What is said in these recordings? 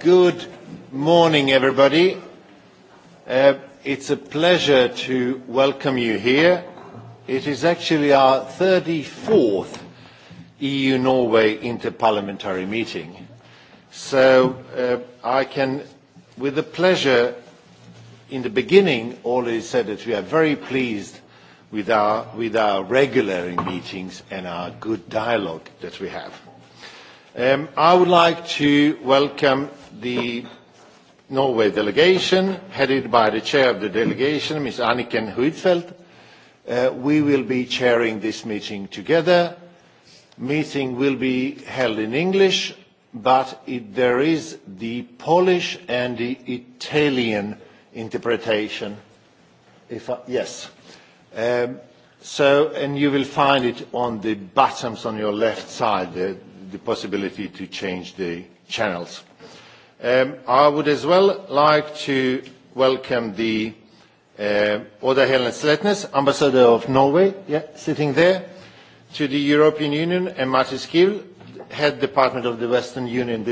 Good morning, everybody. It's a pleasure to welcome you here. It is actually our 34th EU-Norway interparliamentary meeting. So I can, with a pleasure in the beginning, already said that we are very pleased with our regular meetings and our good dialogue that we have. I would like to welcome the Norway delegation, headed by the chair of the delegation, Ms. Anniken Huitfeldt. We will be chairing this meeting together. Meeting will be held in English, but there is the Polish and the Italian interpretation. Yes. So, and you will find it on the buttons on your left side, the possibility to change the channels. I would as well like to welcome the Oda Helen Sletnes, Ambassador of Norway, sitting there, to the European Union, and Martin Skill, Head Department of the Western Union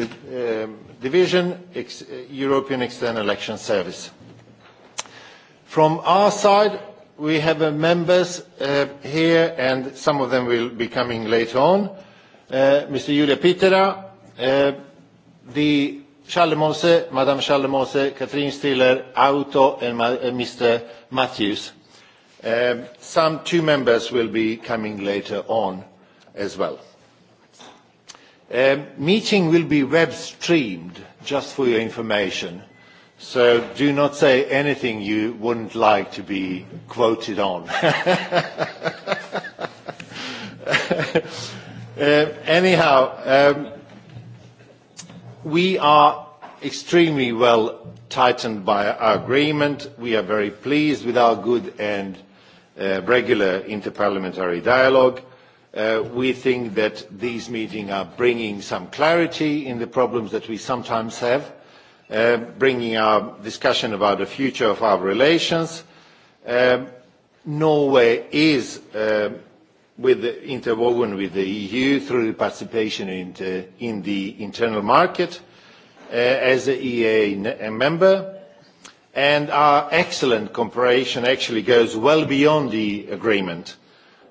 Division, European External Action Service. From our side, we have members here, and some of them will be coming later on. Mr. Julia Pitera, the Schaldemose, Madame Schaldemose, Catherine Stiller, Auto, and Mr. Matthews. Some two members will be coming later on as well. Meeting will be web streamed, just for your information, so do not say anything you wouldn't like to be quoted on. Anyhow, We are extremely well tightened by our agreement. We are very pleased with our good and regular interparliamentary dialogue. We think that these meetings are bringing some clarity in the problems that we sometimes have, bringing our discussion about the future of our relations. Norway is with interwoven with the EU through the participation in the internal market as an EA member, and our excellent cooperation actually goes well beyond the agreement.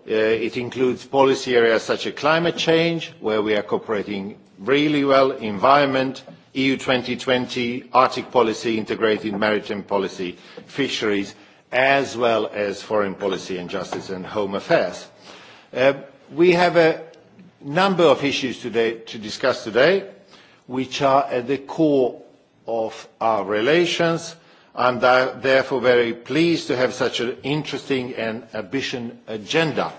It includes policy areas such as climate change, where we are cooperating really well, environment, EU 2020, Arctic policy, integrated maritime policy, fisheries, as well as foreign policy and justice and home affairs. We have a number of issues to discuss today, which are at the core of our relations. I am therefore very pleased to have such an interesting and ambitious agenda.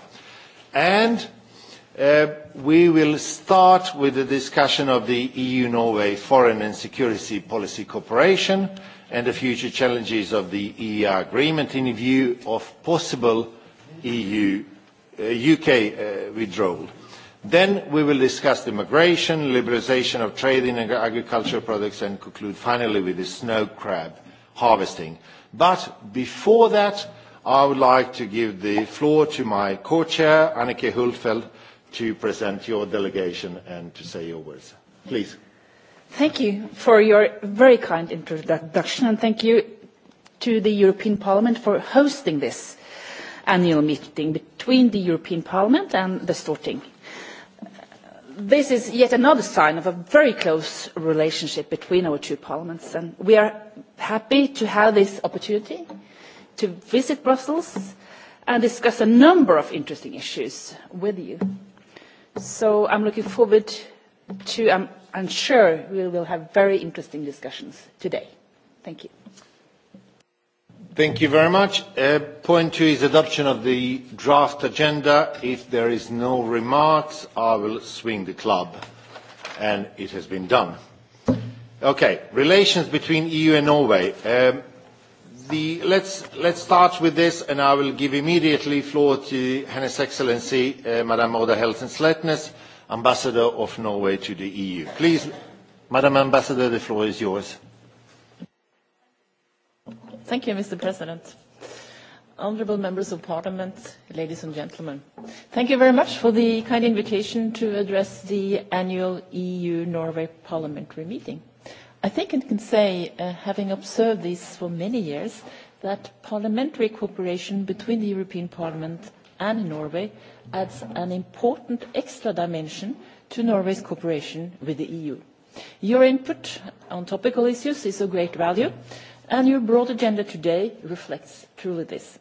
And we will start with the discussion of the EU-Norway foreign and security policy cooperation and the future challenges of the EEA agreement in view of possible EU UK withdrawal. Then we will discuss the migration, liberalisation of trade in agricultural products and conclude finally with the snow crab harvesting. But before that, I would like to give the floor to my co-chair, Anneke Hultfeld, to present your delegation and to say your words. Please. Thank you for your very kind introduction and thank you to the European Parliament for hosting this annual meeting between the European Parliament and the Storting. This is yet another sign of a very close relationship between our two parliaments, and we are happy to have this opportunity to visit Brussels and discuss a number of interesting issues with you. So I'm looking forward to, am sure we will have very interesting discussions today. Thank you. Thank you very much. Point two is adoption of the draft agenda. If there is no remarks, I will swing the club, and it has been done. Okay, relations between EU and Norway. Let's let's start with this, and I will give immediately floor to Hennes Excellency Madame Oda Helsen-Slettnes, Ambassador of Norway to the EU. Please, Madam Ambassador, the floor is yours. Thank you, Mr. President. Honourable members of Parliament, ladies and gentlemen. Thank you very much for the kind invitation to address the annual EU-Norway parliamentary meeting. I think I can say, having observed this for many years, that parliamentary cooperation between the European Parliament and Norway adds an important extra dimension to Norway's cooperation with the EU. Your input on topical issues is of great value and your broad agenda today reflects truly this.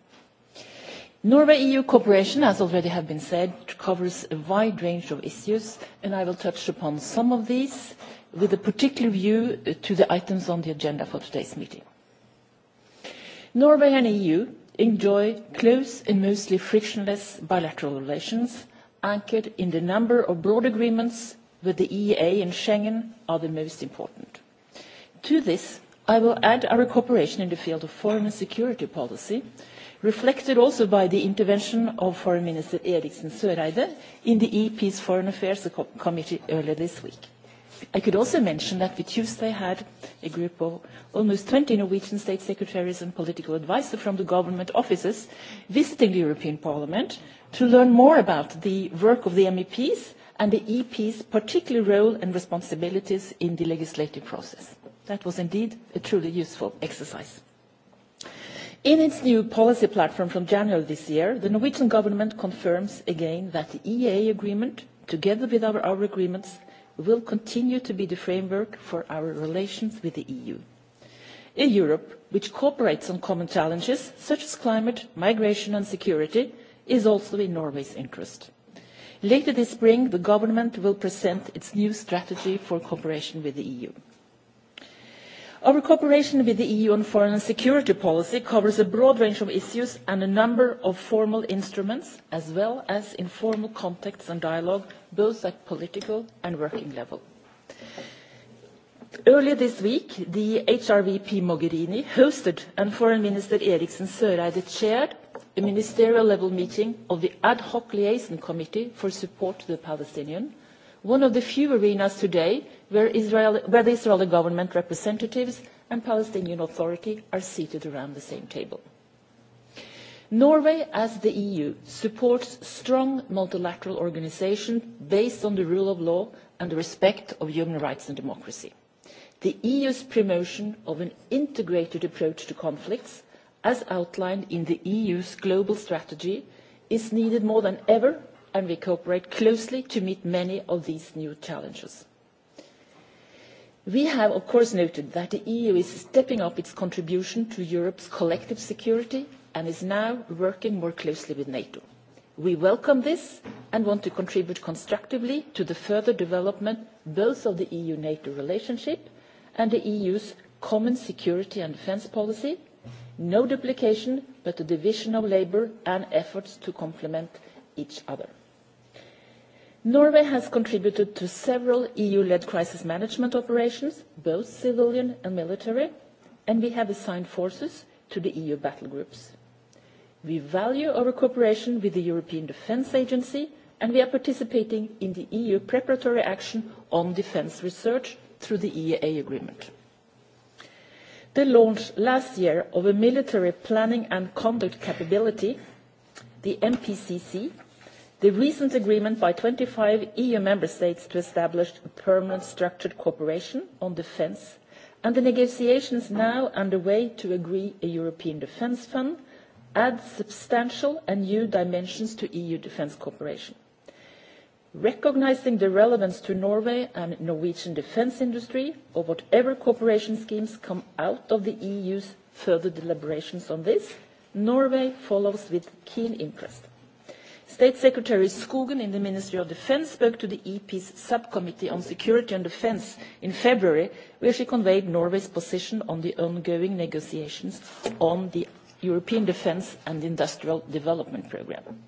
Norway-EU cooperation, as already has been said, covers a wide range of issues, and I will touch upon some of these with a particular view to the items on the agenda for today's meeting. Norway and EU enjoy close and mostly frictionless bilateral relations anchored in the number of broad agreements with the EEA and Schengen are the most important. To this, I will add our cooperation in the field of foreign and security policy, reflected also by the intervention of Foreign Minister Eriksen Søreide in the EP's Foreign Affairs Committee earlier this week. I could also mention that we Tuesday had a group of almost 20 Norwegian state secretaries and political advisers from the government offices visiting the European Parliament to learn more about the work of the MEPs and the EP's particular role and responsibilities in the legislative process. That was indeed a truly useful exercise. In its new policy platform from January this year, the Norwegian government confirms again that the EEA agreement, together with our agreements, will continue to be the framework for our relations with the EU. A Europe which cooperates on common challenges such as climate, migration and security is also in Norway's interest. Later this spring, the government will present its new strategy for cooperation with the EU. Our cooperation with the EU on foreign and security policy covers a broad range of issues and a number of formal instruments, as well as informal contacts and dialogue, both at political and working level. Earlier this week, the HRVP Mogherini hosted and Foreign Minister Eriksen Søreide chaired a ministerial level meeting of the ad hoc liaison committee for support to the palestinians one of the few arenas today where the Israeli government representatives and Palestinian Authority are seated around the same table. Norway, as the EU, supports strong multilateral organisations based on the rule of law and the respect of human rights and democracy. The EU's promotion of an integrated approach to conflicts as outlined in the EU's global strategy, is needed more than ever, and we cooperate closely to meet many of these new challenges. We have, of course, noted that the EU is stepping up its contribution to Europe's collective security and is now working more closely with NATO. We welcome this and want to contribute constructively to the further development both of the EU-NATO relationship and the EU's common security and defence policy, no duplication, but a division of labour and efforts to complement each other. Norway has contributed to several EU-led crisis management operations, both civilian and military, and we have assigned forces to the EU battle groups. We value our cooperation with the European Defence Agency, and we are participating in the EU preparatory action on defence research through the EEA agreement the launch last year of a military planning and conduct capability, the MPCC, the recent agreement by 25 EU member states to establish a permanent structured cooperation on defence, and the negotiations now underway to agree a European Defence Fund add substantial and new dimensions to EU defence cooperation. Recognising the relevance to Norway and Norwegian defence industry or whatever cooperation schemes come out of the EU's further deliberations on this, Norway follows with keen interest. State Secretary Skogen in the Ministry of Defence spoke to the EP's Subcommittee on Security and Defence in February, where she conveyed Norway's position on the ongoing negotiations on the European Defence and Industrial Development Programme.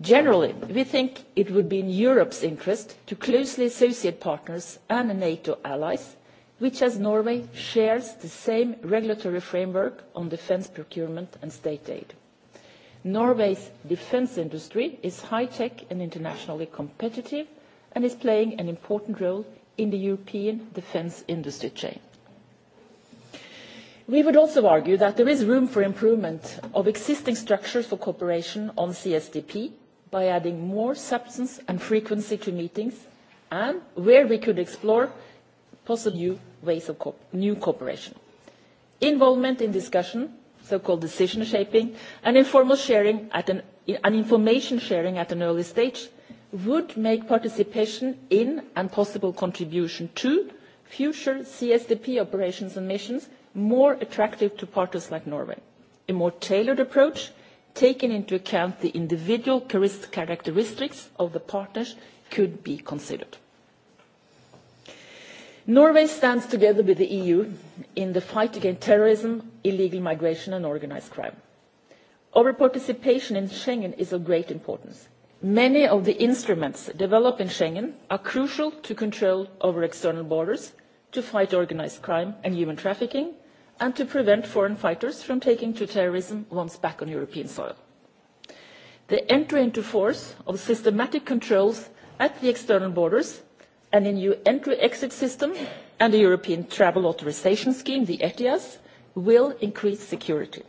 Generally, we think it would be in Europe's interest to closely associate partners and NATO allies, which as Norway shares the same regulatory framework on defence procurement and state aid. Norway's defence industry is high-tech and internationally competitive and is playing an important role in the European defence industry chain. We would also argue that there is room for improvement of existing structures for cooperation on CSDP by adding more substance and frequency to meetings and where we could explore possible new ways of new cooperation. Involvement in discussion, so-called decision shaping, and informal sharing at an information sharing at an early stage would make participation in and possible contribution to future CSDP operations and missions more attractive to partners like Norway. A more tailored approach taking into account the individual characteristics of the partners could be considered. Norway stands together with the EU in the fight against terrorism, illegal migration and organised crime. Our participation in Schengen is of great importance. Many of the instruments developed in Schengen are crucial to control over external borders, to fight organised crime and human trafficking, and to prevent foreign fighters from taking to terrorism once back on European soil. The entry into force of systematic controls at the external borders and a new entry-exit system and the European Travel Authorisation Scheme, the ETIAS, will increase security.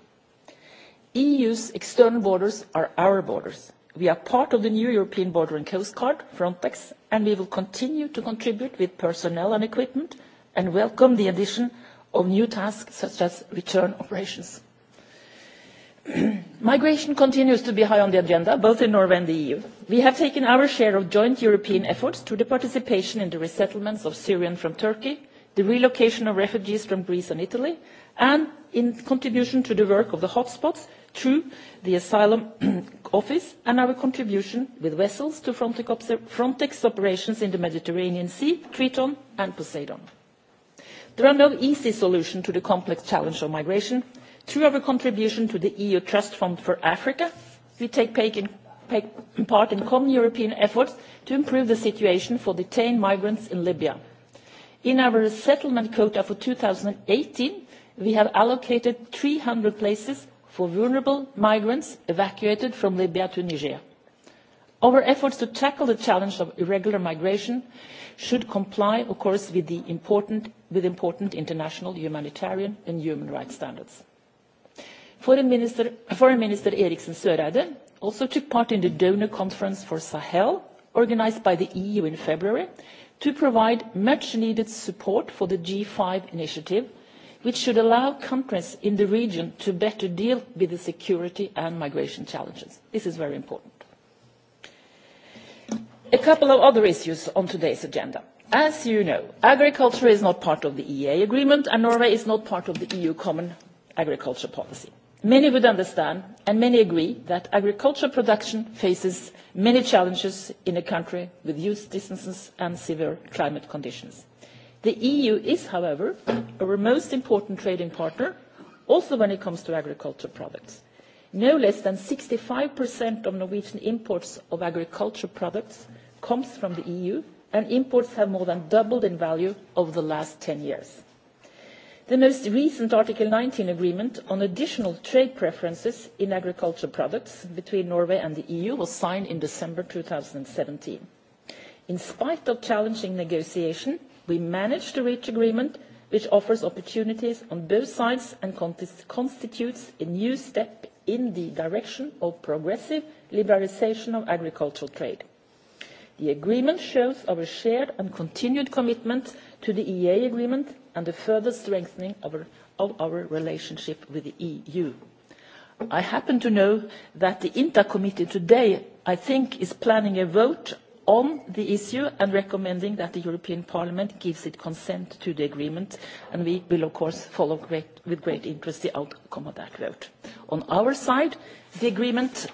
The EU's external borders are our borders. We are part of the new European Border and Coast Guard, Frontex, and we will continue to contribute with personnel and equipment and welcome the addition of new tasks such as return operations. Migration continues to be high on the agenda, both in Norway and the EU. We have taken our share of joint European efforts through the participation in the resettlements of Syrians from Turkey, the relocation of refugees from Greece and Italy, and in contribution to the work of the hotspots through the Asylum Office and our contribution with vessels to Frontex operations in the Mediterranean Sea, Triton and Poseidon. There are no easy solutions to the complex challenge of migration. Through our contribution to the EU Trust Fund for Africa, we take part in common European efforts to improve the situation for detained migrants in Libya. In our resettlement quota for 2018, we have allocated 300 places for vulnerable migrants evacuated from Libya to Niger. Our efforts to tackle the challenge of irregular migration should comply, of course, with important with important international humanitarian and human rights standards. Foreign Minister Eriksen Søreide also took part in the donor conference for Sahel, organised by the EU in February, to provide much-needed support for the G5 initiative, which should allow countries in the region to better deal with the security and migration challenges. This is very important. A couple of other issues on today's agenda. As you know, agriculture is not part of the EEA agreement and Norway is not part of the EU common agriculture policy. Many would understand and many agree that agricultural production faces many challenges in a country with huge distances and severe climate conditions. The EU is, however, our most important trading partner, also when it comes to agricultural products. No less than 65% of Norwegian imports of agricultural products comes from the EU, and imports have more than doubled in value over the last 10 years. The most recent Article 19 agreement on additional trade preferences in agricultural products between Norway and the EU was signed in December 2017. In spite of challenging negotiation, we managed to reach agreement which offers opportunities on both sides and constitutes a new step in the direction of progressive liberalisation of agricultural trade. The agreement shows our shared and continued commitment to the EA agreement and the further strengthening of our relationship with the EU. I happen to know that the INTA committee today, I think, is planning a vote on the issue and recommending that the European Parliament gives its consent to the agreement, and we will, of course, follow with great interest the outcome of that vote. On our side, the agreement,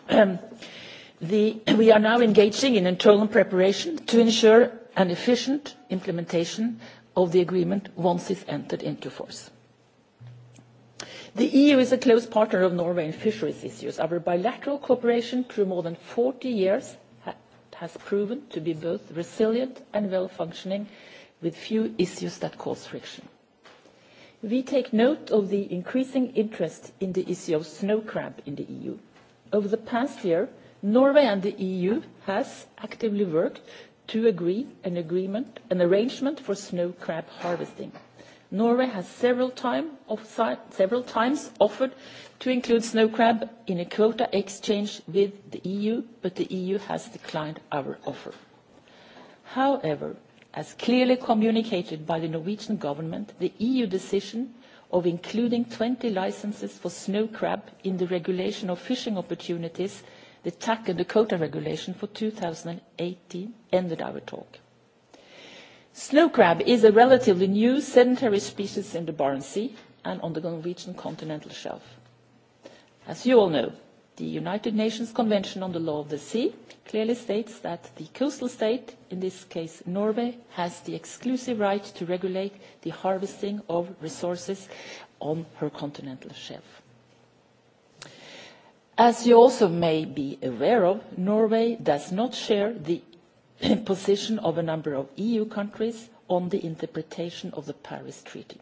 we are now engaging in internal preparation to ensure an efficient implementation of the agreement once it is entered into force. The EU is a close partner of Norway in fisheries issues. Our bilateral cooperation through more than 40 years has proven to be both resilient and well-functioning, with few issues that cause friction. We take note of the increasing interest in the issue of snow crab in the EU. Over the past year, Norway and the EU has actively worked to agree an agreement, an arrangement for snow crab harvesting. Norway has several times offered to include snow crab in a quota exchange with the EU, but the EU has declined our offer. However, as clearly communicated by the Norwegian government, the EU decision of including 20 licenses for snow crab in the regulation of fishing opportunities, the TAC and the quota regulation for 2018, ended our talk. Snow crab is a relatively new sedentary species in the Barents Sea and on the Norwegian continental shelf. As you all know, the United Nations Convention on the Law of the Sea clearly states that the coastal state, in this case Norway, has the exclusive right to regulate the harvesting of resources on her continental shelf. As you also may be aware of, Norway does not share the position of a number of EU countries on the interpretation of the Paris Treaty.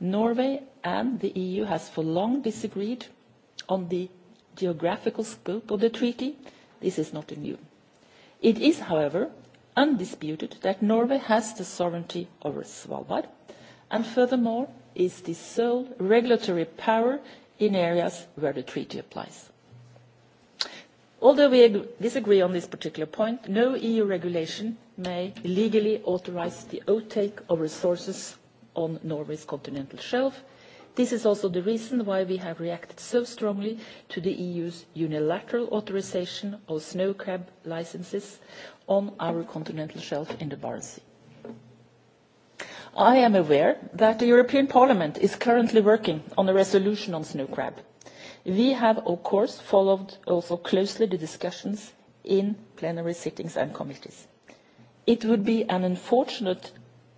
Norway and the EU has for long disagreed on the geographical scope of the treaty. This is not new. It is, however, undisputed that Norway has the sovereignty over Svalbard and furthermore is the sole regulatory power in areas where the treaty applies. Although we disagree on this particular point, no EU regulation may legally authorise the outtake of resources on Norway's continental shelf. This is also the reason why we have reacted so strongly to the EU's unilateral authorisation of snow crab licences on our continental shelf in the Barents Sea. I am aware that the European Parliament is currently working on a resolution on snow crab. We have, of course, followed also closely the discussions in plenary sittings and committees. It would be an unfortunate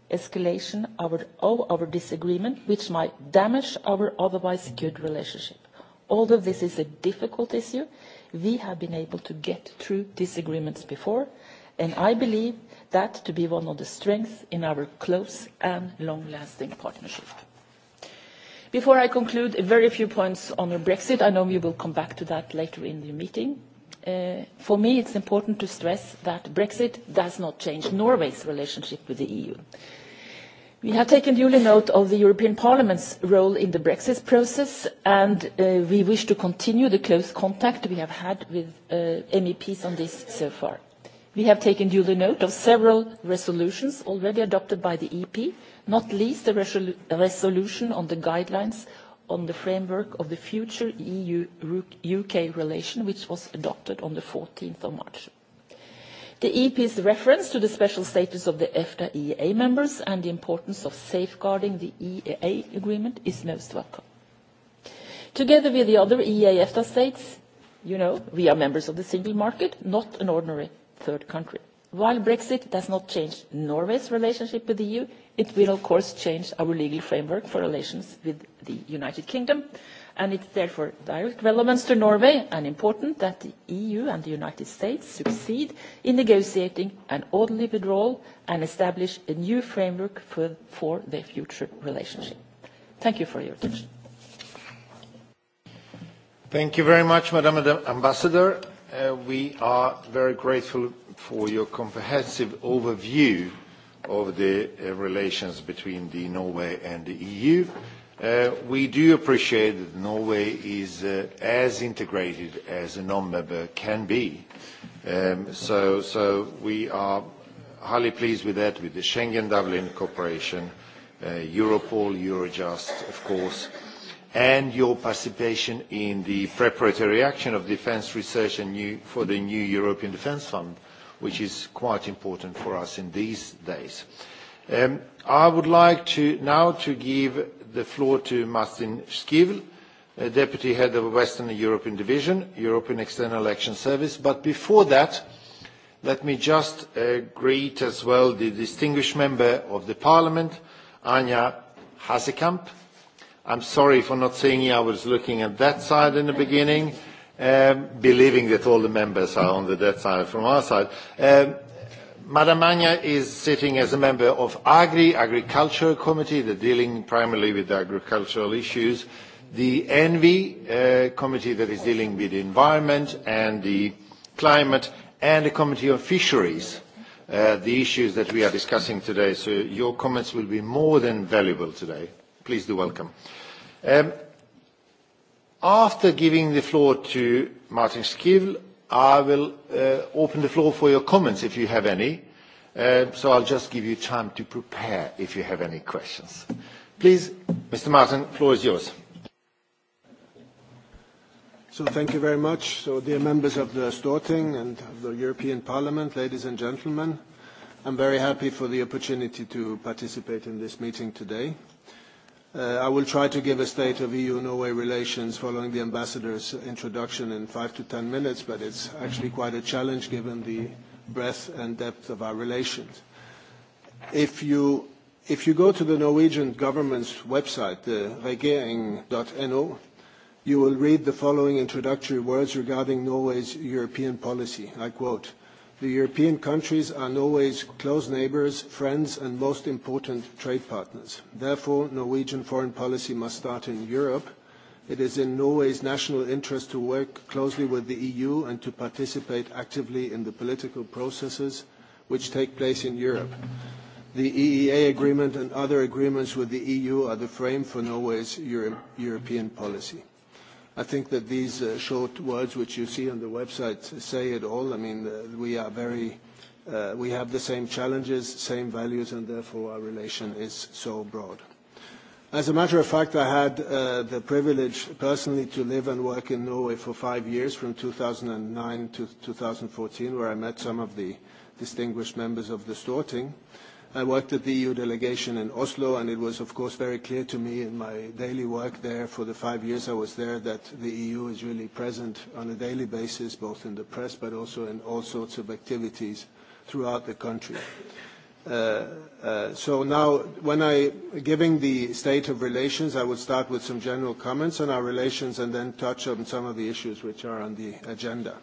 escalation of our disagreement, which might damage our otherwise good relationship. Although this is a difficult issue, we have been able to get through disagreements before, and I believe that to be one of the strengths in our close and long-lasting partnership. Before I conclude, a very few points on Brexit. I know we will come back to that later in the meeting. For me, it's important to stress that Brexit does not change Norway's relationship with the EU. We have taken duly note of the European Parliament's role in the Brexit process, and we wish to continue the close contact we have had with MEPs on this so far. We have taken duly note of several resolutions already adopted by the EP, not least the resolution on the guidelines on the framework of the future EU-UK relation, which was adopted on the 14th of March. The EP's reference to the special status of the EFTA-EEA members and the importance of safeguarding the EEA agreement is most welcome. Together with the other EEA-EFTA states, you know, we are members of the single market, not an ordinary third country. While Brexit does not change Norway's relationship with the EU, it will of course change our legal framework for relations with the United Kingdom, and it's therefore direct relevance to Norway and important that the EU and the United States succeed in negotiating an orderly withdrawal and establish a new framework for their future relationship. Thank you for your attention. Thank you very much, Madam Ambassador. We are very grateful for your comprehensive overview of the relations between Norway and the EU. We do appreciate that Norway is as integrated as a non-member can be. So we are highly pleased with that, with the Schengen-Dublin cooperation, Europol, Eurojust, of course, and your participation in the preparatory action of defence research for the new European Defence Fund, which is quite important for us in these days. I would like now to give the floor to Martin Skivel, Deputy Head of the Western European Division, European External Action Service. But before that, let me just greet as well the distinguished member of the Parliament, Anja Hasekamp I'm sorry for not seeing you. I was looking at that side in the beginning, believing that all the members are on the that side from our side. Madam Magna is sitting as a member of AGRI, Agriculture Committee, they're dealing primarily with agricultural issues, the ENVI Committee that is dealing with the environment and the climate, and the Committee on Fisheries, the issues that we are discussing today. So your comments will be more than valuable today please do welcome. After giving the floor to Martin Schivel, I will open the floor for your comments if you have any. So I'll just give you time to prepare if you have any questions. Please, Mr. Martin, the floor is yours. So thank you very much. So dear members of the Storting and of the European Parliament, ladies and gentlemen, I'm very happy for the opportunity to participate in this meeting today. I will try to give a state of EU-Norway relations following the ambassador's introduction in five to ten minutes, but it's actually quite a challenge given the breadth and depth of our relations. If you if you go to the Norwegian government's website, the regjering.no, you will read the following introductory words regarding Norway's European policy. I quote. The European countries are Norway's close neighbours, friends and most important trade partners. Therefore, Norwegian foreign policy must start in Europe. It is in Norway's national interest to work closely with the EU and to participate actively in the political processes which take place in Europe. The EEA agreement and other agreements with the EU are the frame for Norway's European policy. I think that these short words which you see on the website say it all. I mean, we are very, we have the same challenges, same values, and therefore our relation is so broad. As a matter of fact, I had the privilege personally to live and work in Norway for five years, from 2009 to 2014, where I met some of the distinguished members of the Storting. I worked at the EU delegation in Oslo, and it was, of course, very clear to me in my daily work there for the five years I was there that the EU is really present on a daily basis, both in the press but also in all sorts of activities throughout the country. So now, when I giving the state of relations, I would start with some general comments on our relations and then touch on some of the issues which are on the agenda.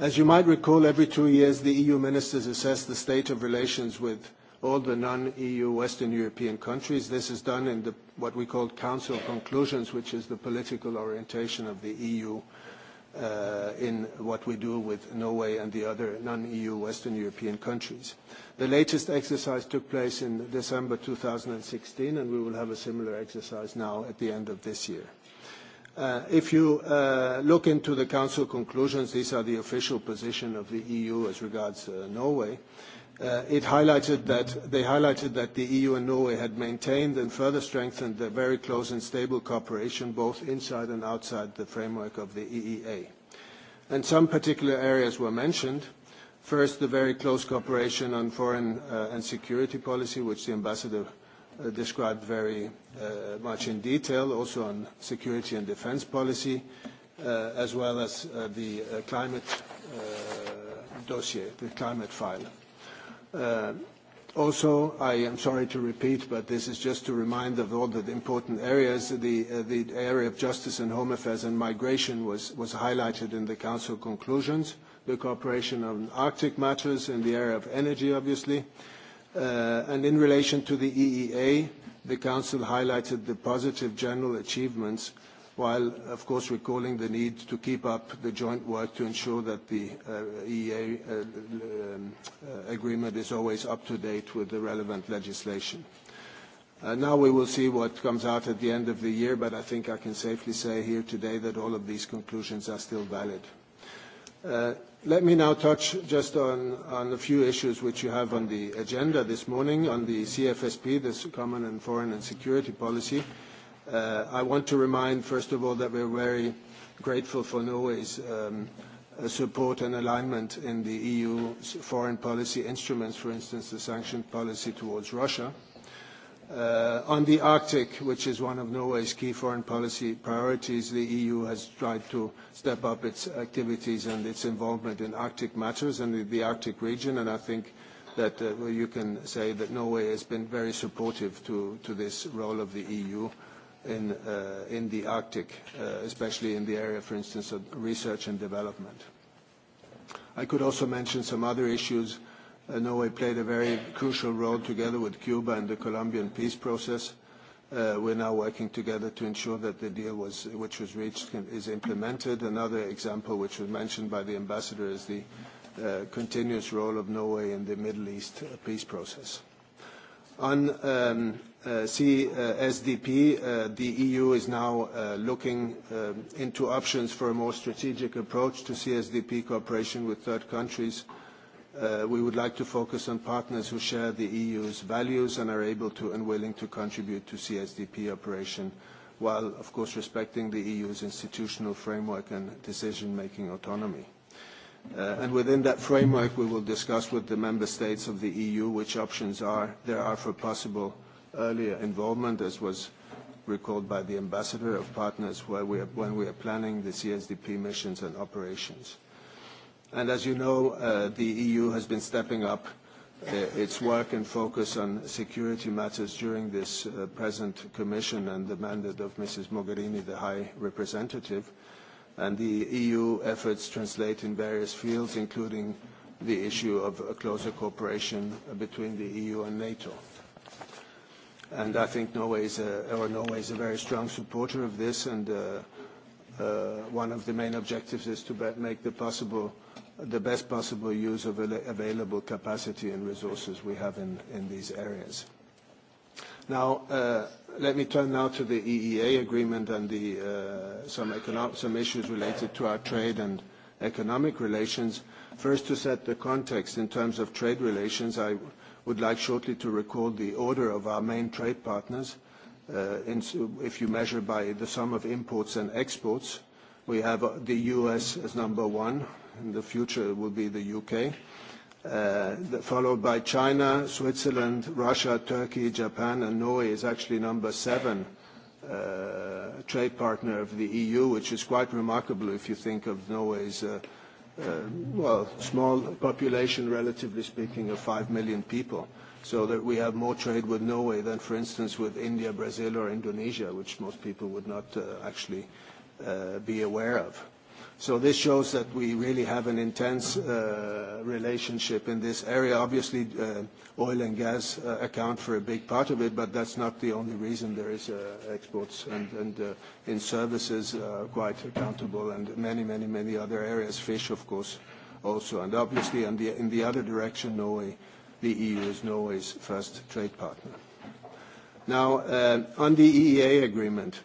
As you might recall, every two years the EU ministers assess the state of relations with all the non-EU Western European countries. This is done in what we call Council conclusions, which is the political orientation of the EU in what we do with Norway and the other non-EU Western European countries. The latest exercise took place in December 2016, and we will have a similar exercise now at the end of this year. If you look into the Council conclusions, these are the official position of the EU as regards Norway. It highlighted that they highlighted that the EU and Norway had maintained and further strengthened their very close and stable cooperation both inside and outside the framework of the EEA. And some particular areas were mentioned. First, the very close cooperation on foreign and security policy, which the ambassador described very much in detail, also on security and defense policy, as well as the climate dossier, the climate file. Also, I am sorry to repeat, but this is just to remind of all the important areas. The area of justice and home affairs and migration was highlighted in the Council conclusions, the cooperation on Arctic matters and the area of energy, obviously, And in relation to the EEA, the Council highlighted the positive general achievements while, of course, recalling the need to keep up the joint work to ensure that the EEA agreement is always up to date with the relevant legislation. Now we will see what comes out at the end of the year, but I think I can safely say here today that all of these conclusions are still valid. Let me now touch just on a few issues which you have on the agenda this morning on the CFSP, the Common and Foreign and Security Policy. I want to remind, first of all, that we are very grateful for Norway's support and alignment in the EU's foreign policy instruments, for instance, the sanction policy towards Russia. On the Arctic, which is one of Norway's key foreign policy priorities, the EU has tried to step up its activities and its involvement in Arctic matters and the Arctic region, and I think that you can say that Norway has been very supportive to this role of the EU in the Arctic, especially in the area, for instance, of research and development. I could also mention some other issues Norway played a very crucial role together with Cuba and the Colombian peace process. We're now working together to ensure that the deal which was reached is implemented. Another example which was mentioned by the ambassador is the continuous role of Norway in the Middle East peace process. On CSDP, the EU is now looking into options for a more strategic approach to CSDP cooperation with third countries We would like to focus on partners who share the EU's values and are able to and willing to contribute to CSDP operation, while, of course, respecting the EU's institutional framework and decision-making autonomy. And within that framework, we will discuss with the member states of the EU which options there are for possible earlier involvement, as was recalled by the ambassador of partners when we are planning the CSDP missions and operations. And as you know, the EU has been stepping up its work and focus on security matters during this present Commission and the mandate of Mrs. Mogherini, the High Representative. And the EU efforts translate in various fields, including the issue of closer cooperation between the EU and NATO. And I think Norway is a very strong supporter of this, and one of the main objectives is to make the possible the best possible use of available capacity and resources we have in these areas. Now, let me turn now to the EEA agreement and some issues related to our trade and economic relations. First, to set the context in terms of trade relations, I would like shortly to recall the order of our main trade partners. If you measure by the sum of imports and exports, we have the U.S. as number one, in the future will be the UK, followed by China, Switzerland, Russia, Turkey, Japan, and Norway is actually number seven trade partner of the EU, which is quite remarkable if you think of Norway's, small population, relatively speaking, of 5 million people. So that we have more trade with Norway than, for instance, with India, Brazil, or Indonesia, which most people would not actually be aware of. So this shows that we really have an intense relationship in this area. Obviously, oil and gas account for a big part of it, but that's not the only reason there is exports. And in services, quite accountable, and many, many, many other areas, fish, of course, also. And obviously, in the other direction, Norway, the EU is Norway's first trade partner. Now, on the EEA agreement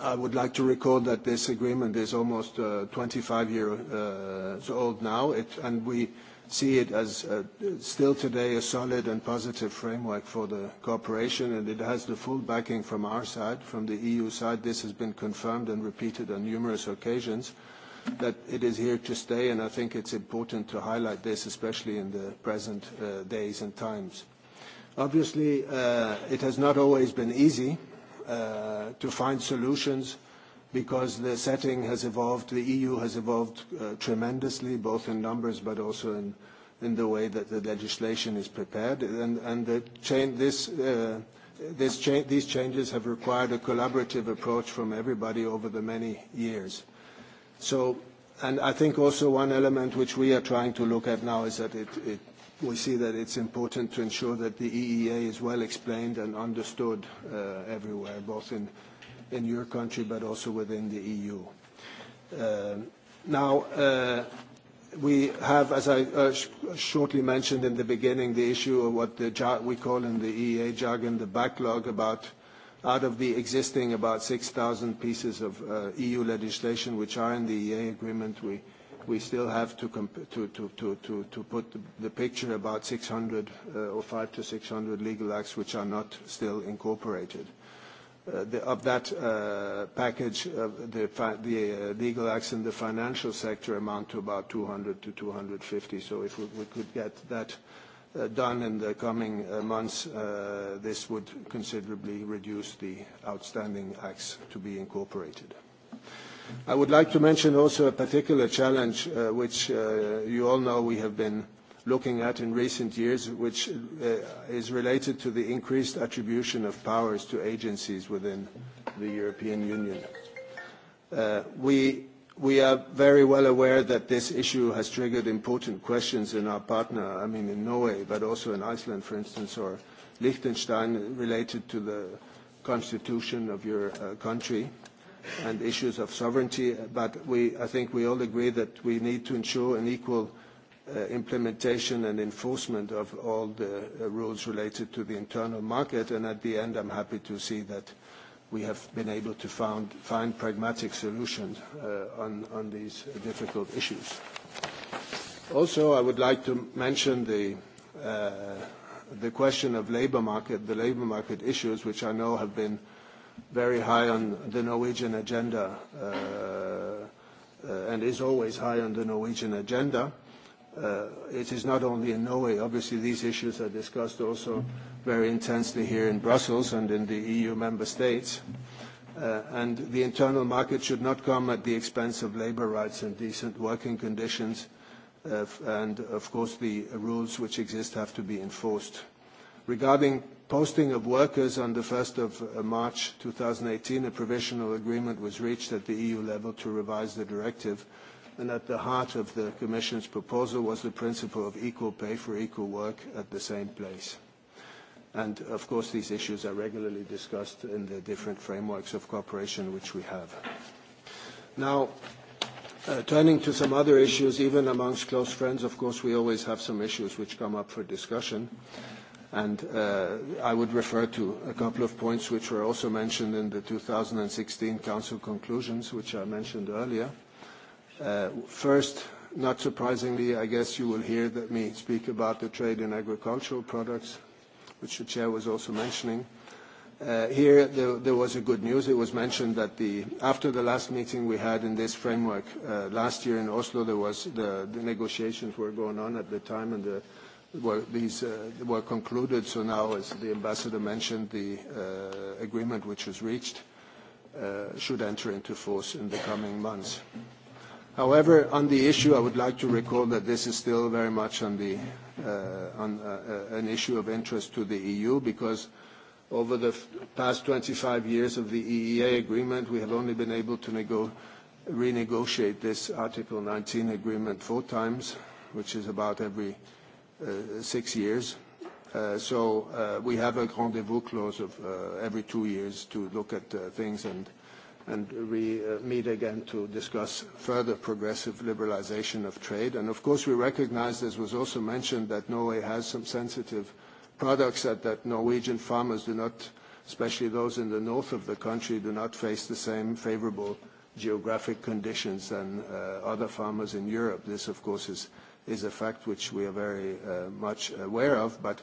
I would like to recall that this agreement is almost 25 years old now, and we see it as still today a solid and positive framework for the cooperation, and it has the full backing from our side, from the EU side. This has been confirmed and repeated on numerous occasions that it is here to stay, and I think it's important to highlight this, especially in the present days and times. Obviously, it has not always been easy to find solutions because the setting has evolved, the EU has evolved tremendously, both in numbers but also in in the way that the legislation is prepared. And these changes have required a collaborative approach from everybody over the many years. So, and I think also one element which we are trying to look at now is that it we see that it's important to ensure that the EEA is well explained and understood everywhere, both in in your country but also within the EU. Now, we have, as I shortly mentioned in the beginning, the issue of what we call in the EEA jargon the backlog about out of the existing about 6,000 pieces of EU legislation which are in the EEA agreement, we we still have to put the picture about 600 or 5 to 600 legal acts which are not still incorporated. Of that package, the legal acts in the financial sector amount to about 200 to 250. So if we could get that done in the coming months, this would considerably reduce the outstanding acts to be incorporated. I would like to mention also a particular challenge which you all know we have been looking at in recent years, which is related to the increased attribution of powers to agencies within the European Union. We are very well aware that this issue has triggered important questions in our partner, I mean in Norway, but also in Iceland, for instance, or Liechtenstein, related to the constitution of your country and issues of sovereignty, but we, I think we all agree that we need to ensure an equal implementation and enforcement of all the rules related to the internal market, and at the end I'm happy to see that we have been able to find pragmatic solutions on these difficult issues. Also, I would like to mention the question of labor market, the labor market issues, which I know have been very high on the Norwegian agenda and is always high on the Norwegian agenda. It is not only in Norway. Obviously, these issues are discussed also very intensely here in Brussels and in the EU member states. And the internal market should not come at the expense of labor rights and decent working conditions. And, of course, the rules which exist have to be enforced. Regarding posting of workers on the 1st of March 2018, a provisional agreement was reached at the EU level to revise the directive, and at the heart of the Commission's proposal was the principle of equal pay for equal work at the same place. And, of course, these issues are regularly discussed in the different frameworks of cooperation which we have. Now, turning to some other issues, even amongst close friends, of course, we always have some issues which come up for discussion. And I would refer to a couple of points which were also mentioned in the 2016 Council conclusions, which I mentioned earlier. First, not surprisingly, I guess you will hear that me speak about the trade in agricultural products, which the Chair was also mentioning. Here, there was a good news. It was mentioned that after the last meeting we had in this framework last year in Oslo, there was the negotiations were going on at the time, and the These were concluded, so now, as the ambassador mentioned, the agreement which was reached should enter into force in the coming months. However, on the issue, I would like to recall that this is still very much on an issue of interest to the EU, because over the past 25 years of the EEA agreement, we have only been able to renegotiate this Article 19 agreement four times, which is about every six years. So we have a rendezvous clause of every two years to look at things and we meet again to discuss further progressive liberalization of trade. And of course, we recognize, as was also mentioned, that Norway has some sensitive products that Norwegian farmers do not, especially those in the north of the country, do not face the same favorable geographic conditions than other farmers in Europe. This, of course, is is a fact which we are very much aware of, but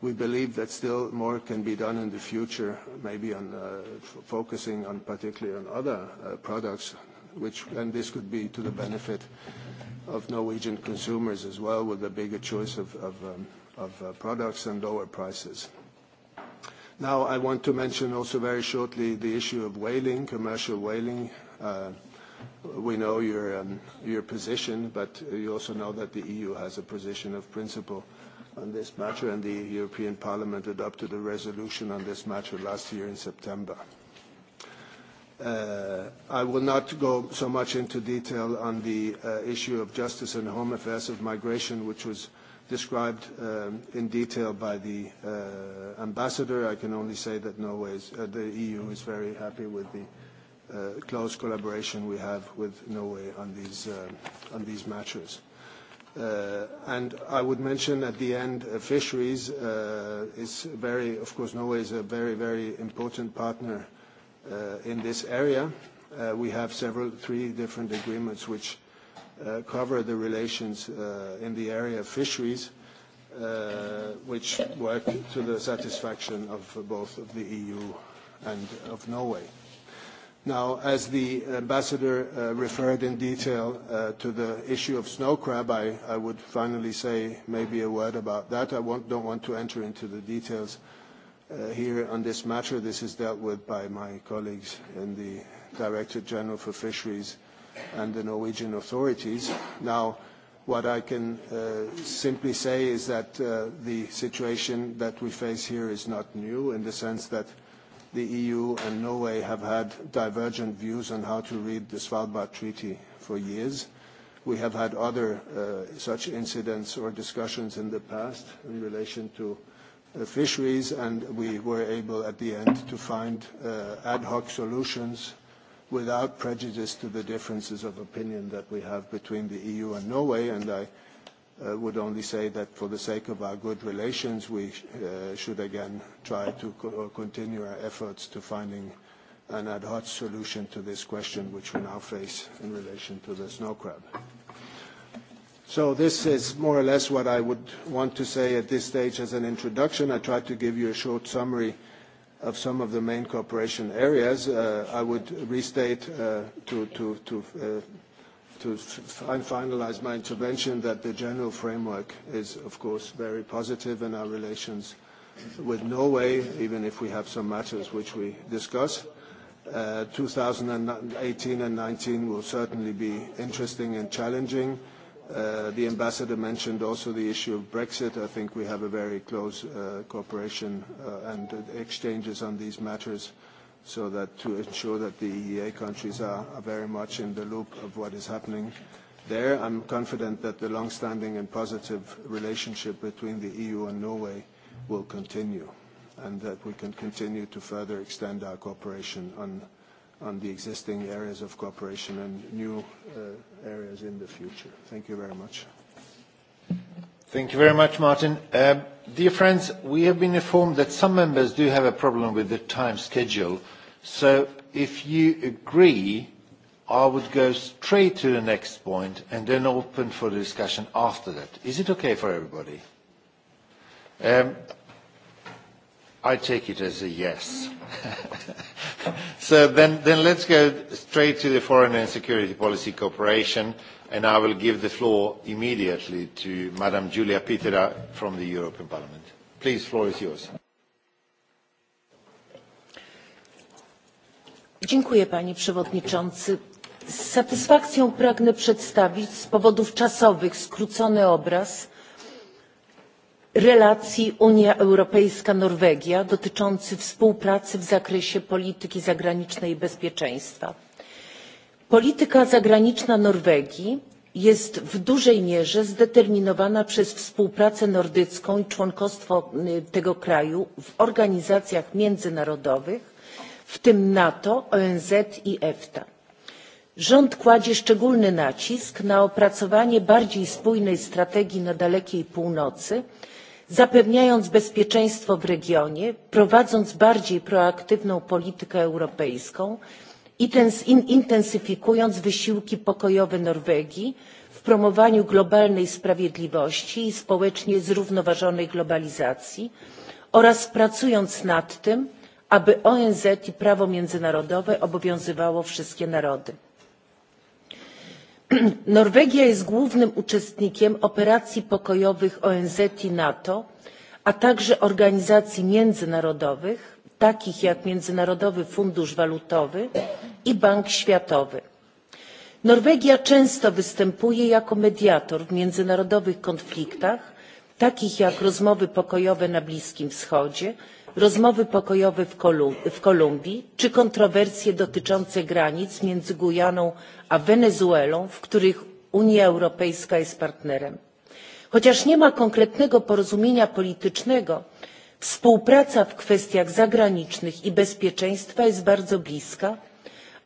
we believe that still more can be done in the future, maybe on focusing on particularly on other products, which and this could be to the benefit of Norwegian consumers as well, with a bigger choice of products and lower prices. Now, I want to mention also very shortly the issue of whaling, commercial whaling we know your, um, your position, but you also know that the EU has a position of principle on this matter, and the European Parliament adopted a resolution on this matter last year in September. I will not go so much into detail on the issue of justice and home affairs of migration, which was described in detail by the ambassador. I can only say that Norway's, the EU is very happy with the close collaboration we have with Norway on these on these matters. And I would mention at the end, fisheries is very, of course, Norway is a very, very important partner in this area. We have several, three different agreements which cover the relations in the area of fisheries, which work to the satisfaction of both of the EU and of Norway. Now, as the ambassador referred in detail to the issue of snow crab, I would finally say maybe a word about that. I don't want to enter into the details here on this matter. This is dealt with by my colleagues in the Director General for Fisheries and the Norwegian authorities. Now, what I can simply say is that the situation that we face here is not new in the sense that the EU and Norway have had divergent views on how to read the Svalbard Treaty for years. We have had other such incidents or discussions in the past in relation to fisheries, and we were able at the end to find ad hoc solutions without prejudice to the differences of opinion that we have between the EU and Norway, and I would only say that for the sake of our good relations, we should again try to continue our efforts to finding an ad hoc solution to this question, which we now face in relation to the snow crab. So this is more or less what I would want to say at this stage as an introduction. I tried to give you a short summary of some of the main cooperation areas. I would restate to to finalize my intervention that the general framework is, of course, very positive in our relations with Norway, even if we have some matters which we discuss. 2018 and 19 will certainly be interesting and challenging. The ambassador mentioned also the issue of Brexit. I think we have a very close cooperation and exchanges on these matters so that to ensure that the EEA countries are very much in the loop of what is happening there. I'm confident that the long-standing and positive relationship between the EU and Norway will continue and that we can continue to further extend our cooperation on the existing areas of cooperation and new areas in the future. Thank you very much. Thank you very much, Martin. Dear friends, we have been informed that some members do have a problem with the time schedule. So if you agree, I would go straight to the next point and then open for the discussion after that. Is it okay for everybody? I take it as a yes. So then, then let's go straight to the foreign and security policy cooperation and I will give the floor immediately to Madam Julia Pitera from the European Parliament. Please, floor is yours. Dziękuję, panie przewodniczący. Z satysfakcją pragnę przedstawić z powodów czasowych skrócony obraz relacji Unia Europejska-Norwegia dotyczący współpracy w zakresie polityki zagranicznej i bezpieczeństwa polityka zagraniczna norwegii jest w dużej mierze zdeterminowana przez współpracę nordycką i członkostwo tego kraju w organizacjach międzynarodowych w tym nato onz i efta. rząd kładzie szczególny nacisk na opracowanie bardziej spójnej strategii na dalekiej północy zapewniając bezpieczeństwo w regionie prowadząc bardziej proaktywną politykę europejską intensyfikując wysiłki pokojowe Norwegii w promowaniu globalnej sprawiedliwości i społecznie zrównoważonej globalizacji oraz pracując nad tym, aby ONZ i prawo międzynarodowe obowiązywało wszystkie narody. Norwegia jest głównym uczestnikiem operacji pokojowych ONZ i NATO, a także organizacji międzynarodowych, takich jak Międzynarodowy Fundusz Walutowy i Bank Światowy. Norwegia często występuje jako mediator w międzynarodowych konfliktach, takich jak rozmowy pokojowe na Bliskim Wschodzie, rozmowy pokojowe w Kolumbii czy kontrowersje dotyczące granic między Gujaną a Wenezuelą, w których Unia Europejska jest partnerem. Chociaż nie ma konkretnego porozumienia politycznego, współpraca w kwestiach zagranicznych i bezpieczeństwa jest bardzo bliska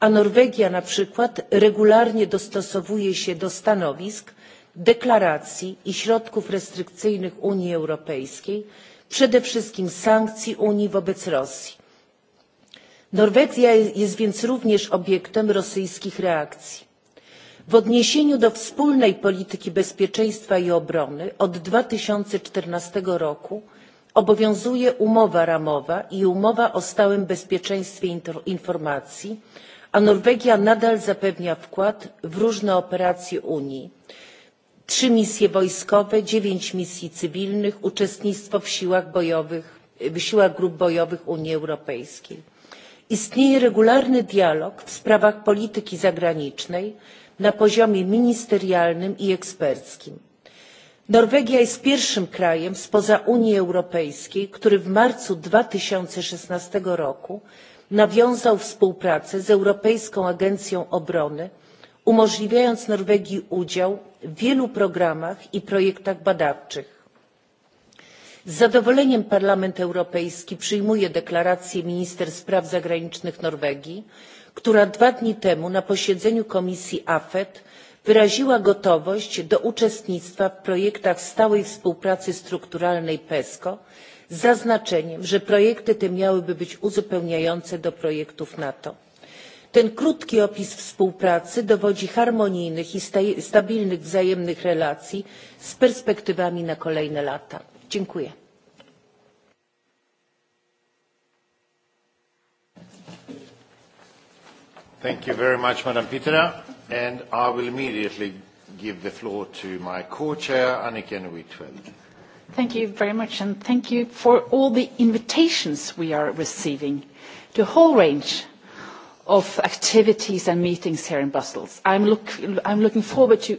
a Norwegia na przykład regularnie dostosowuje się do stanowisk, deklaracji i środków restrykcyjnych Unii Europejskiej, przede wszystkim sankcji Unii wobec Rosji. Norwegia jest więc również obiektem rosyjskich reakcji. W odniesieniu do wspólnej polityki bezpieczeństwa i obrony od 2014 roku obowiązuje umowa ramowa i umowa o stałym bezpieczeństwie informacji a Norwegia nadal zapewnia wkład w różne operacje Unii. Trzy misje wojskowe, dziewięć misji cywilnych, uczestnictwo w siłach grup bojowych Unii Europejskiej. Istnieje regularny dialog w sprawach polityki zagranicznej na poziomie ministerialnym i eksperckim. Norwegia jest pierwszym krajem spoza Unii Europejskiej, który w marcu 2016 roku nawiązał współpracę z Europejską Agencją Obrony, umożliwiając Norwegii udział w wielu programach i projektach badawczych. Z zadowoleniem Parlament Europejski przyjmuje deklarację minister spraw zagranicznych Norwegii, która dwa dni temu na posiedzeniu Komisji AFET wyraziła gotowość do uczestnictwa w projektach stałej współpracy strukturalnej PESCO z zaznaczeniem że projekty te miałyby być uzupełniające do projektów nato. ten krótki opis współpracy dowodzi harmonijnych i stabilnych wzajemnych relacji z perspektywami na kolejne lata. dziękuję. Thank you very Pitera. I will immediately give the floor to my co-chair, Thank you very much, and thank you for all the invitations we are receiving to a whole range of activities and meetings here in Brussels. I'm looking forward to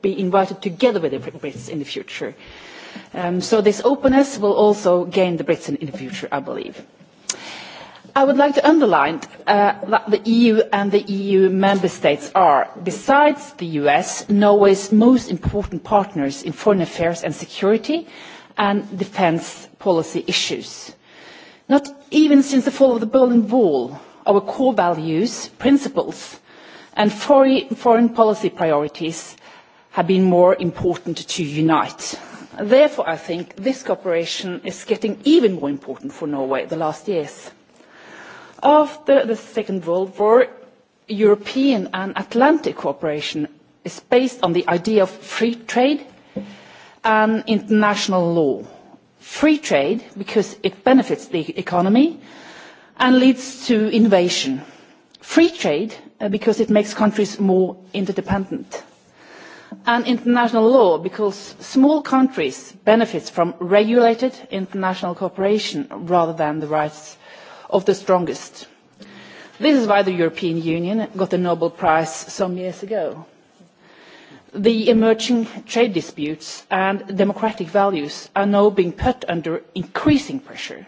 be invited together with the Brits in the future. So this openness will also gain the Brits in the future, I believe. I would like to underline that the EU and the EU member states are, besides the US, Norway's most important partners in foreign affairs and security, and defence policy issues. Not even since the fall of the Berlin Wall, our core values, principles and foreign policy priorities have been more important to unite. Therefore, I think this cooperation is getting even more important for Norway the last years. After the Second World War, European and Atlantic cooperation is based on the idea of free trade and international law. Free trade because it benefits the economy and leads to innovation. Free trade because it makes countries more interdependent. And international law because small countries benefit from regulated international cooperation rather than the rights of the strongest. This is why the European Union got the Nobel Prize some years ago the emerging trade disputes and democratic values are now being put under increasing pressure.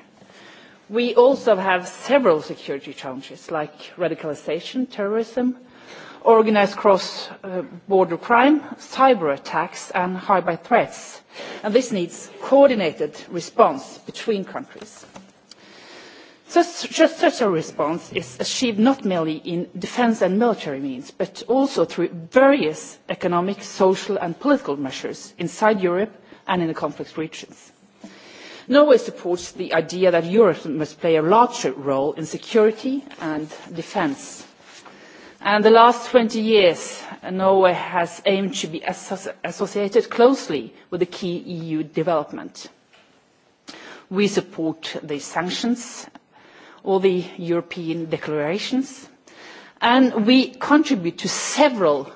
We also have several security challenges like radicalisation, terrorism, organised cross-border crime, cyber attacks and hybrid threats. And this needs coordinated response between countries. Such a response is achieved not merely in defence and military means, but also through various economic, social and political measures inside Europe and in the conflict regions. Norway supports the idea that Europe must play a larger role in security and defence. And the last 20 years, Norway has aimed to be associated closely with the key EU development. We support the sanctions all the European declarations, and we contribute to several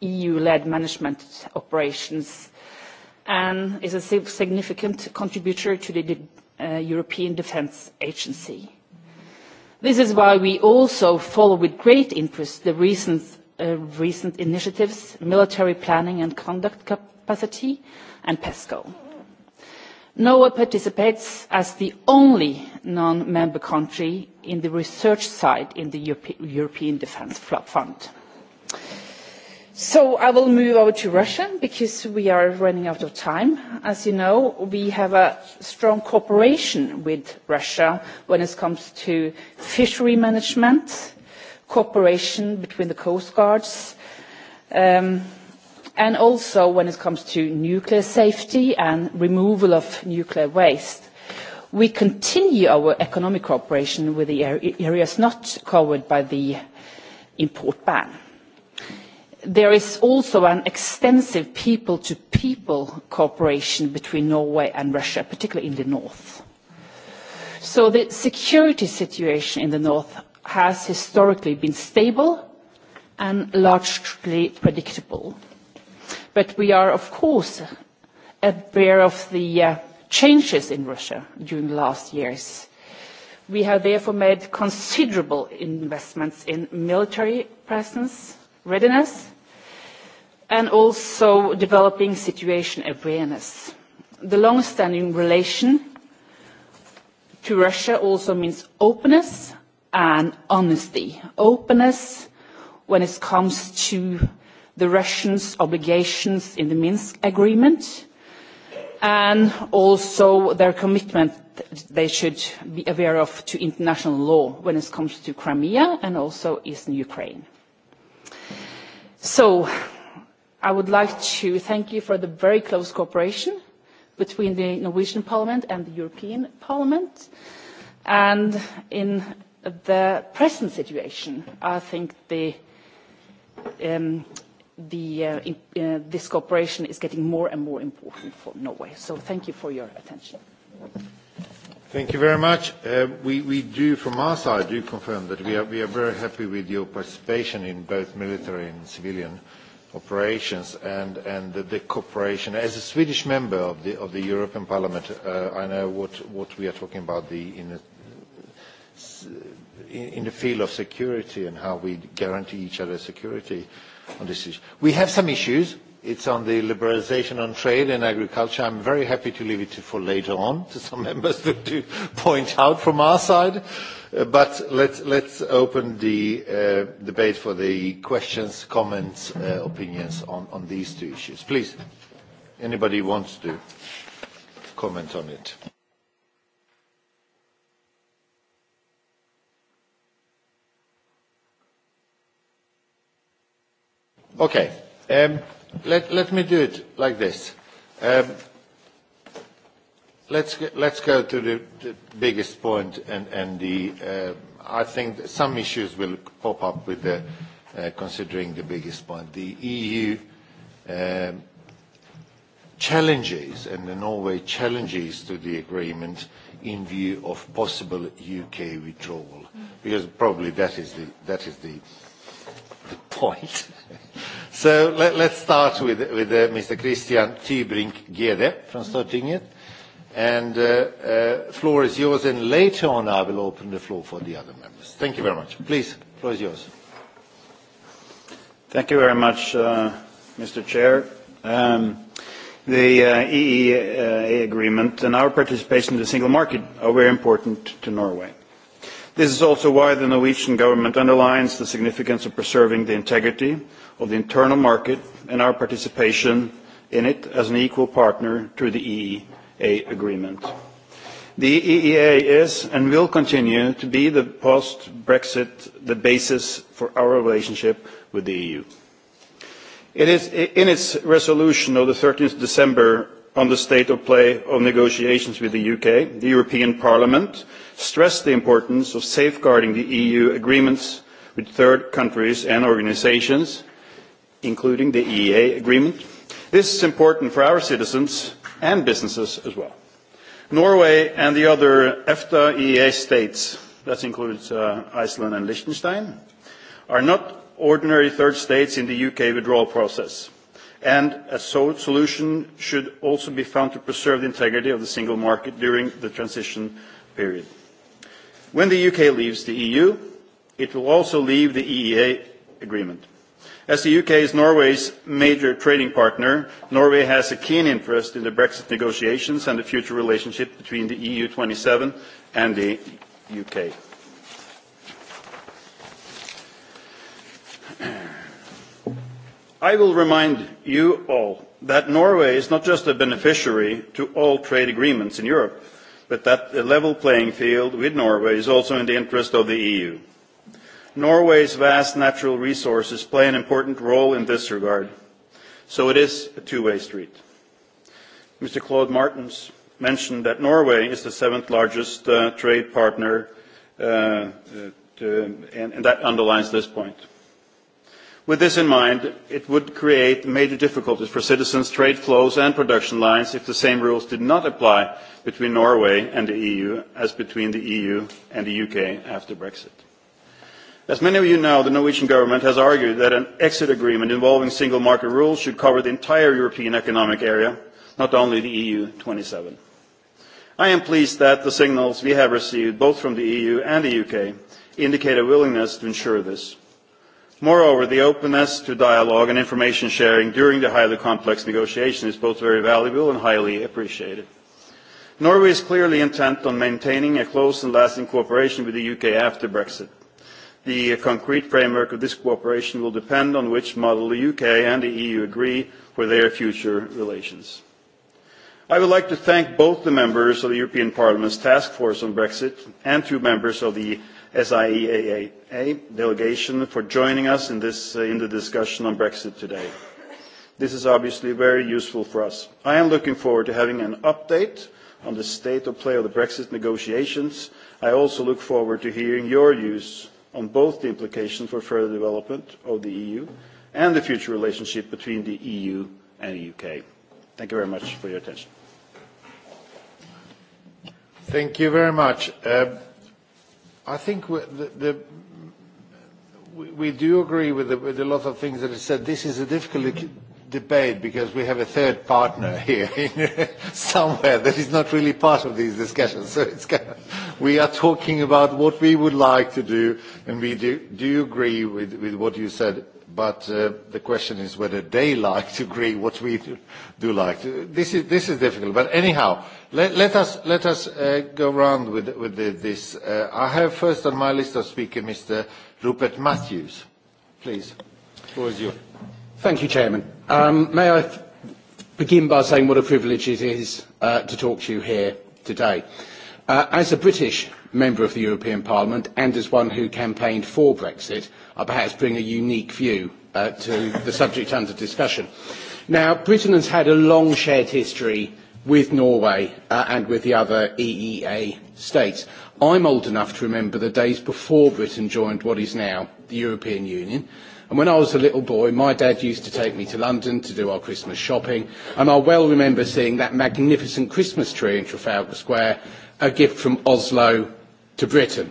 EU-led management operations and is a significant contributor to the European Defence Agency. This is why we also follow with great interest the recent initiatives, military planning and conduct capacity, and PESCO. NOAA participates as the only non-member country in the research side in the European Defence Fund. So I will move over to Russia because we are running out of time. As you know, we have a strong cooperation with Russia when it comes to fishery management, cooperation between the coast guards, and also when it comes to nuclear safety and removal of nuclear waste. We continue our economic cooperation with the areas not covered by the import ban. There is also an extensive people-to-people cooperation between Norway and Russia, particularly in the north. So the security situation in the north has historically been stable and largely predictable but we are of course aware of the changes in Russia during the last years. We have therefore made considerable investments in military presence, readiness, and also developing situation awareness. The long-standing relation to Russia also means openness and honesty. Openness when it comes to the Russians' obligations in the Minsk Agreement and also their commitment they should be aware of to international law when it comes to Crimea and also eastern Ukraine. So I would like to thank you for the very close cooperation between the Norwegian Parliament and the European Parliament. And in the present situation, I think the this cooperation is getting more and more important for Norway. So thank you for your attention. Thank you very much. We do, from our side, do confirm that we are very happy with your participation in both military and civilian operations and the cooperation. As a Swedish member of the European Parliament, I know what we are talking about in the field of security and how we guarantee each other security this We have some issues. It's on the liberalisation on trade and agriculture. I'm very happy to leave it for later on to some members to point out from our side. But let's open the debate for the questions, comments, opinions on these two issues. Please, anybody wants to comment on it. Okay. let, let me do it like this. Um, let's, let's go to the, the biggest point, and, and the, uh, I think some issues will pop up with the, considering the biggest point. The EU um, challenges and the Norway challenges to the agreement in view of possible UK withdrawal, because probably that is the, that is the point. So let's start with Mr. Christian Tybring-Gede from Stortinget. And the floor is yours, and later on I will open the floor for the other members. Thank you very much. Please, the floor is yours. Thank you very much, Mr. Chair. The EEA agreement and our participation in the single market are very important to Norway. This is also why the Norwegian government underlines the significance of preserving the integrity of the internal market and our participation in it as an equal partner through the EEA agreement. The EEA is and will continue to be the post-Brexit the basis for our relationship with the EU. in its resolution of the 13th December on the state of play of negotiations with the UK, the European Parliament stressed the importance of safeguarding the EU agreements with third countries and organisations, including the EEA agreement. This is important for our citizens and businesses as well. Norway and the other EFTA EEA states, that includes Iceland and Liechtenstein, are not ordinary third states in the UK withdrawal process and a solution should also be found to preserve the integrity of the single market during the transition period. When the UK leaves the EU, it will also leave the EEA agreement. As the UK is Norway's major trading partner, Norway has a keen interest in the Brexit negotiations and the future relationship between the EU 27 and the UK. I will remind you all that Norway is not just a beneficiary to all trade agreements in Europe, but that a level playing field with Norway is also in the interest of the EU. Norway's vast natural resources play an important role in this regard, so it is a two-way street. Mr. Claude Martens mentioned that Norway is the seventh largest trade partner, and that underlines this point. With this in mind, it would create major difficulties for citizens, trade flows and production lines if the same rules did not apply between Norway and the EU as between the EU and the UK after Brexit. As many of you know, the Norwegian government has argued that an exit agreement involving single market rules should cover the entire European economic area, not only the EU 27. I am pleased that the signals we have received both from the EU and the UK indicate a willingness to ensure this Moreover, the openness to dialogue and information sharing during the highly complex negotiation is both very valuable and highly appreciated. Norway is clearly intent on maintaining a close and lasting cooperation with the UK after Brexit. The concrete framework of this cooperation will depend on which model the UK and the EU agree for their future relations. I would like to thank both the members of the European Parliament's Task Force on Brexit and two members of the SIEAA delegation for joining us in this the discussion on Brexit today. This is obviously very useful for us. I am looking forward to having an update on the state of play of the Brexit negotiations. I also look forward to hearing your views on both the implications for further development of the EU and the future relationship between the EU and the UK. Thank you very much for your attention. Thank you very much. I think the we do agree with a lot of things that are said. This is a difficult debate because we have a third partner here somewhere that is not really part of these discussions. So it's we are talking about what we would like to do, and we do, do agree with, with what you said but the question is whether they like to agree what we do like. This is this is difficult. But anyhow, let us let us go round with with this. I have first on my list of speakers Mr. Rupert Matthews. Please, floor is Thank you, Chairman. May I begin by saying what a privilege it is to talk to you here today. As a British member of the European Parliament and as one who campaigned for Brexit. I perhaps bring a unique view to the subject under discussion. Now, Britain has had a long shared history with Norway and with the other EEA states. I'm old enough to remember the days before Britain joined what is now the European Union. And when I was a little boy, my dad used to take me to London to do our Christmas shopping. And I well remember seeing that magnificent Christmas tree in Trafalgar Square, a gift from Oslo to Britain.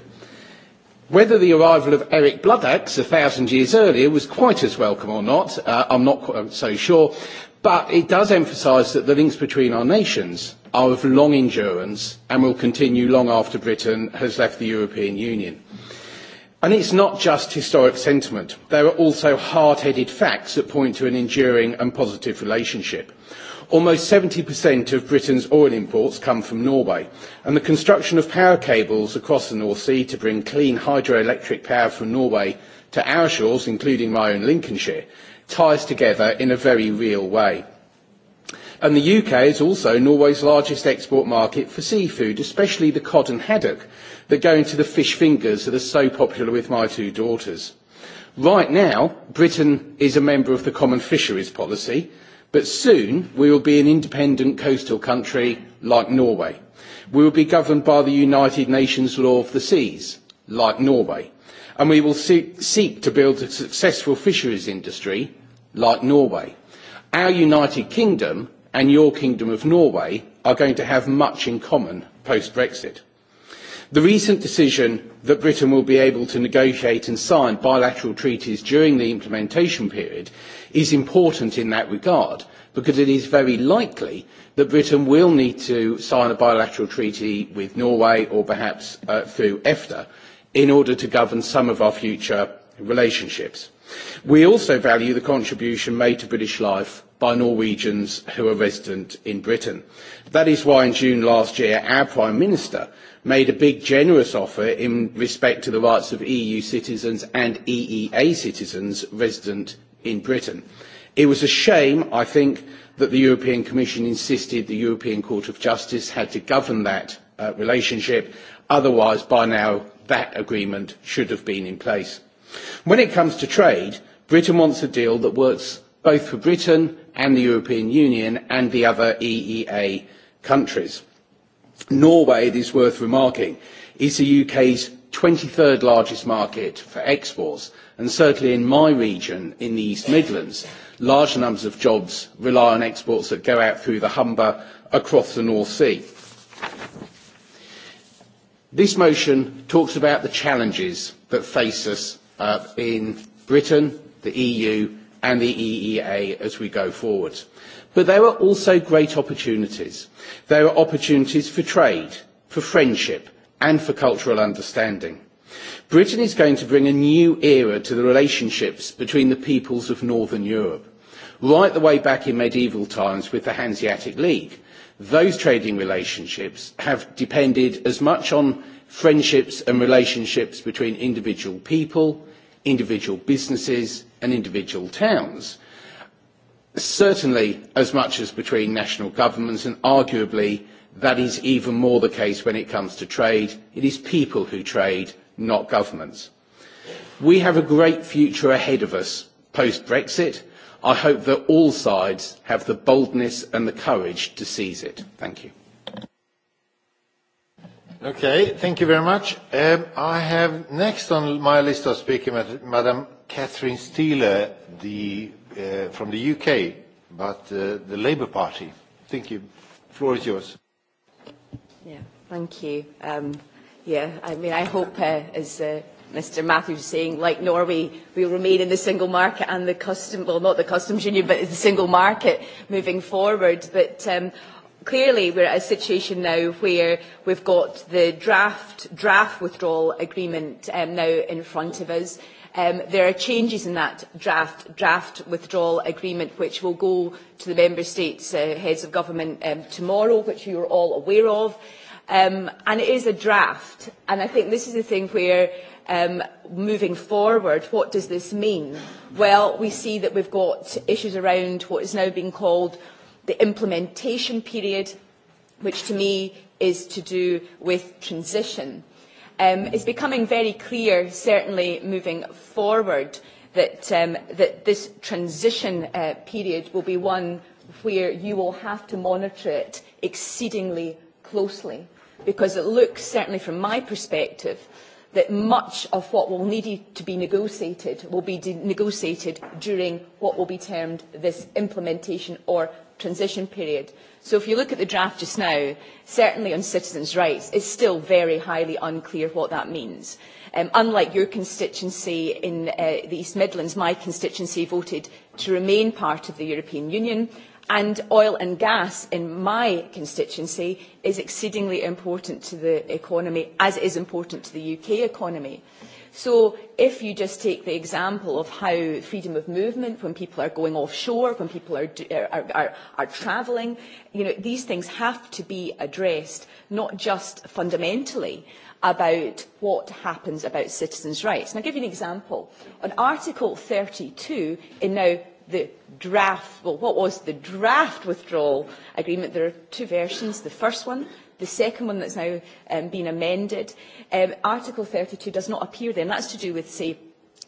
Whether the arrival of Eric Bloodaxe a thousand years earlier was quite as welcome or not, I'm not so sure, but it does emphasise that the links between our nations are of long endurance and will continue long after Britain has left the European Union. And it's not just historic sentiment. There are also hard-headed facts that point to an enduring and positive relationship. Almost 70% of Britain's oil imports come from Norway, and the construction of power cables across the North Sea to bring clean hydroelectric power from Norway to our shores, including my own Lincolnshire, ties together in a very real way. the UK is also Norway's largest export market for seafood, especially the cod and haddock that go into the fish fingers that are so popular with my two daughters. Right now, Britain is a member of the Common Fisheries Policy, But soon we will be an independent coastal country like Norway. We will be governed by the United Nations law of the seas like Norway. And we will seek to build a successful fisheries industry like Norway. Our United Kingdom and your Kingdom of Norway are going to have much in common post-Brexit. The recent decision that Britain will be able to negotiate and sign bilateral treaties during the implementation period is important in that regard because it is very likely that Britain will need to sign a bilateral treaty with Norway or perhaps through EFTA in order to govern some of our future relationships. We also value the contribution made to British life by Norwegians who are resident in Britain. That is why in June last year our Prime Minister made a big generous offer in respect to the rights of EU citizens and EEA citizens resident in Britain. It was a shame, I think, that the European Commission insisted the European Court of Justice had to govern that relationship. Otherwise, by now, that agreement should have been in place. When it comes to trade, Britain wants a deal that works both for Britain and the European Union and the other EEA countries. Norway, it is worth remarking, is the UK's 23rd largest market for exports and certainly in my region, in the East Midlands, large numbers of jobs rely on exports that go out through the Humber across the North Sea. This motion talks about the challenges that face us in Britain, the EU and the EEA as we go forward. But there are also great opportunities. There are opportunities for trade, for friendship and for cultural understanding. Britain is going to bring a new era to the relationships between the peoples of Northern Europe. Right the way back in medieval times with the Hanseatic League, those trading relationships have depended as much on friendships and relationships between individual people, individual businesses and individual towns, certainly as much as between national governments and arguably that is even more the case when it comes to trade. It is people who trade not governments. We have a great future ahead of us post-Brexit. I hope that all sides have the boldness and the courage to seize it. Thank you. Okay, thank you very much. I have next on my list of speakers, Madam Catherine Steele, from the UK, but the Labour Party. Thank you. Floor is yours. Yeah, thank you. Um, Yeah, I mean, I hope, as Mr. Matthews is saying, like Norway, we remain in the single market and the custom, well, not the customs union, but the single market moving forward. But clearly we're at a situation now where we've got the draft draft withdrawal agreement now in front of us. There are changes in that draft draft withdrawal agreement which will go to the Member States heads of government tomorrow, which you are all aware of and it is a draft and i think this is the thing where moving forward what does this mean well we see that we've got issues around what is now being called the implementation period which to me is to do with transition it's becoming very clear certainly moving forward that that this transition period will be one where you will have to monitor it exceedingly closely because it looks, certainly from my perspective, that much of what will need to be negotiated will be negotiated during what will be termed this implementation or transition period. So if you look at the draft just now, certainly on citizens' rights, it's still very highly unclear what that means. Unlike your constituency in the East Midlands, my constituency voted to remain part of the European Union and oil and gas in my constituency is exceedingly important to the economy as is important to the uk economy so if you just take the example of how freedom of movement when people are going offshore when people are are travelling you know these things have to be addressed not just fundamentally about what happens about citizens' rights. And I'll give you an example. On Article 32 in now the draft, well, what was the draft withdrawal agreement. There are two versions. The first one, the second one that's now been amended. Article 32 does not appear there, and that's to do with, say,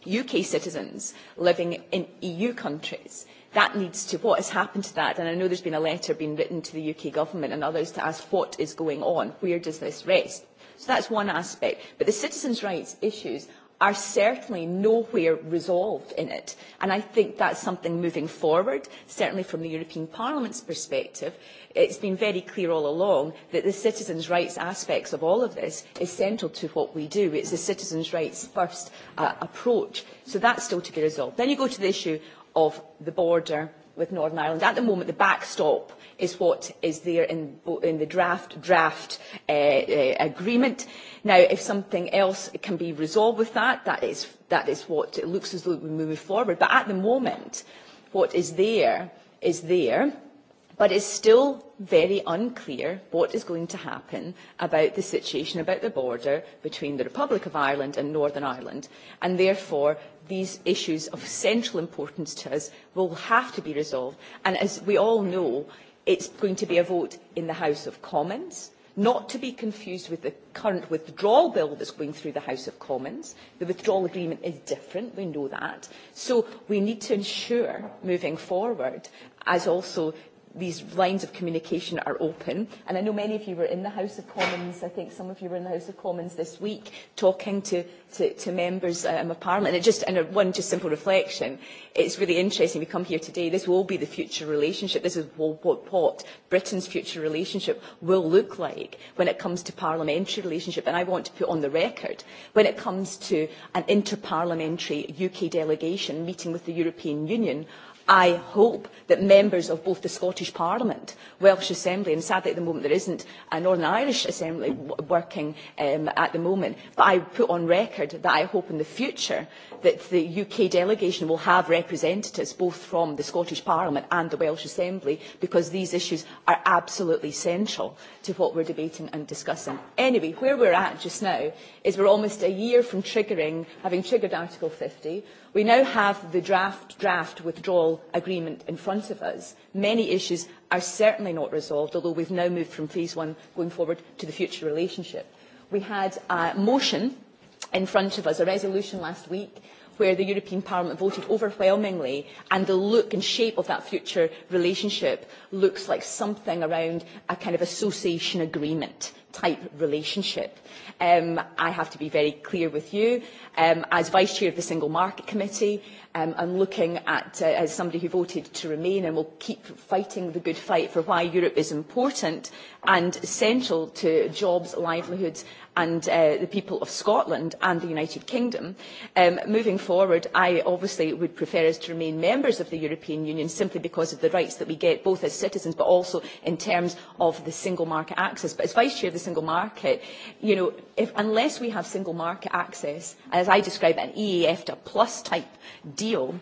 UK citizens living in EU countries. That needs to, what has happened to that? And I know there's been a letter being written to the UK government and others to ask what is going on, where does this rest? So that's one aspect. But the citizens' rights issues are certainly nowhere resolved in it. And I think that's something moving forward, certainly from the European Parliament's perspective. It's been very clear all along that the citizens' rights aspects of all of this is central to what we do. It's the citizens' rights first approach. So that's still to be resolved. Then you go to the issue of the border with Northern Ireland. At the moment, the backstop is what is there in the draft agreement. Now, if something else can be resolved with that, that is, that is what it looks as though we move forward. But at the moment, what is there is there. But it's still very unclear what is going to happen about the situation about the border between the Republic of Ireland and Northern Ireland. And therefore, these issues of central importance to us will have to be resolved. And as we all know, it's going to be a vote in the House of Commons not to be confused with the current withdrawal bill that's going through the House of Commons. The withdrawal agreement is different, we know that. So we need to ensure, moving forward, as also these lines of communication are open. And I know many of you were in the House of Commons, I think some of you were in the House of Commons this week, talking to, to, members of Parliament. And, it just, and one just simple reflection, it's really interesting, we come here today, this will be the future relationship, this is what, what Britain's future relationship will look like when it comes to parliamentary relationship. And I want to put on the record, when it comes to an interparliamentary UK delegation meeting with the European Union, I hope that members of both the Scottish Parliament, Welsh Assembly, and sadly at the moment there isn't a Northern Irish Assembly working at the moment, but I put on record that I hope in the future that the UK delegation will have representatives both from the Scottish Parliament and the Welsh Assembly because these issues are absolutely central to what we're debating and discussing. Anyway, where we're at just now is we're almost a year from triggering, having triggered Article 50, We now have the draft draft withdrawal agreement in front of us. Many issues are certainly not resolved, although we've now moved from phase one going forward to the future relationship. We had a motion in front of us, a resolution last week, where the European Parliament voted overwhelmingly, and the look and shape of that future relationship looks like something around a kind of association agreement type relationship. I have to be very clear with you. As Vice Chair of the Single Market Committee, I'm looking at, as somebody who voted to remain and will keep fighting the good fight for why Europe is important and essential to jobs, livelihoods and the people of Scotland and the United Kingdom. Moving forward, I obviously would prefer us to remain members of the European Union simply because of the rights that we get both as citizens but also in terms of the single market access. But as Vice Chair of the Single Market, you know, if unless we have single market access, as I describe an EEFTA plus type deal,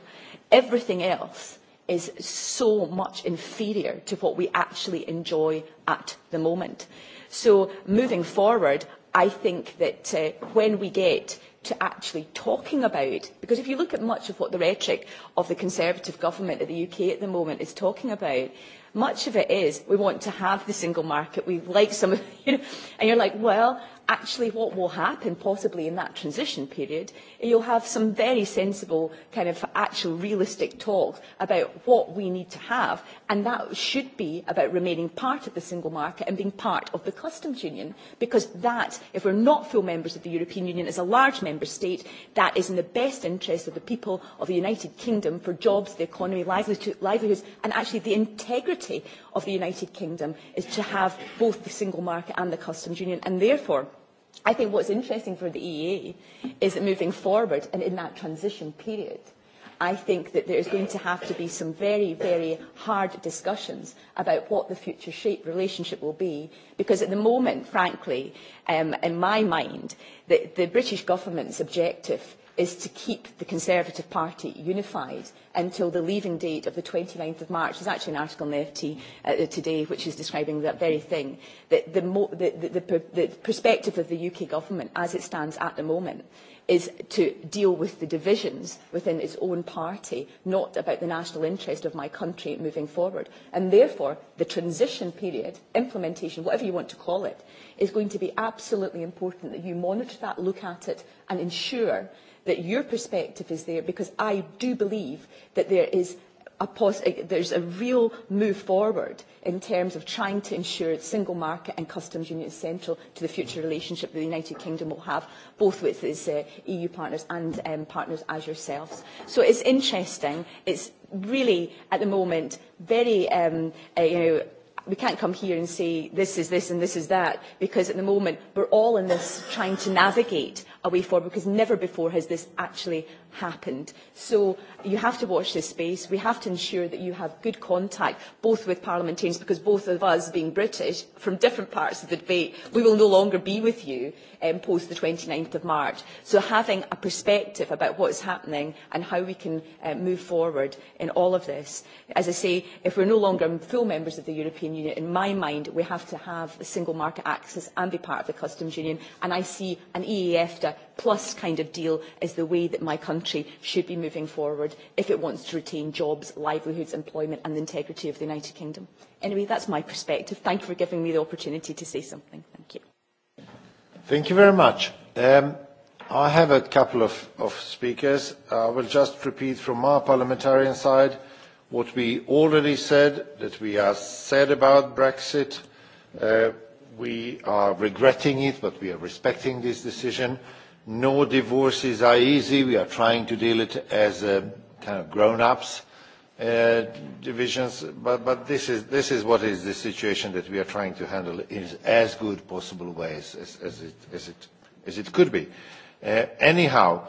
everything else is so much inferior to what we actually enjoy at the moment. So moving forward, I think that when we get to actually talking about, because if you look at much of what the rhetoric of the Conservative government of the UK at the moment is talking about, much of it is we want to have the single market, we like some of, you know, and you're like, well, actually what will happen possibly in that transition period you'll have some very sensible kind of actual realistic talks about what we need to have and that should be about remaining part of the single market and being part of the customs union because that if we're not full members of the European Union as a large member state that is in the best interest of the people of the United Kingdom for jobs the economy livelihoods and actually the integrity of the United Kingdom is to have both the single market and the customs union and therefore I think what's interesting for the EEA is that moving forward and in that transition period, I think that there is going to have to be some very, very hard discussions about what the future shape relationship will be, because at the moment, frankly, in my mind, the British government's objective is to keep the Conservative Party unified until the leaving date of the 29th of March. There's actually an article in the FT today which is describing that very thing, that the perspective of the UK government as it stands at the moment is to deal with the divisions within its own party, not about the national interest of my country moving forward. And therefore, the transition period, implementation, whatever you want to call it, is going to be absolutely important that you monitor that, look at it, and ensure that your perspective is there because I do believe that there is a there's a real move forward in terms of trying to ensure single market and customs union is central to the future relationship that the United Kingdom will have, both with its EU partners and partners as yourselves. So it's interesting. It's really, at the moment, very, you know, we can't come here and say this is this and this is that, because at the moment we're all in this trying to navigate away forward because never before has this actually happened. So you have to watch this space. We have to ensure that you have good contact, both with parliamentarians, because both of us, being British, from different parts of the debate, we will no longer be with you post the 29th of March. So having a perspective about what is happening and how we can move forward in all of this. As I say, if we're no longer full members of the European Union, in my mind, we have to have a single market access and be part of the customs union. And I see an EEFTA plus kind of deal as the way that my country country should be moving forward if it wants to retain jobs, livelihoods, employment and the integrity of the United Kingdom. Anyway, that's my perspective. Thank you for giving me the opportunity to say something. Thank you. Thank you very much. I have a couple of speakers. I will just repeat from our parliamentarian side what we already said, that we are sad about Brexit. We are regretting it, but we are respecting this decision. No divorces are easy. We are trying to deal it as kind of grown-ups divisions, but but this is this is what is the situation that we are trying to handle in as good possible ways as as it as it as it could be. Anyhow,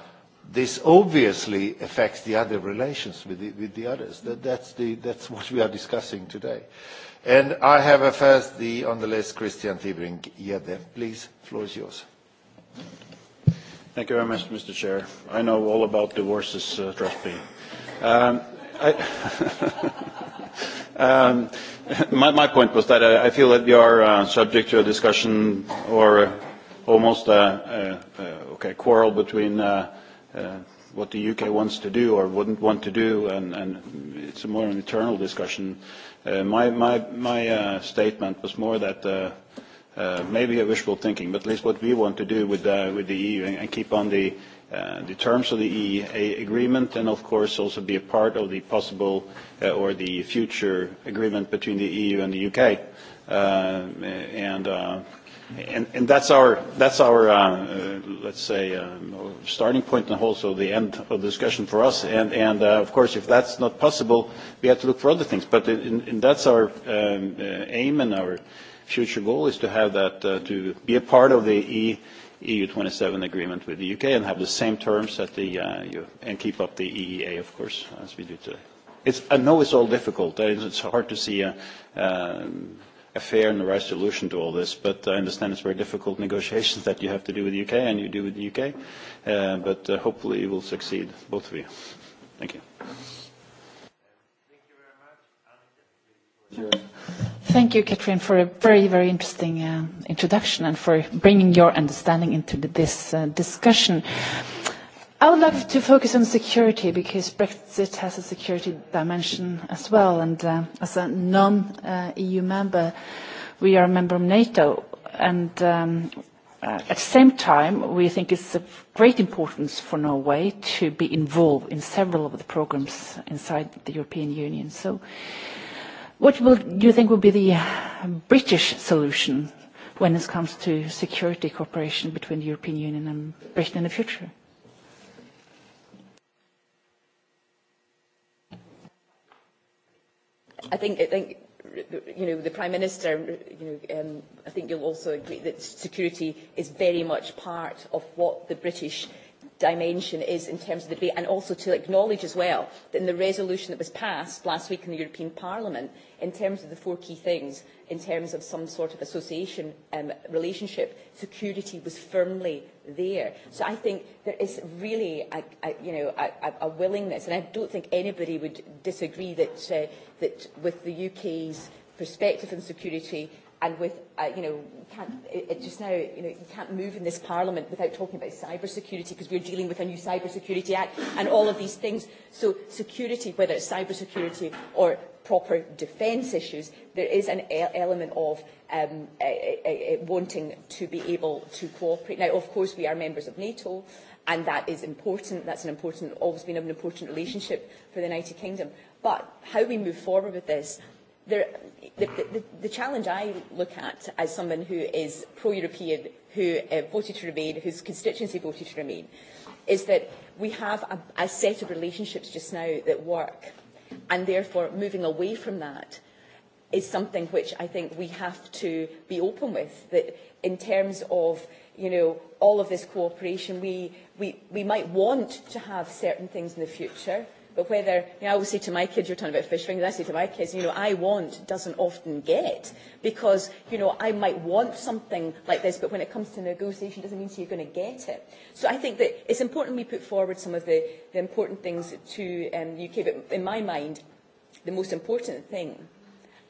this obviously affects the other relations with the with the others. That that's the that's what we are discussing today. And I have a first the on the list Christian Thiebring. Yeah, please, floor is yours. Thank you very much, Mr. Chair. I know all about divorces, uh, trust me. Um, I um, my, my point was that I, I feel that we are uh, subject to a discussion or uh, almost a, a, a okay, quarrel between uh, uh, what the UK wants to do or wouldn't want to do, and, and it's a more an internal discussion. Uh, my my, my uh, statement was more that uh, maybe a wishful thinking, but at least what we want to do with the EU and keep on the terms of the EEA agreement and, of course, also be a part of the possible or the future agreement between the EU and the U.K. And that's our, let's say, starting point and also the end of the discussion for us. And, of course, if that's not possible, we have to look for other things. But that's our aim and our future goal is to have that to be a part of the EU27 agreement with the UK and have the same terms at the U and keep up the EEA, of course, as we do today. It's, I know it's all difficult. It's hard to see a, a fair and the right solution to all this, but I understand it's very difficult negotiations that you have to do with the UK and you do with the UK, but hopefully you will succeed, both of you. Thank you. Thank you, Catherine, for a very, very interesting introduction and for bringing your understanding into this discussion. I would like to focus on security because Brexit has a security dimension as well. And as a non-EU member, we are a member of NATO. And at the same time, we think it's of great importance for Norway to be involved in several of the programs inside the European Union. So What do you think will be the British solution when it comes to security cooperation between the European Union and Britain in the future? I think, you know, the Prime Minister, you know, I think you'll also agree that security is very much part of what the British dimension is in terms of the debate and also to acknowledge as well that in the resolution that was passed last week in the European Parliament in terms of the four key things in terms of some sort of association relationship security was firmly there so i think there is really a you know a willingness and i don't think anybody would disagree that that with the uk's perspective on security and with, you know, it, just now, you know, you can't move in this Parliament without talking about cybersecurity because we're dealing with a new cybersecurity act and all of these things. So security, whether it's cybersecurity or proper defence issues, there is an element of um, wanting to be able to cooperate. Now, of course, we are members of NATO, and that is important. That's an important, always been an important relationship for the United Kingdom. But how we move forward with this the, the, challenge I look at as someone who is pro-European, who voted to remain, whose constituency voted to remain, is that we have a, a set of relationships just now that work. And therefore, moving away from that is something which I think we have to be open with, that in terms of you know, all of this cooperation, we, we, we might want to have certain things in the future, But whether, you know, I always say to my kids, you're talking about fish fingers, I say to my kids, you know, I want doesn't often get because, you know, I might want something like this, but when it comes to negotiation, it doesn't mean you're going to get it. So I think that it's important we put forward some of the, important things to the UK, but in my mind, the most important thing,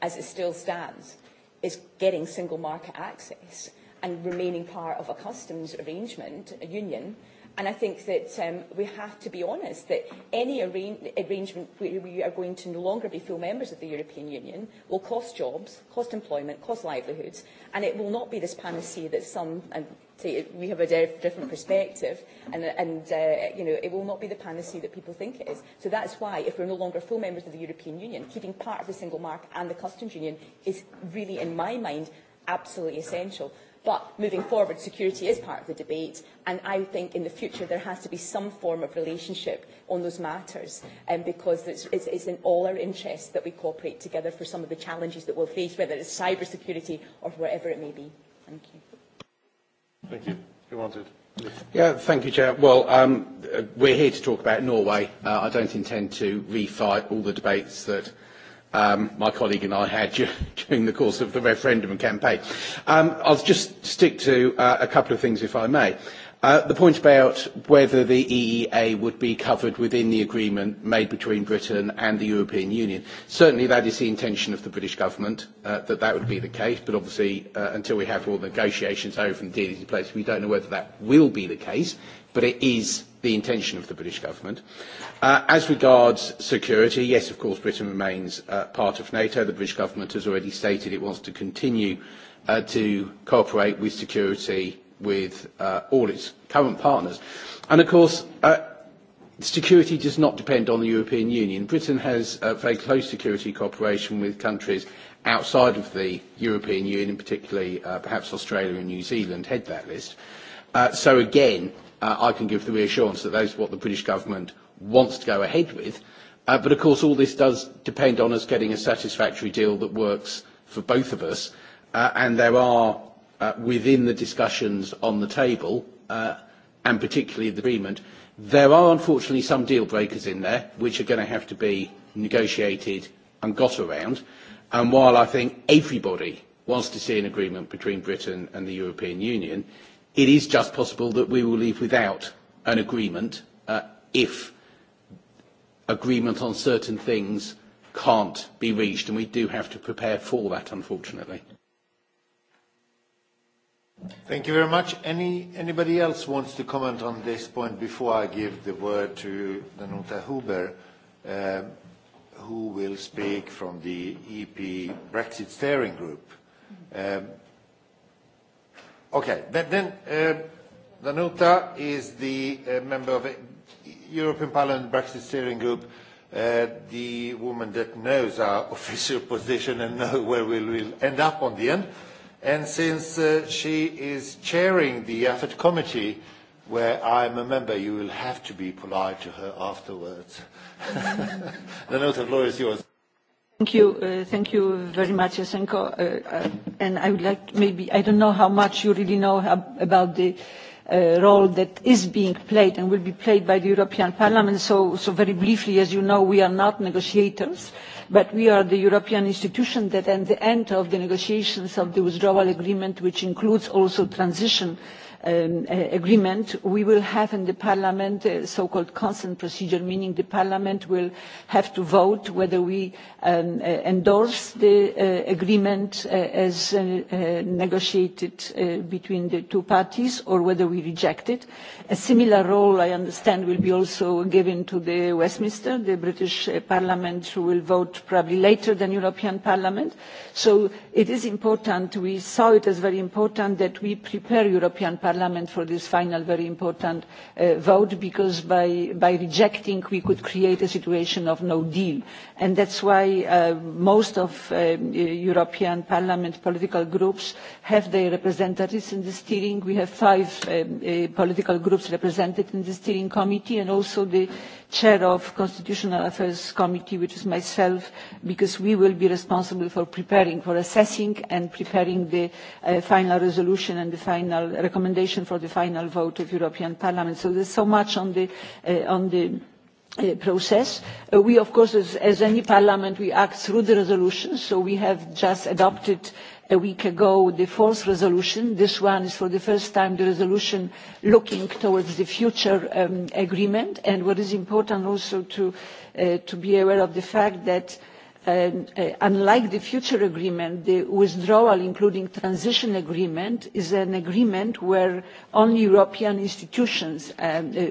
as it still stands, is getting single market access and remaining part of a customs arrangement, a union, And I think that we have to be honest that any arrangement where we are going to no longer be full members of the European Union will cost jobs, cost employment, cost livelihoods, and it will not be this panacea that some, and say we have a different perspective, and, and you know, it will not be the panacea that people think it is. So that's why if we're no longer full members of the European Union, keeping part of the single market and the customs union is really, in my mind, absolutely essential But moving forward, security is part of the debate, and I think in the future there has to be some form of relationship on those matters, because it's, it's, in all our interests that we cooperate together for some of the challenges that we'll face, whether it's cyber security or wherever it may be. Thank you. Thank you. Who wanted? Yeah, thank you, Chair. Well, um, we're here to talk about Norway. I don't intend to refight all the debates that my colleague and I had during the course of the referendum campaign. I'll just stick to a couple of things, if I may. The point about whether the EEA would be covered within the agreement made between Britain and the European Union. Certainly that is the intention of the British government, that that would be the case, but obviously until we have all the negotiations over and dealings in place, we don't know whether that will be the case, but it is the intention of the British government. As regards security, yes, of course, Britain remains part of NATO. The British government has already stated it wants to continue to cooperate with security with all its current partners. And, of course, security does not depend on the European Union. Britain has very close security cooperation with countries outside of the European Union, particularly perhaps Australia and New Zealand head that list. So, again, I can give the reassurance that that is what the British government wants to go ahead with. But of course, all this does depend on us getting a satisfactory deal that works for both of us. And there are, within the discussions on the table, and particularly the agreement, there are unfortunately some deal breakers in there which are going to have to be negotiated and got around. And while I think everybody wants to see an agreement between Britain and the European Union, It is just possible that we will leave without an agreement if agreement on certain things can't be reached, and we do have to prepare for that, unfortunately. Thank you very much. Anybody else wants to comment on this point before I give the word to Danuta Huber, who will speak from the EP Brexit Steering Group? Okay. Then Danuta is the member of the European Parliament Brexit Steering Group, the woman that knows our official position and knows where we will end up on the end. And since she is chairing the AFET committee, where I am a member, you will have to be polite to her afterwards. Danuta, the floor is yours. Thank you. very much, Yasenko. And I would like maybe, I don't know how much you really know about the role that is being played and will be played by the European Parliament. So very briefly, as you know, we are not negotiators, but we are the European institution that at the end of the negotiations of the withdrawal agreement, which includes also transition agreement we will have in the parliament a so called consent procedure meaning the parliament will have to vote whether we endorse the agreement as negotiated between the two parties or whether we reject it. a similar role i understand will be also given to the westminster the british parliament will vote probably later than the european parliament so it is important we saw it as very important that we prepare european parliament for this final very important vote because by rejecting we could create a situation of no deal and that's why most of european parliament political groups have their representatives in the steering we have five political groups represented in the steering committee and also the chair of the constitutional affairs committee which is myself because we will be responsible for preparing for assessing and preparing the final resolution and the final recommendation for the final vote of European Parliament. So there's so much on the process. We, of course, as any Parliament, we act through the resolutions. So we have just adopted a week ago the fourth resolution. This one is for the first time the resolution looking towards the future agreement. And what is important also to be aware of the fact that unlike the future agreement, the withdrawal including transition agreement is an agreement where only European institutions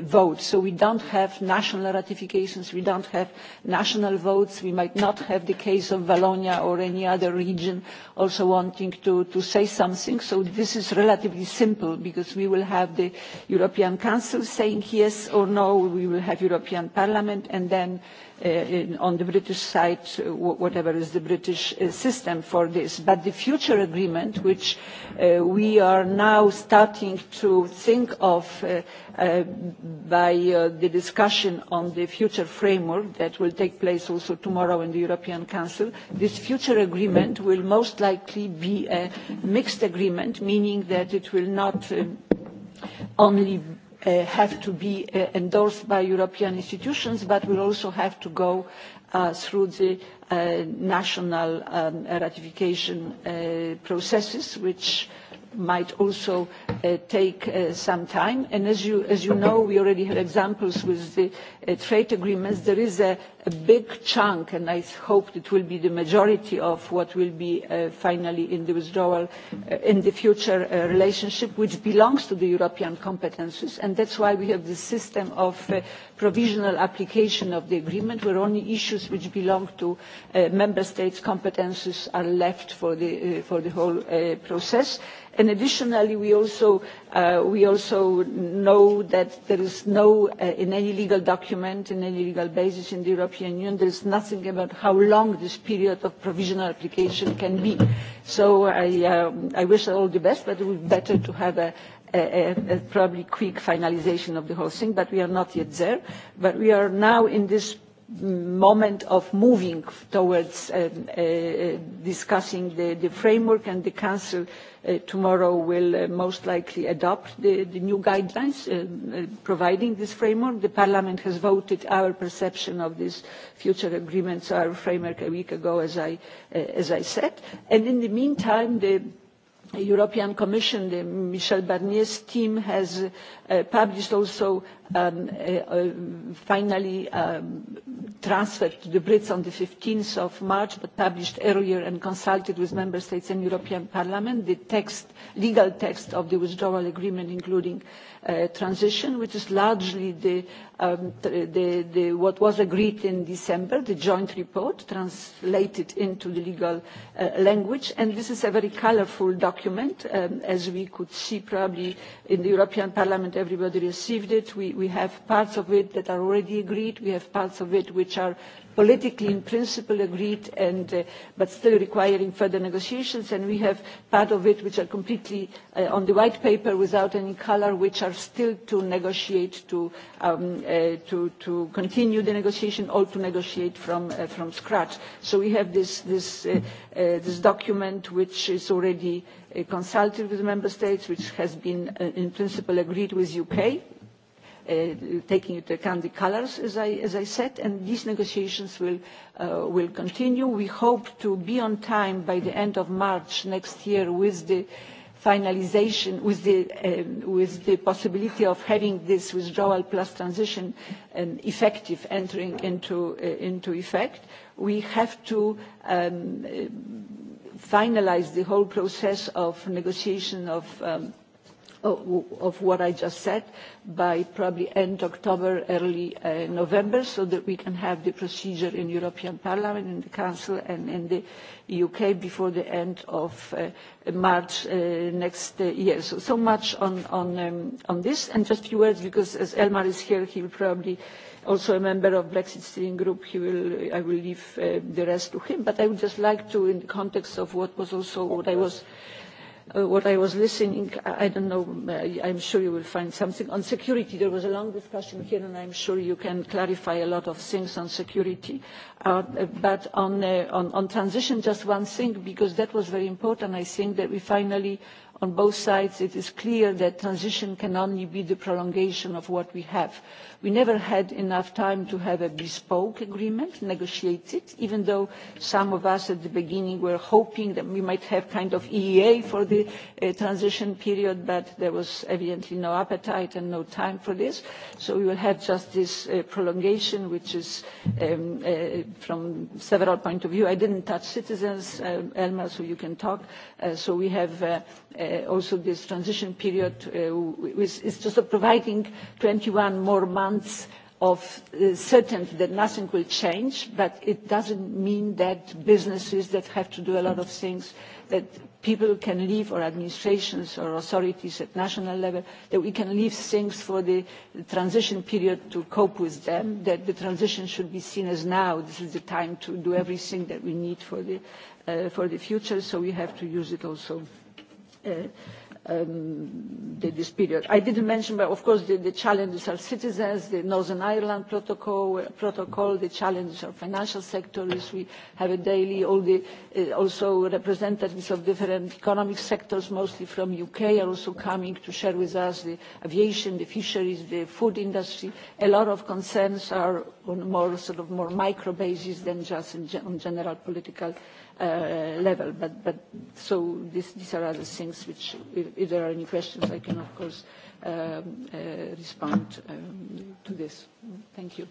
vote. So we don't have national ratifications, we don't have national votes, we might not have the case of Wallonia or any other region also wanting to say something. So this is relatively simple because we will have the European Council saying yes or no, we will have European Parliament and then on the British side, whatever is the British system for this. But the future agreement, which we are now starting to think of by the discussion on the future framework that will take place also tomorrow in the European Council, this future agreement will most likely be a mixed agreement, meaning that it will not only have to be endorsed by European institutions, but will also have to go through the national ratification processes, which might also take some time. And as you know, we already have examples with the trade agreements. There is a big chunk, and I hope it will be the majority of what will be finally in the withdrawal in the future relationship, which belongs to the European competences. And that's why we have the system of provisional application of the agreement, where only issues which belong to member states' competences are left for the whole process additionally, we also know that there is no, in any legal document, in any legal basis in the European Union, there is nothing about how long this period of provisional application can be. So I wish all the best, but it would be better to have a probably quick finalization of the whole thing, but we are not yet there. But we are now in this moment of moving towards discussing the framework and the Council tomorrow will most likely adopt the new guidelines providing this framework. The Parliament has voted our perception of this future agreements, our framework a week ago, as I said. And in the meantime, the European Commission, the Michel Barnier's team has published also finally transferred to the Brits on the 15th of March, but published earlier and consulted with Member States and European Parliament, the legal text of the withdrawal agreement, including transition, which is largely what was agreed in December, the joint report translated into the legal language. And this is a very colourful document, as we could see probably in the European Parliament everybody received it. We have parts of it that are already agreed. We have parts of it which are politically in principle agreed and but still requiring further negotiations and we have part of it which are completely on the white paper without any colour which are still to negotiate to to continue the negotiation or to negotiate from from scratch so we have this this this document which is already consulted with the member states which has been in principle agreed with uk taking into account the colours, as I said, and these negotiations will continue. We hope to be on time by the end of March next year with the finalisation, with the possibility of having this withdrawal plus transition effective entering into effect. We have to finalise the whole process of negotiation of of what I just said by probably end October, early November, so that we can have the procedure in European Parliament, in the Council and in the UK before the end of March next year. So much on this. And just a few words, because as Elmar is here, he will probably also a member of Brexit steering group, he will, I will leave the rest to him. But I would just like to, in the context of what was also what I was what I was listening, I don't know, I'm sure you will find something. On security, there was a long discussion here, and I'm sure you can clarify a lot of things on security. But on transition, just one thing, because that was very important. I think that we finally on both sides it is clear that transition can only be the prolongation of what we have. we never had enough time to have a bespoke agreement negotiated even though some of us at the beginning were hoping that we might have kind of eea for the transition period but there was evidently no appetite and no time for this so we will have just this prolongation which is from several points of view. i didn't touch citizens elmar so you can talk so we have also this transition period is just providing 21 more months of certainty that nothing will change, but it doesn't mean that businesses that have to do a lot of things, that people can leave, or administrations or authorities at national level, that we can leave things for the transition period to cope with them, that the transition should be seen as now. This is the time to do everything that we need for the future, so we have to use it also this period. I didn't mention, but of course, the challenges are citizens, the Northern Ireland Protocol, the challenges are financial sectors. We have a daily, all the also representatives of different economic sectors, mostly from UK, are also coming to share with us the aviation, the fisheries, the food industry. A lot of concerns are on more sort of more micro basis than just on general political level. But so these are other things which, if there are any questions, I can, of course, respond to this. Thank you.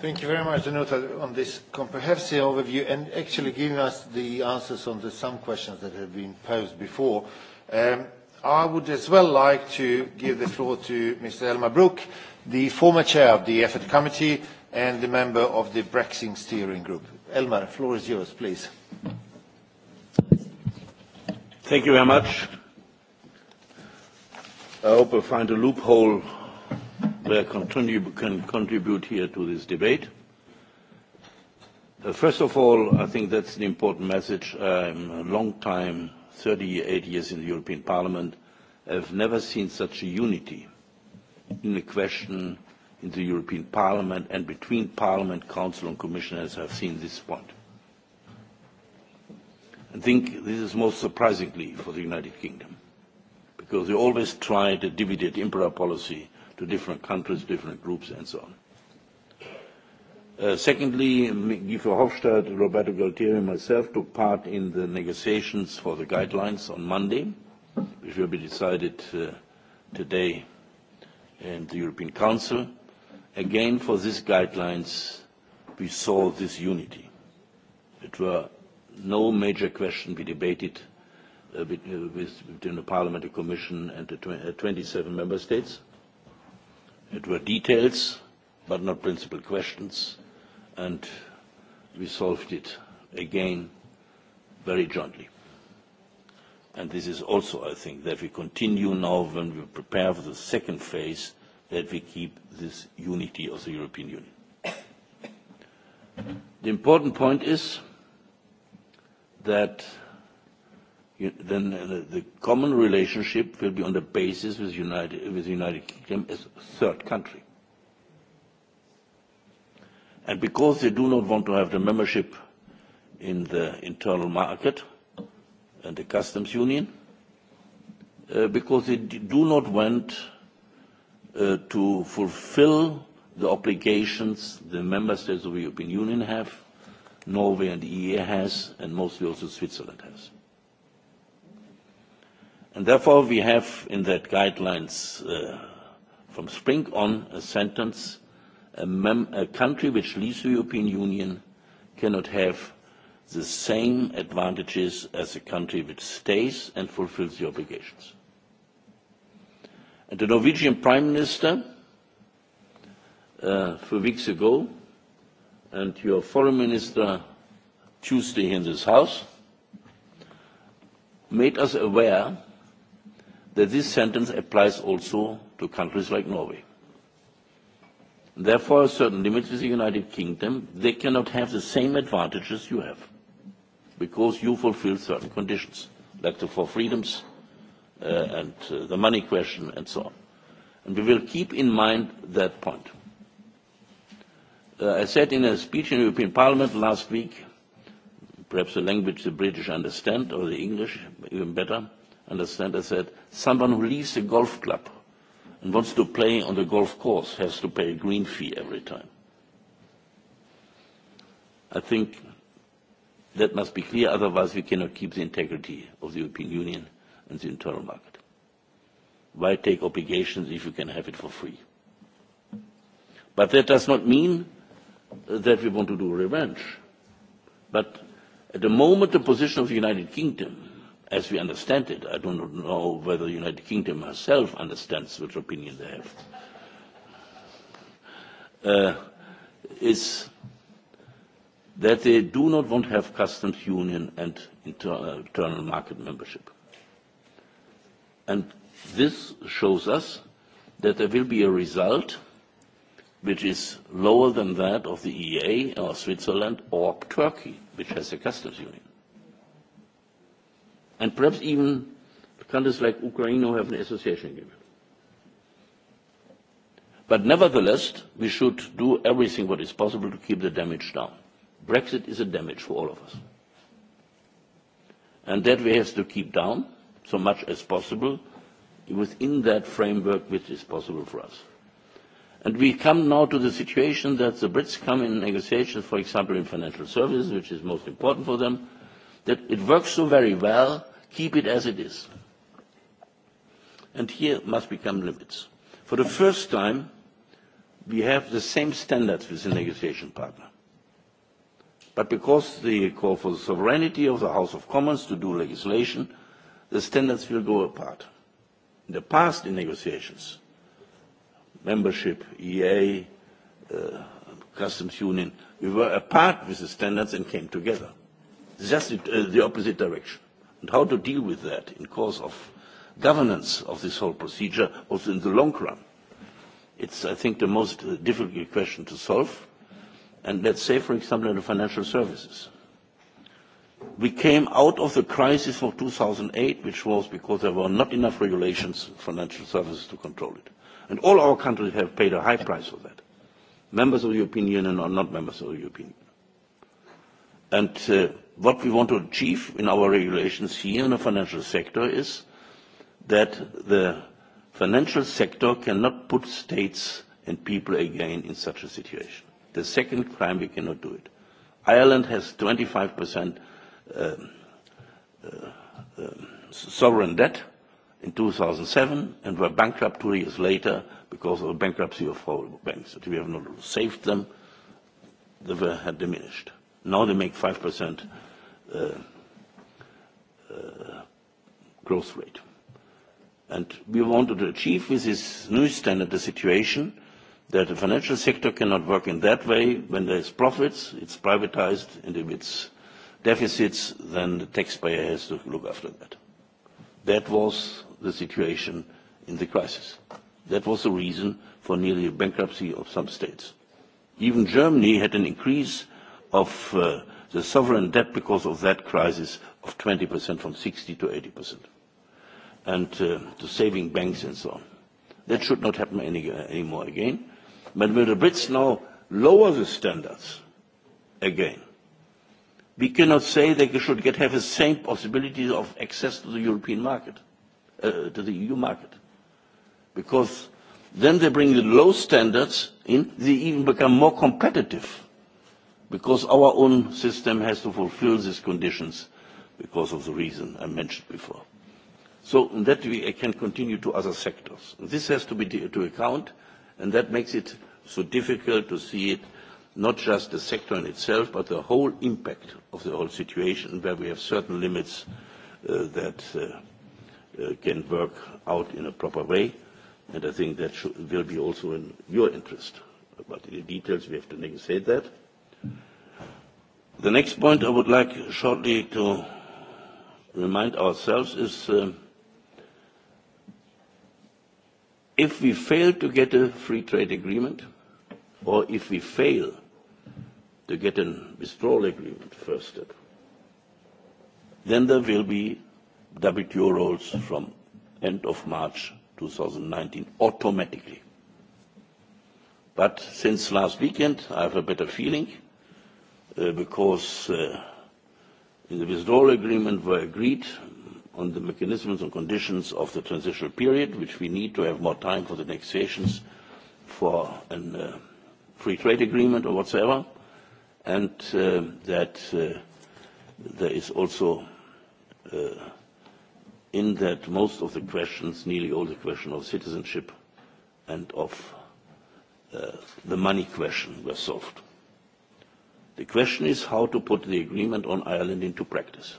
Thank you very much, Danuta, on this comprehensive overview and actually giving us the answers on some questions that have been posed before. I would as well like to give the floor to Mr. Elmar Brook, the former chair of the Effort Committee and the member of the Brexit Steering Group. Elmar, floor is yours, please. Thank you very much. I hope I find a loophole where I can contribute here to this debate. First of all, I think that's an important message. I'm a long time, 38 years in the European Parliament. I've never seen such a unity in the question in the European Parliament and between Parliament, Council and Commissioners, have seen this point. I think this is most surprisingly for the United Kingdom, because they always try to dividend imperial policy to different countries, different groups, and so on. Secondly, Guy Verhofstadt, Roberto Galtieri, and myself took part in the negotiations for the guidelines on Monday, which will be decided today in the European Council. Again, for these guidelines, we saw this unity. It were no major question we debated between the Parliament, the Commission, and the 27 member states. It were details, but not principal questions, and we solved it again very jointly. And this is also, I think, that we continue now when we prepare for the second phase that we keep this unity of the European Union. The important point is that the common relationship will be on the basis with the United Kingdom as a third country. And because they do not want to have the membership in the internal market and the customs union, because they do not want to fulfill the obligations the member states of the European Union have, Norway and the EEA has, and mostly also Switzerland has. And therefore we have in that guidelines from spring on a sentence, a country which leaves the European Union cannot have the same advantages as a country which stays and fulfills the obligations. And the Norwegian Prime Minister, a few weeks ago, and your Foreign Minister Tuesday in this House, made us aware that this sentence applies also to countries like Norway. Therefore, certain limit with the United Kingdom, they cannot have the same advantages you have, because you fulfill certain conditions, like the four freedoms, and the money question and so on. And we will keep in mind that point. I said in a speech in the European Parliament last week, perhaps a language the British understand, or the English even better understand, I said, someone who leaves a golf club and wants to play on the golf course has to pay a green fee every time. I think that must be clear, otherwise we cannot keep the integrity of the European Union and the internal market. Why take obligations if you can have it for free? But that does not mean that we want to do revenge. But at the moment, the position of the United Kingdom, as we understand it, I do not know whether the United Kingdom herself understands which opinion they have, is that they do not want to have customs union and internal market membership. And this shows us that there will be a result which is lower than that of the EA or Switzerland or Turkey, which has a customs union. And perhaps even countries like Ukraine who have an association agreement. But nevertheless, we should do everything what is possible to keep the damage down. Brexit is a damage for all of us. And that we have to keep down so much as possible within that framework which is possible for us. And we come now to the situation that the Brits come in negotiations, for example, in financial services, which is most important for them, that it works so very well, keep it as it is. And here must become limits. For the first time, we have the same standards with the negotiation partner. But because the call for the sovereignty of the House of Commons to do legislation, the standards will go apart. In the past, in negotiations, membership, EA, customs union, we were apart with the standards and came together. Just the opposite direction. And how to deal with that in course of governance of this whole procedure, also in the long run. It's, I think, the most difficult question to solve. And let's say, for example, in the financial services we came out of the crisis of 2008, which was because there were not enough regulations financial services to control it. And all our countries have paid a high price for that. Members of the European Union or not members of the European Union. And what we want to achieve in our regulations here in the financial sector is that the financial sector cannot put states and people again in such a situation. The second crime, we cannot do it. Ireland has 25% sovereign debt in 2007 and were bankrupt two years later because of the bankruptcy of four banks. That we have not saved them, they had diminished. Now they make 5% growth rate. And we wanted to achieve with this new standard the situation that the financial sector cannot work in that way. When there is profits, it's privatized and if it's deficits, then the taxpayer has to look after that. That was the situation in the crisis. That was the reason for nearly bankruptcy of some states. Even Germany had an increase of the sovereign debt because of that crisis of 20% from 60 to 80%, and to saving banks and so on. That should not happen anymore again. But when the Brits now lower the standards again, we cannot say that they should get have the same possibilities of access to the European market, to the EU market, because then they bring the low standards in, they even become more competitive, because our own system has to fulfill these conditions because of the reason I mentioned before. So that we can continue to other sectors. This has to be to account, and that makes it so difficult to see it not just the sector in itself, but the whole impact of the whole situation, where we have certain limits that can work out in a proper way. And I think that will be also in your interest. But in the details, we have to say that. The next point I would like shortly to remind ourselves is if we fail to get a free trade agreement, or if we fail to get a withdrawal agreement, first step. Then there will be WTO rules from end of March 2019 automatically. But since last weekend, I have a better feeling because in the withdrawal agreement were agreed on the mechanisms and conditions of the transitional period, which we need to have more time for the negotiations for a free trade agreement or whatsoever and that there is also in that most of the questions, nearly all the question of citizenship and of the money question were solved. The question is how to put the agreement on Ireland into practice.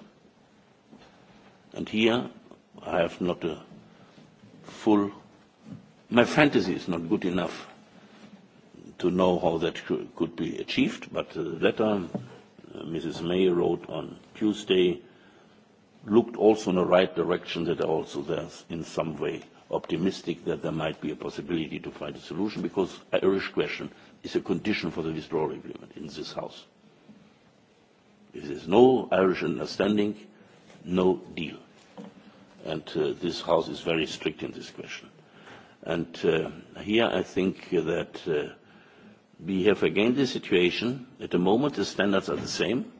And here I have not a full, my fantasy is not good enough to know how that could be achieved, but the letter Mrs. May wrote on Tuesday looked also in the right direction that also there's in some way optimistic that there might be a possibility to find a solution because the Irish question is a condition for the withdrawal agreement in this House. If is no Irish understanding, no deal. And this House is very strict in this question. And here I think that we have again the situation at the moment the standards are the same.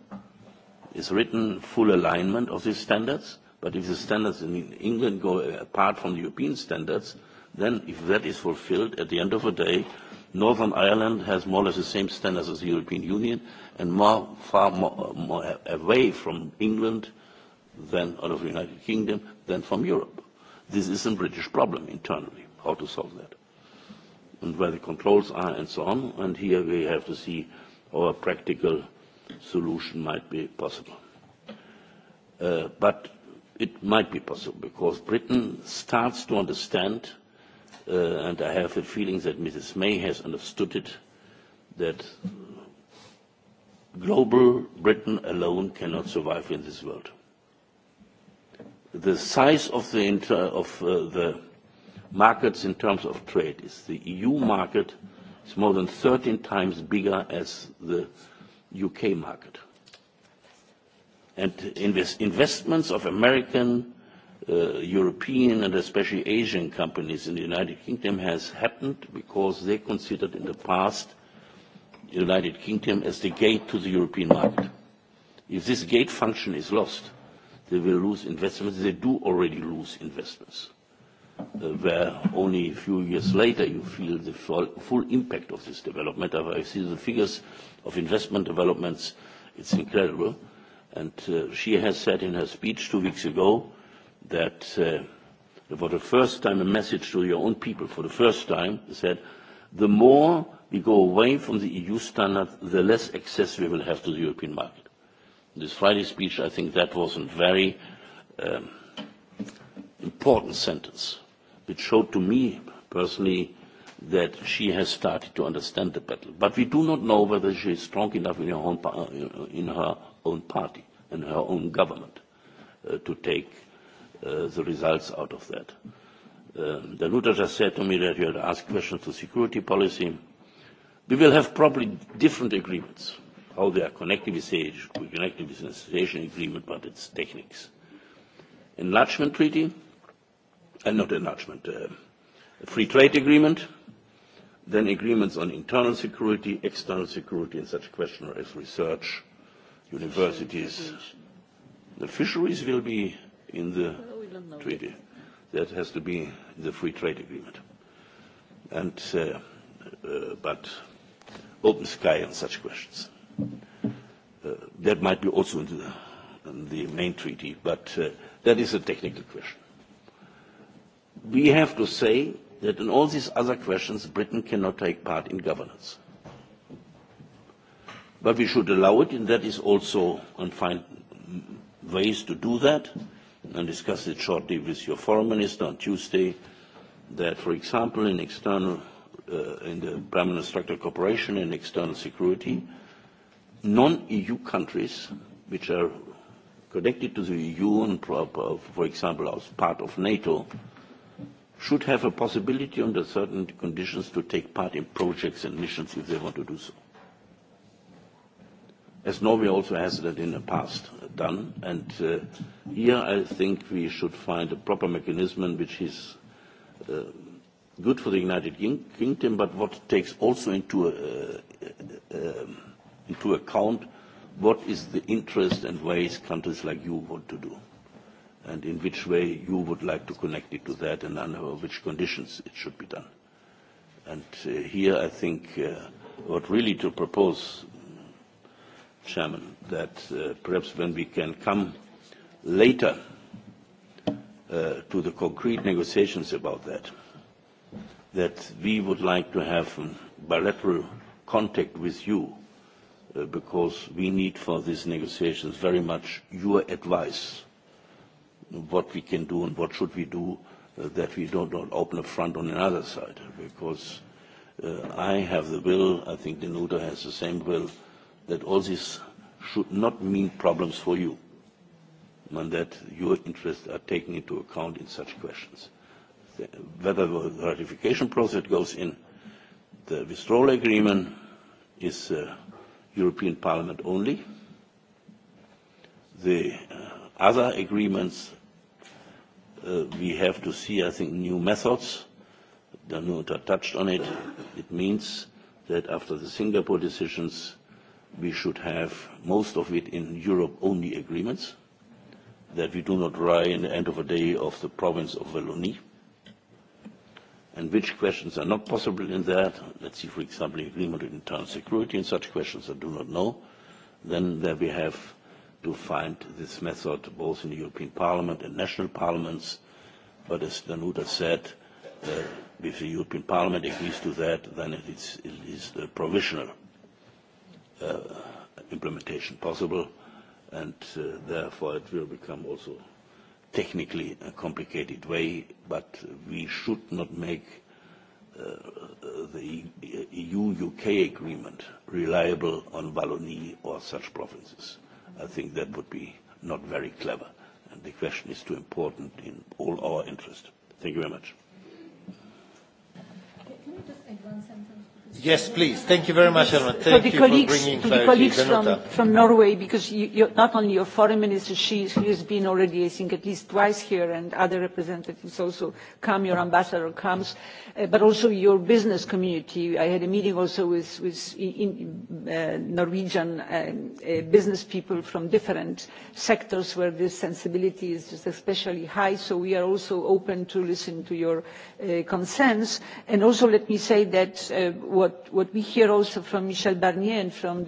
It's written full alignment of these standards, but if the standards in England go apart from the European standards, then if that is fulfilled, at the end of the day, Northern Ireland has more or less the same standards as the European Union and more, far more, more away from England than out of the United Kingdom than from Europe. This is a British problem internally, how to solve that where the controls are and so on. And here we have to see how a practical solution might be possible. But it might be possible because Britain starts to understand, and I have a feeling that Mrs. May has understood it, that global Britain alone cannot survive in this world. The size of the of the markets in terms of trade is the EU market is more than 13 times bigger as the UK market. And investments of American, European and especially Asian companies in the United Kingdom has happened because they considered in the past the United Kingdom as the gate to the European market. If this gate function is lost, they will lose investments. They do already lose investments where only a few years later you feel the full impact of this development. I see the figures of investment developments. It's incredible. And she has said in her speech two weeks ago that for the first time a message to your own people, for the first time, said the more we go away from the EU standard, the less access we will have to the European market. This Friday speech, I think that was a very important sentence It showed to me personally that she has started to understand the battle. But we do not know whether she is strong enough in her own, in her own party and her own government to take the results out of that. Danuta just said to me that you had asked questions to security policy. We will have probably different agreements. How they are connected with age, connected with association agreement, but it's techniques. Enlargement treaty, not enlargement, free trade agreement, then agreements on internal security, external security, and such questions as research, universities. The fisheries will be in the treaty. That has to be in the free trade agreement. And but open sky on such questions. That might be also in the main treaty, but that is a technical question we have to say that in all these other questions, Britain cannot take part in governance. But we should allow it, and that is also and find ways to do that, and discuss it shortly with your foreign minister on Tuesday, that, for example, in external, in the permanent structural cooperation and external security, non-EU countries which are connected to the EU and, for example, as part of NATO, should have a possibility under certain conditions to take part in projects and missions if they want to do so. As Norway also has that in the past done, and here I think we should find a proper mechanism which is good for the United Kingdom, but what takes also into into account what is the interest and ways countries like you want to do and in which way you would like to connect it to that and under which conditions it should be done. And here I think what really to propose, Chairman, that perhaps when we can come later to the concrete negotiations about that, that we would like to have bilateral contact with you because we need for these negotiations very much your advice what we can do and what should we do that we don't open a front on another side. Because I have the will, I think Denuta has the same will, that all this should not mean problems for you, and that your interests are taken into account in such questions. Whether the ratification process goes in, the withdrawal agreement is European Parliament only. The other agreements, we have to see, I think, new methods. Danuta touched on it. It means that after the Singapore decisions, we should have most of it in Europe-only agreements, that we do not rely in the end of a day of the province of Wallonie. And which questions are not possible in that? Let's see, for example, agreement on internal security and such questions I do not know. Then there we have to find this method both in the European Parliament and national parliaments. But as Danuta said, if the European Parliament agrees to that, then it is the provisional implementation possible, and therefore it will become also technically a complicated way, but we should not make the EU-UK agreement reliable on Wallonie or such provinces. I think that would be not very clever. And the question is too important in all our interest. Thank you very much. Can just one Yes, please. Thank you very much, Elmar. Thank you for bringing To the colleagues from, from Norway, because you, not only your foreign minister, she, has been already, I think, at least twice here, and other representatives also come, your ambassador comes, but also your business community. I had a meeting also with, with in, Norwegian business people from different sectors where this sensibility is just especially high, so we are also open to listen to your concerns. And also let me say that what we hear also from Michel Barnier and from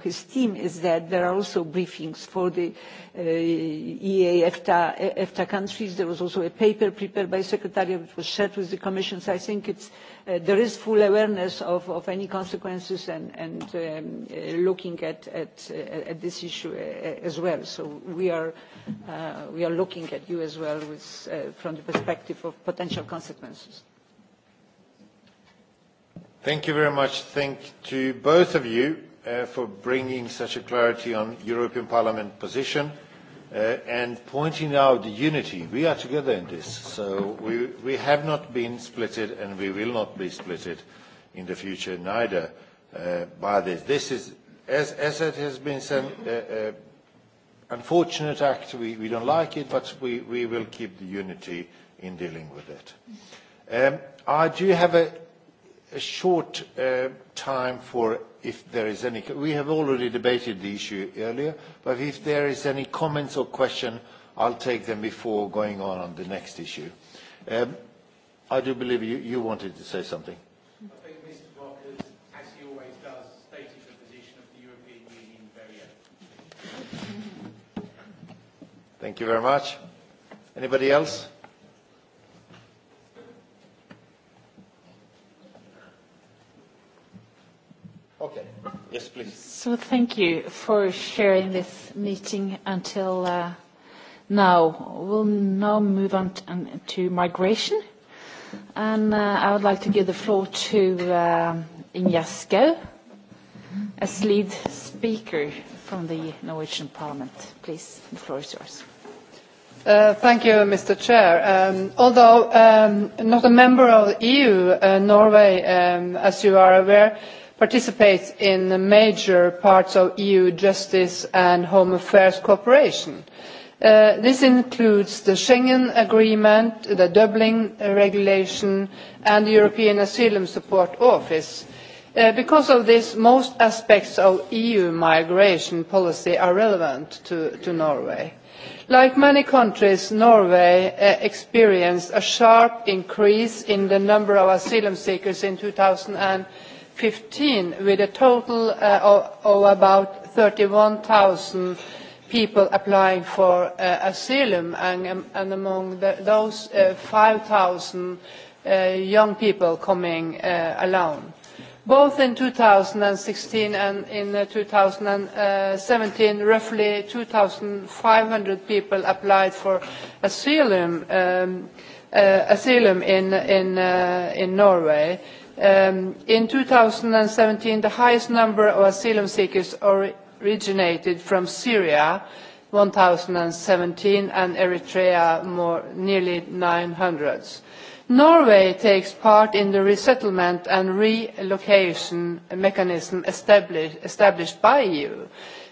his team is that there are also briefings for the EAFTA countries. There was also a paper prepared by the Secretariat which was shared with the Commission. So I think there is full awareness of any consequences and looking at this issue as well. So we are looking at you as well from the perspective of potential consequences. Thank you very much. Thank to both of you for bringing such a clarity on European Parliament position and pointing out the unity. We are together in this, so we, we have not been splitted and we will not be splitted in the future neither by this. This is, as, it has been said, unfortunate act. We, we don't like it, but we, we will keep the unity in dealing with it. Um, I do have a a short time for if there is any. We have already debated the issue earlier, but if there is any comments or question, I'll take them before going on on the next issue. I do believe you, you wanted to say something. Thank you very much. Anybody else? Okay. Yes, So thank you for sharing this meeting until now. We'll now move on to migration. And I would like to give the floor to Ingjerd as lead speaker from the Norwegian Parliament. Please, the floor is yours. Thank you, Mr. Chair. Although not a member of the EU, Norway, as you are aware, participates in the major parts of EU justice and home affairs cooperation. This includes the Schengen Agreement, the Dublin Regulation and the European Asylum Support Office. Because of this, most aspects of EU migration policy are relevant to Norway. Like many countries, Norway experienced a sharp increase in the number of asylum seekers in and 2015 with a total of about 31,000 people applying for asylum and among those 5,000 young people coming alone. Both in 2016 and in 2017, roughly 2,500 people applied for asylum in Norway In 2017, the highest number of asylum seekers originated from Syria, 1,017, and Eritrea, more nearly 900. Norway takes part in the resettlement and relocation mechanism established by EU.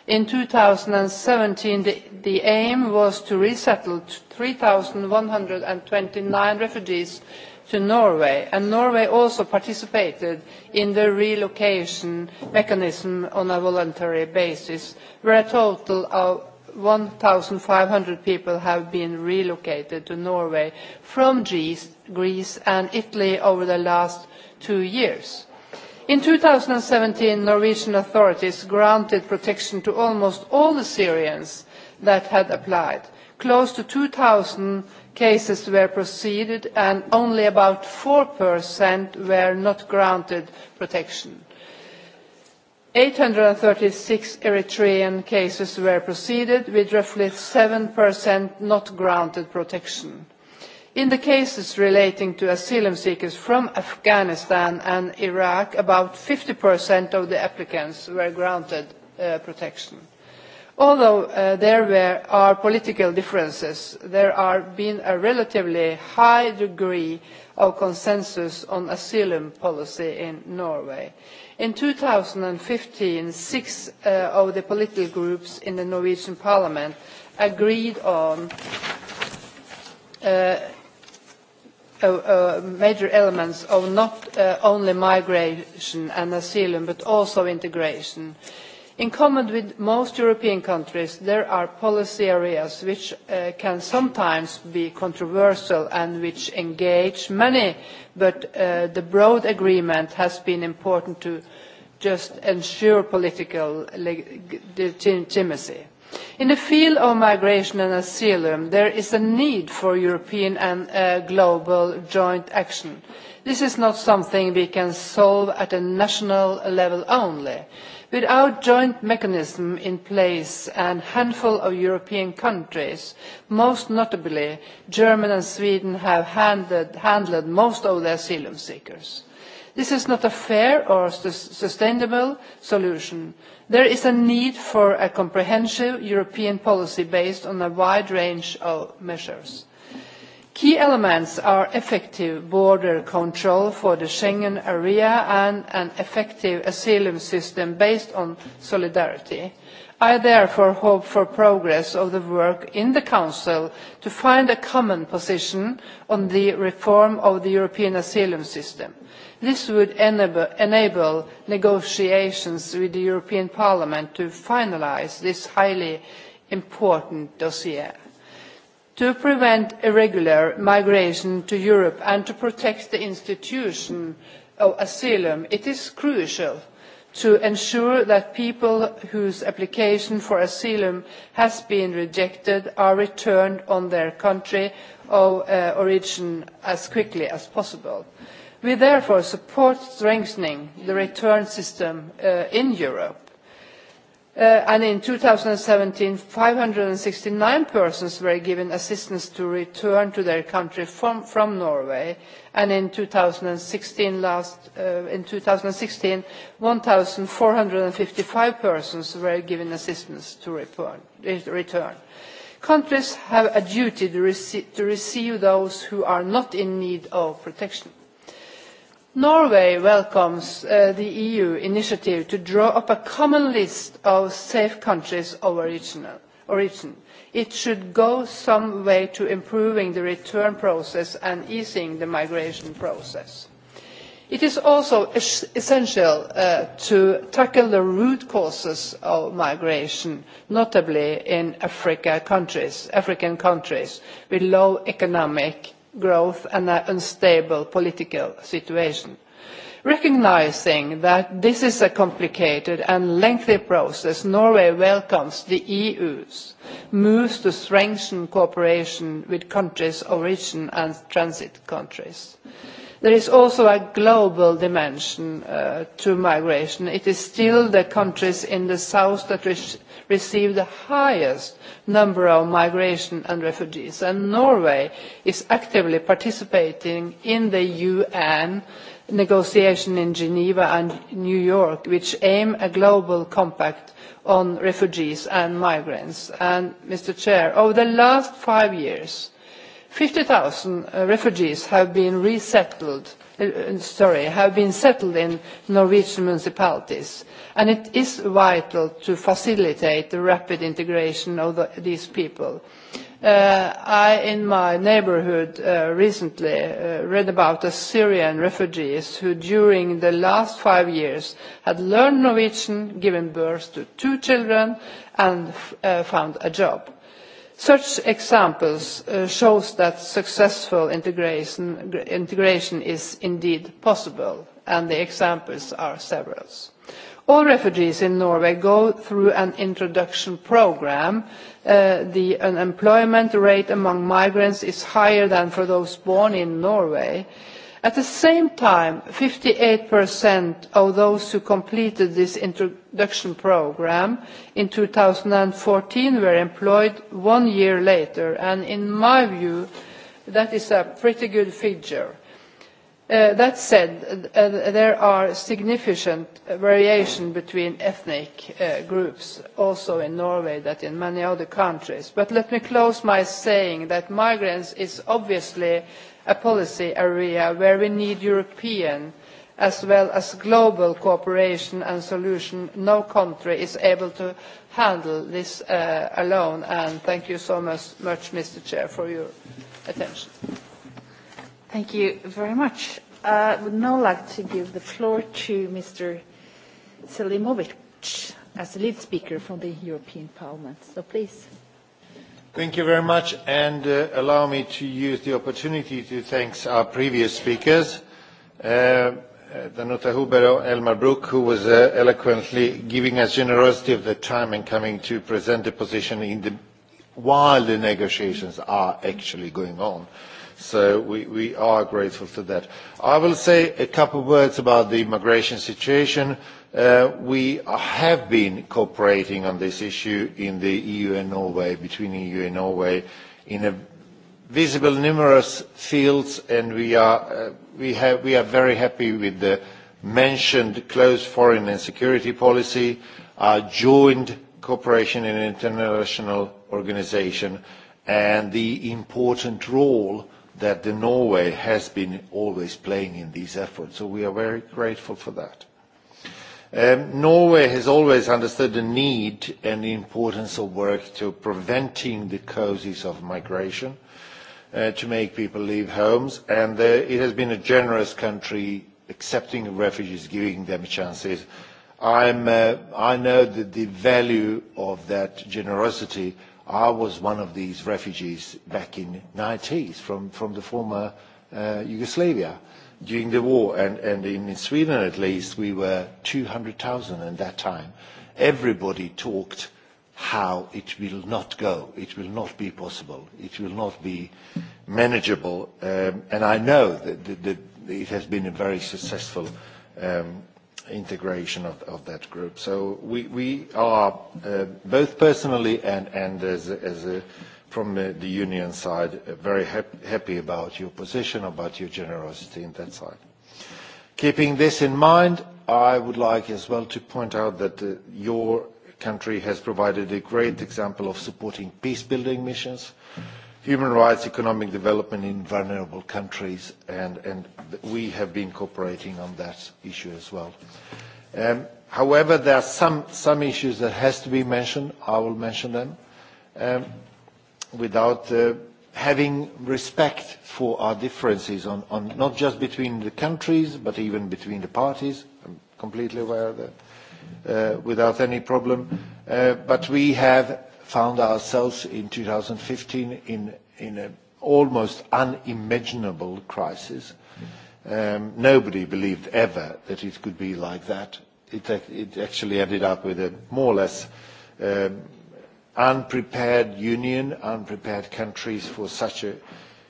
In 2017, the aim was to resettle 3,129 refugees to Norway, and Norway also participated in the relocation mechanism on a voluntary basis, where a total of 1,500 people have been relocated to Norway from Greece and Italy over the last two years. In 2017, Norwegian authorities granted protection to almost all the Syrians that had applied. Close to 2,000 cases were proceeded and only about 4% were not granted protection. 836 Eritrean cases were proceeded with roughly 7% not granted protection. In the cases relating to asylum seekers from Afghanistan and Iraq, about 50% of the applicants were granted protection. Although there are political differences, there has been a relatively high degree of consensus on asylum policy in Norway. In 2015, six of the political groups in the Norwegian Parliament agreed on major elements of not only migration and asylum, but also integration In common with most European countries, there are policy areas which can sometimes be controversial and which engage many, but the broad agreement has been important to just ensure political legitimacy. In the field of migration and asylum, there is a need for European and global joint action. This is not something we can solve at a national level only. Without joint mechanism in place, a handful of European countries, most notably Germany and Sweden, have handled most of the asylum seekers. This is not a fair or sustainable solution. There is a need for a comprehensive European policy based on a wide range of measures. Key elements are effective border control for the Schengen area and an effective asylum system based on solidarity. I therefore hope for progress of the work in the Council to find a common position on the reform of the European asylum system. This would enable negotiations with the European Parliament to finalise this highly important dossier to prevent irregular migration to Europe and to protect the institution of asylum, it is crucial to ensure that people whose application for asylum has been rejected are returned on their country of origin as quickly as possible. We therefore support strengthening the return system in Europe and in 2017 569 persons were given assistance to return to their country from Norway and in 2016 last in 2016 1455 persons were given assistance to return countries have a duty to receive those who are not in need of protection Norway welcomes the EU initiative to draw up a common list of safe countries of origin. It should go some way to improving the return process and easing the migration process. It is also essential to tackle the root causes of migration, notably in African countries with low economic growth and an unstable political situation. Recognising that this is a complicated and lengthy process, Norway welcomes the EU's moves to strengthen cooperation with countries of origin and transit countries. There is also a global dimension to migration. It is still the countries in the south that receive the highest number of migration and refugees, and Norway is actively participating in the UN negotiations in Geneva and New York, which aim a global compact on refugees and migrants. And, Mr. Chair, over the last five years, 50,000 refugees have been resettled sorry, have been settled in Norwegian municipalities, and it is vital to facilitate the rapid integration of these people. I, in my neighbourhood, recently read about a Syrian refugees who, during the last five years, had learned Norwegian, given birth to two children, and found a job. Such examples show that successful integration is indeed possible, and the examples are several. All refugees in Norway go through an introduction programme. The unemployment rate among migrants is higher than for those born in Norway. At the same time, 58% of those who completed this introduction program in 2014 were employed one year later, and in my view, that is a pretty good figure. That said, there are significant variations between ethnic groups, also in Norway, that in many other countries. But let me close by saying that migrants is obviously a policy area where we need European as well as global cooperation and solution. No country is able to handle this alone. And thank you so much, Mr. Chair, for your attention. Thank you very much. I would now like to give the floor to Mr. Selimovic as the lead speaker from the European Parliament. So please. Thank you very much, and allow me to use the opportunity to thank our previous speakers, Danuta Hubero, Elmar Brook, who was eloquently giving us generosity of the time and coming to present the position in the while the negotiations are actually going on. So we are grateful for that. I will say a couple of words about the immigration situation We have been cooperating on this issue in the EU and Norway, between the EU and Norway, in a visible numerous fields, and we are very happy with the mentioned close foreign and security policy, our joint cooperation in international organisation and the important role that Norway has been always playing in these efforts. So we are very grateful for that. Norway has always understood the need and the importance of work to preventing the causes of migration, to make people leave homes, and it has been a generous country accepting refugees, giving them chances. I know the value of that generosity. I was one of these refugees back in the 90s from the former Yugoslavia during the war, and, and in Sweden at least, we were 200,000 at that time. Everybody talked how it will not go, it will not be possible, it will not be manageable. And I know that it has been a very successful integration of that group. So we are, both personally and as a from the union side very happy about your position, about your generosity in that side. Keeping this in mind, I would like as well to point out that your country has provided a great example of supporting peace-building missions, human rights, economic development in vulnerable countries, and we have been cooperating on that issue as well. However, there are some issues that has to be mentioned. I will mention them without having respect for our differences not just between the countries but even between the parties i'm completely aware of that without any problem but we have found ourselves in 2015 in in an almost unimaginable crisis nobody believed ever that it could be like that it actually ended up with a more or less unprepared union, unprepared countries for such a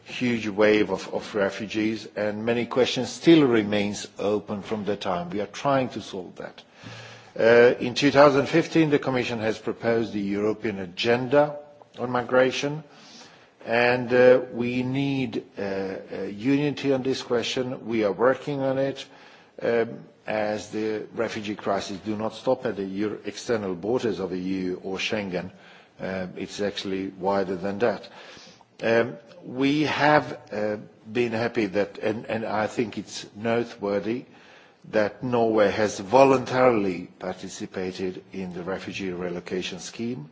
huge wave of refugees, and many questions still remains open from the time. We are trying to solve that. In 2015, the Commission has proposed the European Agenda on Migration, and we need unity on this question. We are working on it as the refugee crisis do not stop at the external borders of the EU or Schengen It's actually wider than that. We have been happy that, and I think it's noteworthy, that Norway has voluntarily participated in the refugee relocation scheme.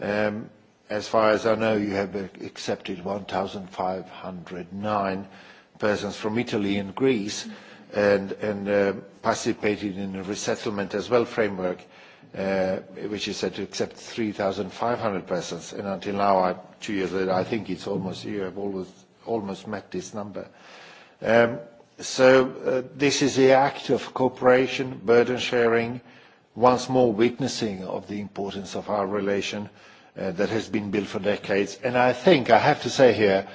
As far as I know, you have accepted 1,509 persons from Italy and Greece and participated in the resettlement as well framework which is said to accept 3,500 persons. And until now, two years later, I think it's almost you have almost met this number. So this is the act of cooperation, burden sharing, once more witnessing of the importance of our relation that has been built for decades. And I think, I have to say here,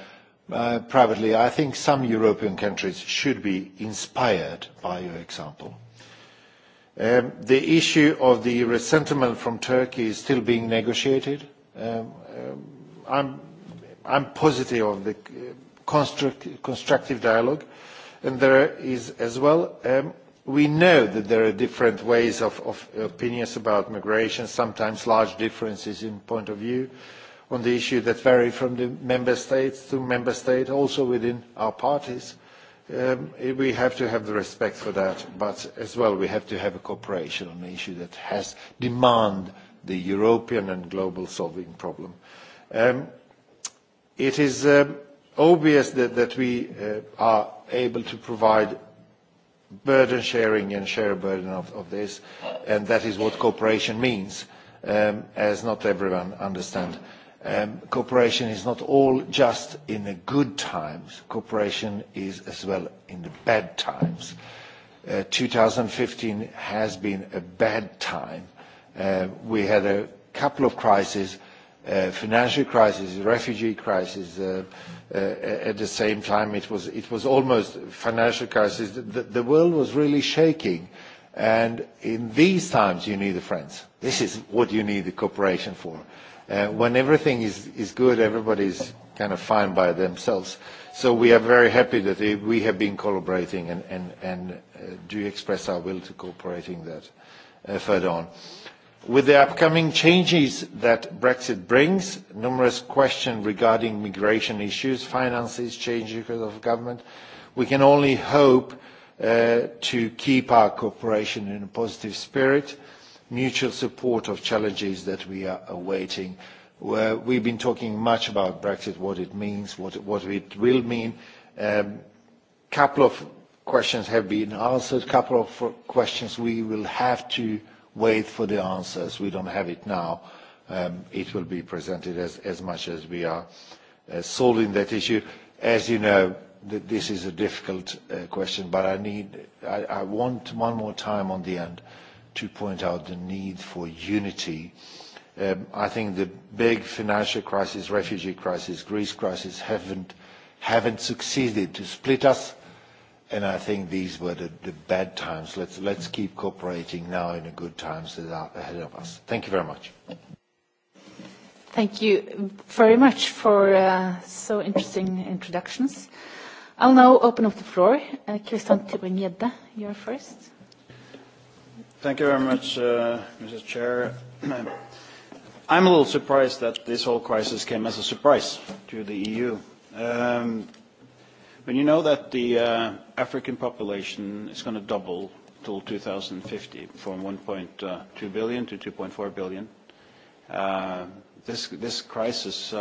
privately, I think some European countries should be inspired by your example. The issue of the resentment from Turkey is still being negotiated. I'm positive of the constructive dialogue, and there is as well. We know that there are different ways of opinions about migration, sometimes large differences in point of view on the issue that vary from the member states to member state, also within our parties. We have to have the respect for that, but as well we have to have a cooperation on an issue that has demand the European and global solving problem. It is obvious that we are able to provide burden sharing and share burden of this, and that is what cooperation means, as not everyone understands Cooperation is not all just in the good times. Cooperation is as well in the bad times. 2015 has been a bad time. We had a couple of crises, financial crisis, refugee crisis. At the same time, it was almost financial crisis. The world was really shaking. And in these times, you need the friends. This is what you need the cooperation for When everything is good, everybody is kind of fine by themselves. So we are very happy that we have been collaborating and do express our will to cooperating that further on. With the upcoming changes that Brexit brings, numerous questions regarding migration issues, finances, changes of government, we can only hope to keep our cooperation in a positive spirit mutual support of challenges that we are awaiting. We've been talking much about Brexit, what it means, what it will mean. A couple of questions have been answered. A couple of questions we will have to wait for the answers. We don't have it now. It will be presented as much as we are solving that issue. As you know, this is a difficult question, but I want one more time on the end to point out the need for unity. I think the big financial crisis, refugee crisis, Greece crisis haven't haven't succeeded to split us, and I think these were the bad times. Let's let's keep cooperating now in the good times that are ahead of us. Thank you very much. Thank you very much for so interesting introductions. I'll now open up the floor. Christian Tibanieda, you're first. Thank you very much, Mr Chair. I'm a little surprised that this whole crisis came as a surprise to the EU. Um When you know that the African population is going to double till 2050 from 1.2 billion to 2.4 billion, uh this this crisis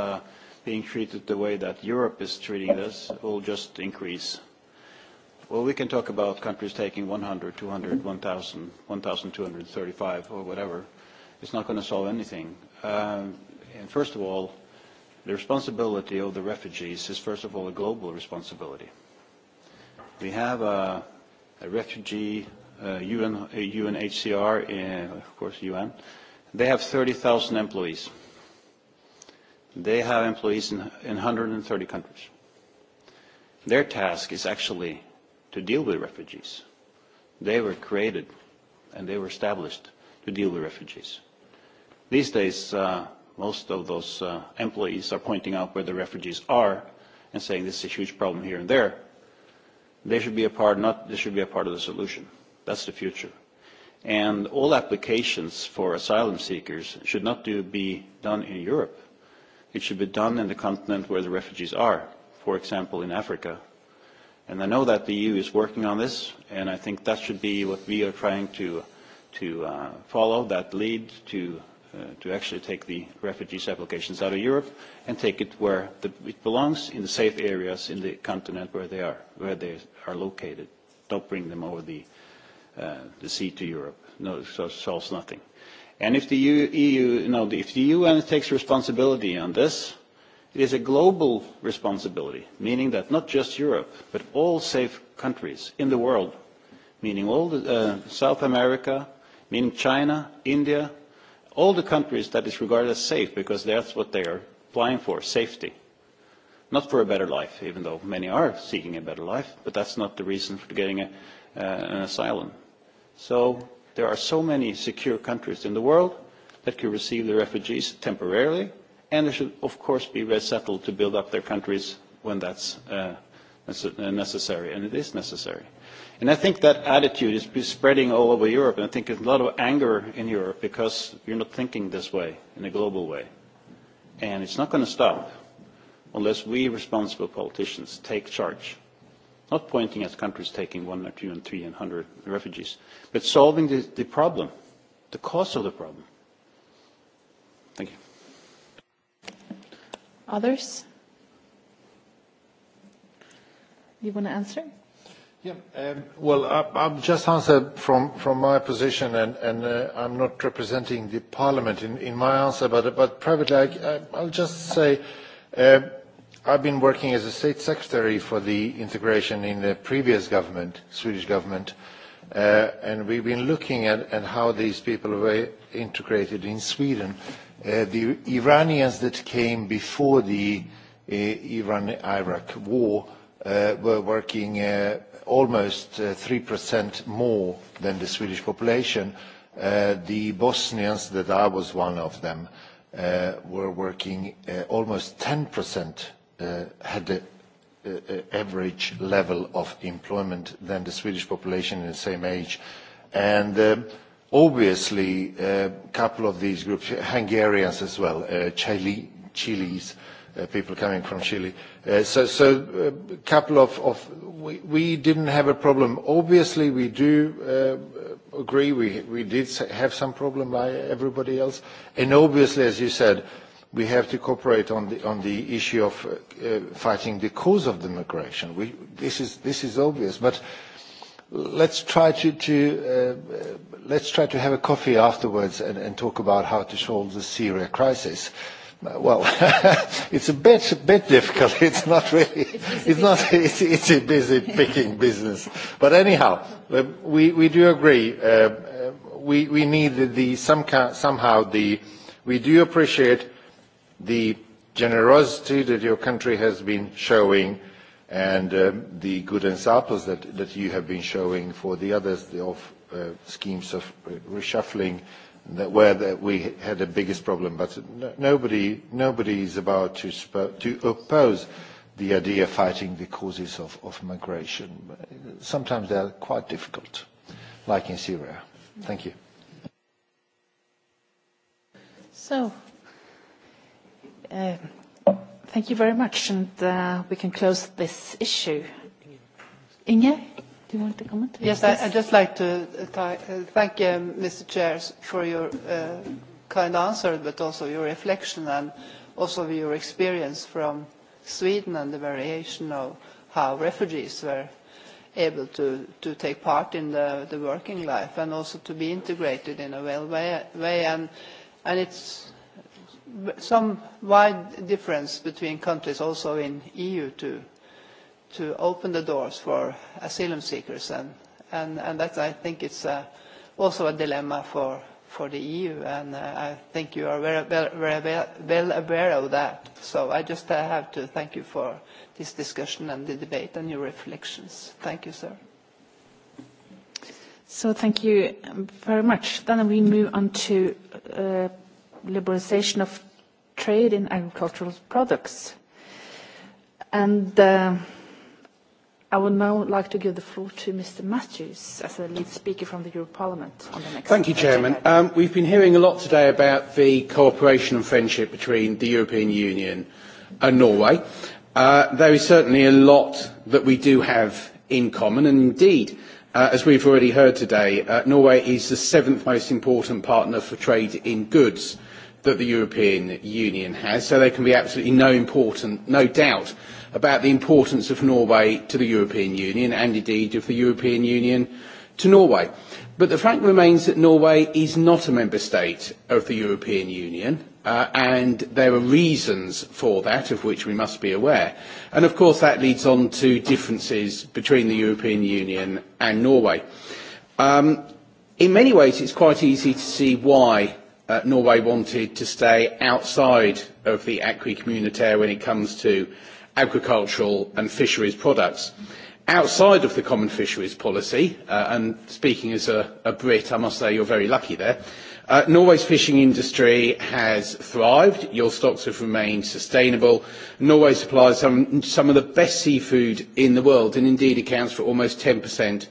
being treated the way that Europe is treating this will just increase Well, we can talk about countries taking 100, 200, 1,000, 1,235 or whatever. It's not going to solve anything. Um, and first of all, the responsibility of the refugees is first of all a global responsibility. We have a, a refugee uh, UN, UNHCR, in, of course UN. They have 30,000 employees. They have employees in, in 130 countries. Their task is actually to deal with refugees. They were created and they were established to deal with refugees. These days, most of those employees are pointing out where the refugees are and saying this is a huge problem here and there. They should be a part, not they should be a part of the solution. That's the future. And all applications for asylum seekers should not be done in Europe. It should be done in the continent where the refugees are, for example, in Africa And I know that the EU is working on this, and I think that should be what we are trying to to follow, that lead to to actually take the refugees' applications out of Europe and take it where it belongs, in the safe areas in the continent where they are, where they are located. Don't bring them over the the sea to Europe. No, so solves nothing. And if the EU, if the UN takes responsibility on this, It is a global responsibility, meaning that not just Europe, but all safe countries in the world, meaning all South America, meaning China, India, all the countries that is regarded as safe, because that's what they are applying for, safety. Not for a better life, even though many are seeking a better life, but that's not the reason for getting an asylum. So there are so many secure countries in the world that can receive the refugees temporarily and they should, of course, be resettled to build up their countries when that's necessary, and it is necessary. And I think that attitude is spreading all over Europe, and I think there's a lot of anger in Europe because you're not thinking this way, in a global way. And it's not going to stop unless we responsible politicians take charge, not pointing at countries taking one or two and three and hundred refugees, but solving the problem, the cause of the problem. Thank you. Others? You want to answer? Yeah. Well, I'll just answer from from my position, and and I'm not representing the Parliament in in my answer, but but privately, I'll just say I've been working as a State Secretary for the integration in the previous government, Swedish government, and we've been looking at at how these people were integrated in Sweden the Iranians that came before the Iran-Iraq war were working almost 3% more than the Swedish population. The Bosnians, that I was one of them, were working almost 10% had the average level of employment than the Swedish population in the same age. And Obviously, a couple of these groups, Hungarians as well, Chile, Chile's people coming from Chile. So, so a couple of, we didn't have a problem. Obviously, we do agree. We we did have some problem like everybody else. And obviously, as you said, we have to cooperate on the on the issue of fighting the cause of the migration. This is this is obvious, but let's try to, to let's try to have a coffee afterwards and, and talk about how to solve the Syria crisis. Well, it's a bit, bit difficult. It's not really, it's not, it's, it's a busy picking business. But anyhow, we, we do agree. we, we need the, somehow the, we do appreciate the generosity that your country has been showing and the good examples that that you have been showing for the others of schemes of reshuffling that where we had the biggest problem but nobody is about to to oppose the idea of fighting the causes of of migration sometimes they are quite difficult like in syria thank you so Thank you very much, and we can close this issue. Inge, do you want to comment? Yes, I'd just like to thank Mr. Chair for your kind answer, but also your reflection and also your experience from Sweden and the variation of how refugees were able to take part in the working life and also to be integrated in a well way. And it's some wide difference between countries also in EU to to open the doors for asylum seekers and and that I think it's also a dilemma for for the EU and I think you are very very well aware of that. So I just have to thank you for this discussion and the debate and your reflections. Thank you, sir. So thank you very much. Then we move on to liberalisation of trade in agricultural products. And I would now like to give the floor to Mr. Matthews as a lead speaker from the European Parliament on the next. Thank you, Chairman. We've been hearing a lot today about the cooperation and friendship between the European Union and Norway. There is certainly a lot that we do have in common, and indeed, as we've already heard today, Norway is the seventh most important partner for trade in goods that the European Union has, so there can be absolutely no important, no doubt about the importance of Norway to the European Union and indeed of the European Union to Norway. But the fact remains that Norway is not a member state of the European Union and there are reasons for that of which we must be aware. And of course that leads on to differences between the European Union and Norway. In many ways it's quite easy to see why Norway wanted to stay outside of the acquis communautaire when it comes to agricultural and fisheries products. Outside of the common fisheries policy, and speaking as a Brit, I must say you're very lucky there, Norway's fishing industry has thrived. Your stocks have remained sustainable. Norway supplies some of the best seafood in the world and indeed accounts for almost 10%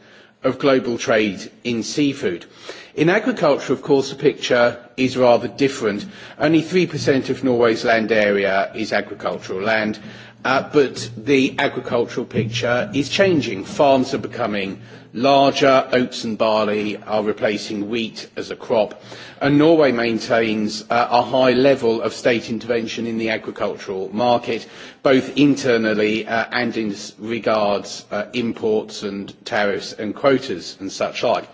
of global trade in seafood. In agriculture, of course, the picture is rather different. Only 3% of Norway's land area is agricultural land, but the agricultural picture is changing. Farms are becoming larger oats and barley are replacing wheat as a crop, and Norway maintains a high level of state intervention in the agricultural market, both internally and in regards imports and tariffs and quotas and such like.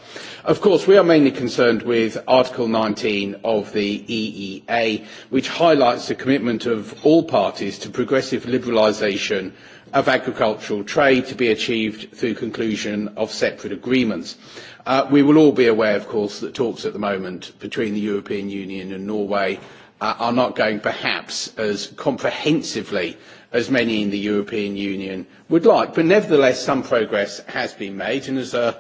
Of course, we are mainly concerned with Article 19 of the EEA, which highlights the commitment of all parties to progressive liberalisation of agricultural trade to be achieved through conclusion of separate agreements. We will all be aware, of course, that talks at the moment between the European Union and Norway are not going perhaps as comprehensively as many in the European Union would like. But nevertheless, some progress has been made. And as an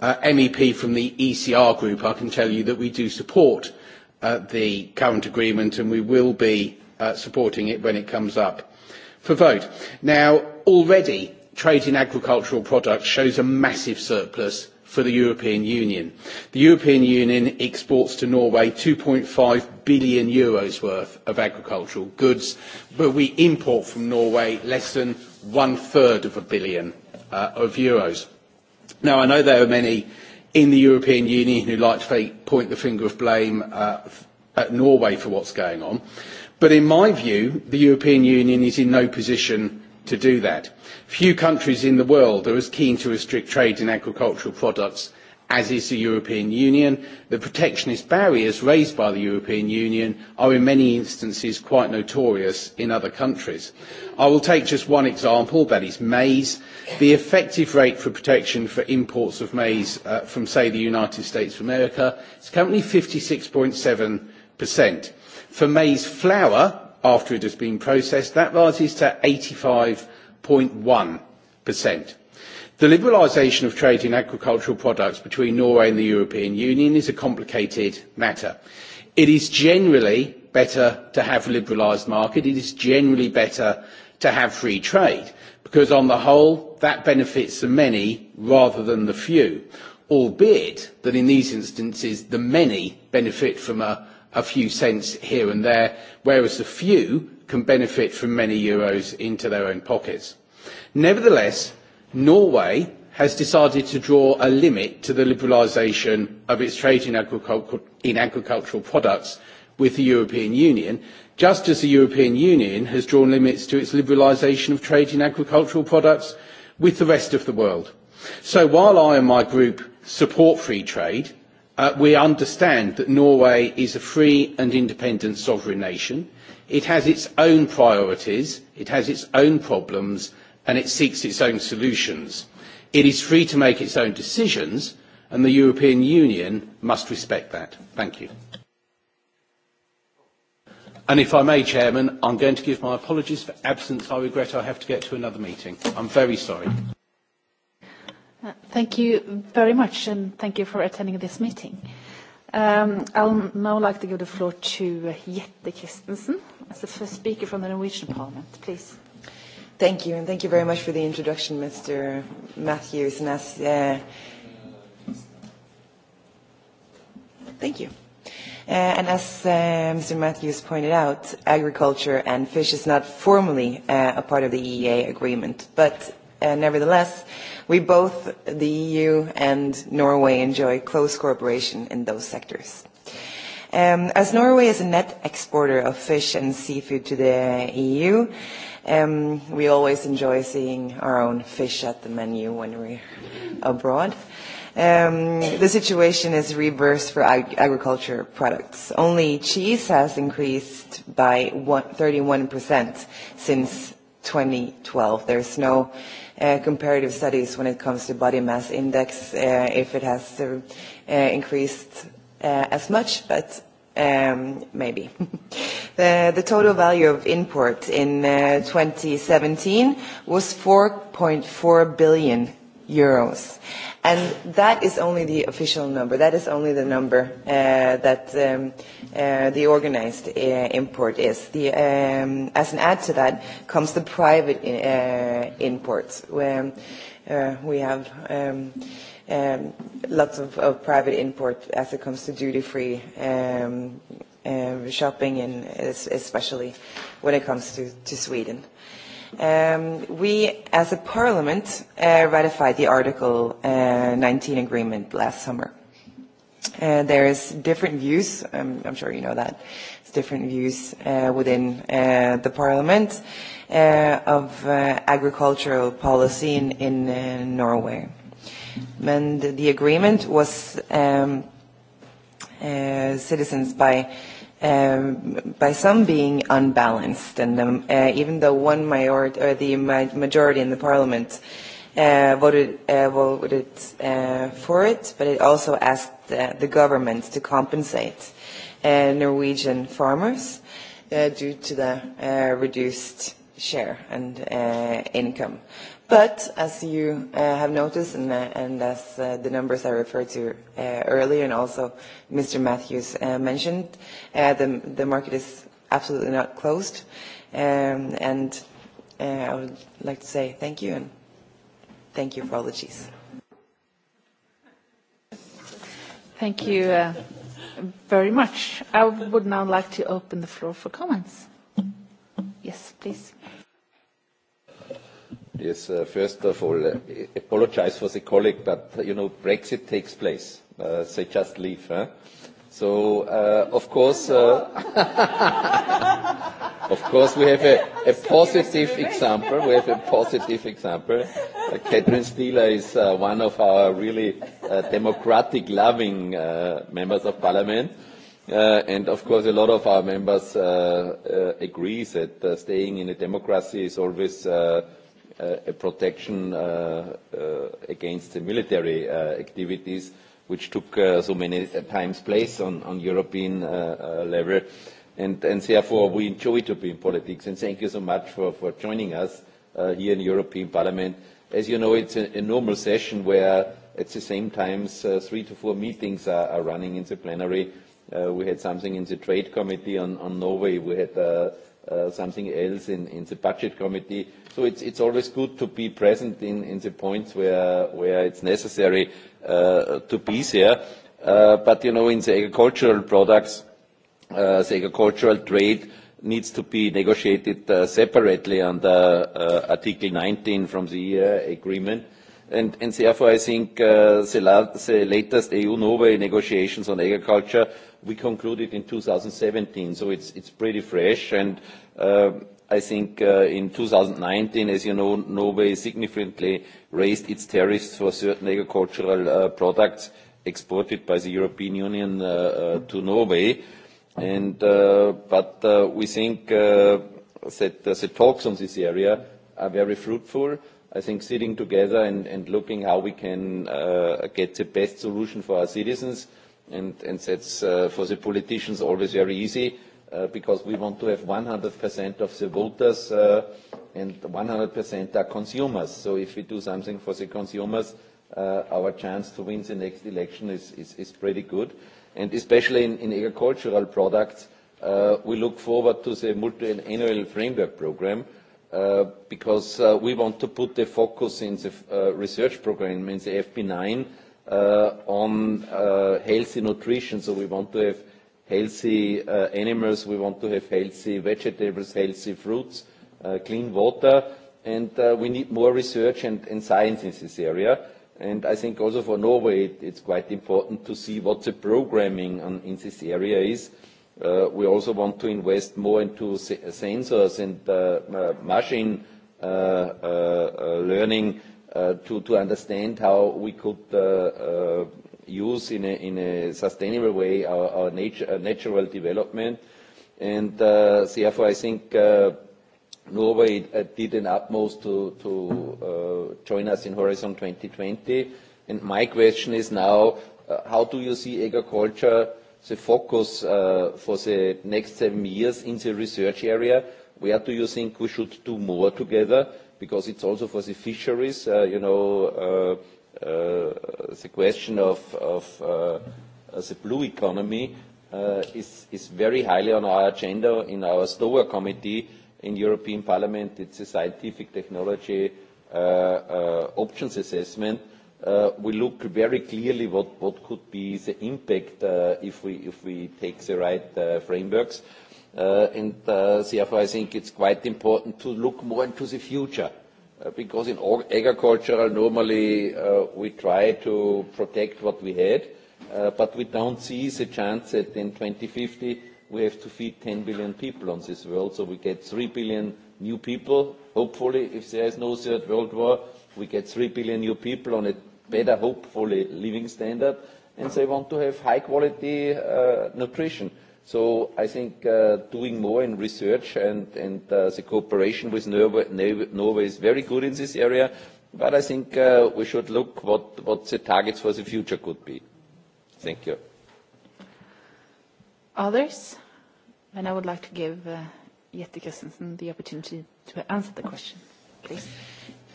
MEP from the ECR group, I can tell you that we do support the current agreement and we will be supporting it when it comes up for vote. Now, already trade in agricultural products shows a massive surplus for the European Union. The European Union exports to Norway 2.5 billion euros worth of agricultural goods, but we import from Norway less than one-third of a billion of euros. Now, I know there are many in the European Union who like to point the finger of blame at Norway for what's going on, but in my view, the European Union is in no position to do that. Few countries in the world are as keen to restrict trade in agricultural products as is the European Union. The protectionist barriers raised by the European Union are in many instances quite notorious in other countries. I will take just one example, that is maize. The effective rate for protection for imports of maize from, say, the United States of America is currently 56.7%. For maize flour, after it has been processed. That rises to 85.1%. The liberalisation of trade in agricultural products between Norway and the European Union is a complicated matter. It is generally better to have a liberalised market. It is generally better to have free trade because on the whole that benefits the many rather than the few, albeit that in these instances the many benefit from a a few cents here and there, whereas the few can benefit from many euros into their own pockets. Nevertheless, Norway has decided to draw a limit to the liberalisation of its trade in agricultural products with the European Union, just as the European Union has drawn limits to its liberalisation of trade in agricultural products with the rest of the world. So while I and my group support free trade, We understand that Norway is a free and independent sovereign nation. It has its own priorities, it has its own problems, and it seeks its own solutions. It is free to make its own decisions, and the European Union must respect that. Thank you. And if I may, Chairman, I'm going to give my apologies for absence. I regret I have to get to another meeting. I'm very sorry. Thank you very much, and thank you for attending this meeting. I'll now like to give the floor to Jette Christensen as the first speaker from the Norwegian Parliament. Please. Thank you, and thank you very much for the introduction, Mr. Matthews. thank you. And as Mr. Matthews pointed out, agriculture and fish is not formally a part of the EEA agreement, but nevertheless, We both, the EU and Norway, enjoy close cooperation in those sectors. As Norway is a net exporter of fish and seafood to the EU, we always enjoy seeing our own fish at the menu when we're abroad. The situation is reversed for agriculture products. Only cheese has increased by 31% since 2012. There's no comparative studies when it comes to body mass index, if it has increased as much, but maybe. The total value of import in 2017 was 4.4 billion euros And that is only the official number. That is only the number that the organized import is. As an add to that comes the private imports. We have lots of private import as it comes to duty-free shopping, and especially when it comes to Sweden. We, as a parliament, ratified the Article 19 agreement last summer. There is different views, I'm sure you know that, it's different views within the parliament of agricultural policy in Norway. And the agreement was citizens by by some being unbalanced. And even though one majority or the majority in the parliament voted voted for it, but it also asked the government to compensate Norwegian farmers due to the reduced share and income. But as you have noticed and as the numbers I referred to earlier and also Mr. Matthews mentioned, the market is absolutely not closed. And I would like to say thank you and thank you for all the cheese. Thank you very much. I would now like to open the floor for comments. Yes, please. Yes, first of all, apologize for the colleague, but you know, Brexit takes place. They just leave. So, of course, of course, we have a positive example. We have a positive example. Catherine Steele is one of our really democratic-loving members of parliament. And of course, a lot of our members agree that staying in a democracy is always a protection against the military activities which took so many times place on European level. And therefore, we enjoy to be in politics. And thank you so much for joining us here in European Parliament. As you know, it's a normal session where at the same time three to four meetings are running in the plenary. We had something in the Trade Committee on Norway. We had something else in, in the budget committee. So it's, always good to be present in, the points where, it's necessary to be there. but, you know, in the agricultural products, the agricultural trade needs to be negotiated separately under Article 19 from the agreement. And, therefore, I think the, the latest EU-Norway negotiations on agriculture we concluded in 2017, so it's pretty fresh. And I think in 2019, as you know, Norway significantly raised its tariffs for certain agricultural products exported by the European Union to Norway. but we think that the talks on this area are very fruitful. I think sitting together and looking how we can get the best solution for our citizens and that's for the politicians always very easy because we want to have 100% of the voters and 100% are consumers. So if we do something for the consumers, our chance to win the next election is pretty good. And especially in agricultural products, we look forward to the multi-annual framework program because we want to put the focus in the research program in the FP9 on healthy nutrition. So we want to have healthy animals, we want to have healthy vegetables, healthy fruits, clean water, and we need more research and science in this area. And I think also for Norway it's quite important to see what the programming in this area is. We also want to invest more into sensors and machine learning to understand how we could use in a sustainable way our natural development. And therefore, I think Norway did an utmost to join us in Horizon 2020. And my question is now, how do you see agriculture, the focus for the next seven years in the research area? Where do you think we should do more together? because it's also for the fisheries, you know, the question of the blue economy is very highly on our agenda in our STOA committee in European Parliament. It's a scientific technology options assessment. We look very clearly what could be the impact if we take the right frameworks. And therefore, I think it's quite important to look more into the future, because in agricultural normally we try to protect what we had, but we don't see the chance that in 2050 we have to feed 10 billion people on this world, so we get 3 billion new people. Hopefully, if there is no third world war, we get 3 billion new people on a better, hopefully, living standard, and they want to have high-quality nutrition. So I think doing more in research and the cooperation with Norway is very good in this area, but I think we should look what what the targets for the future could be. Thank you. Others? And I would like to give Jette Christensen the opportunity to answer the question, please.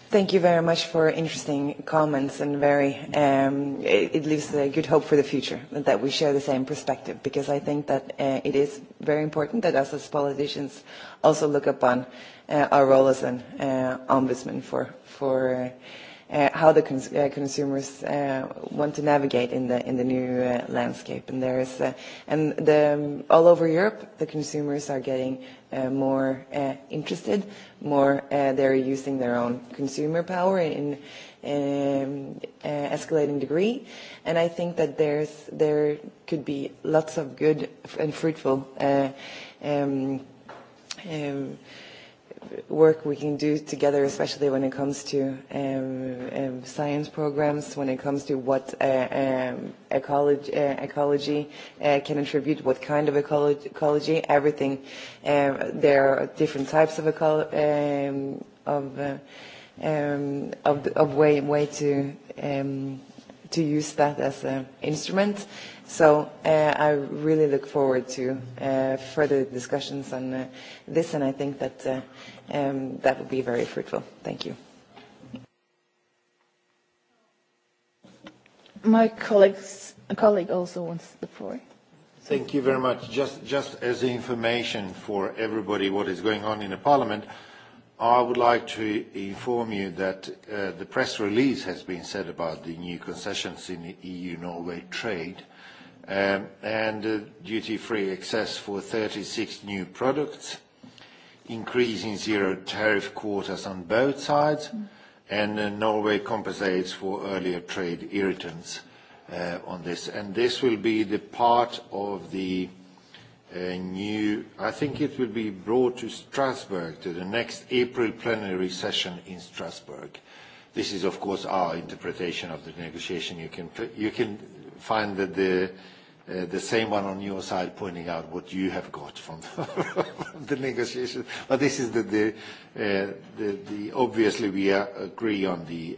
Thank you very much for interesting comments and very, um, it, leaves a good hope for the future that we share the same perspective because I think that it is very important that us as politicians also look upon our role as an ombudsman for, for how the consumers want to navigate in the in the new landscape. And there is and the all over Europe, the consumers are getting more interested, more they're using their own consumer power in escalating degree. And I think that there's there could be lots of good and fruitful. um work we can do together, especially when it comes to um, science programs, when it comes to what um, ecology, ecology can attribute, what kind of ecology, everything. there are different types of um, of, of, way, way to um, to use that as an instrument. So I really look forward to further discussions on this, and I think that that would be very fruitful. Thank you. My colleagues, a colleague also wants the floor. Thank you very much. Just, just as information for everybody what is going on in the Parliament, I would like to inform you that the press release has been said about the new concessions in the EU-Norway trade and duty-free access for 36 new products increase in zero tariff quotas on both sides, and Norway compensates for earlier trade irritants on this. And this will be the part of the new, I think it will be brought to Strasbourg, to the next April plenary session in Strasbourg. This is, of course, our interpretation of the negotiation. You can find that the the same one on your side pointing out what you have got from the negotiations. But this is the the obviously we agree on the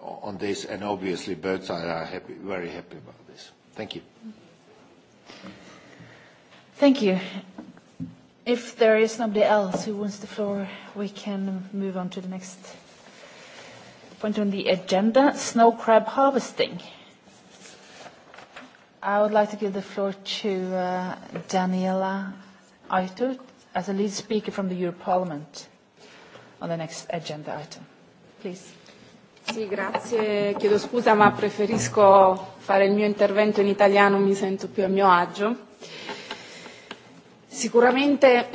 on this, and obviously both sides are happy, very happy about this. Thank you. Thank you. If there is nobody else who wants the floor, we can move on to the next point on the agenda, snow crab harvesting. I would like to give the floor to Daniela Aitor as a lead speaker from the European Parliament on the next agenda item. Please. Sì, grazie. Chiedo scusa, ma preferisco fare il mio intervento in italiano, mi sento più a mio agio. Sicuramente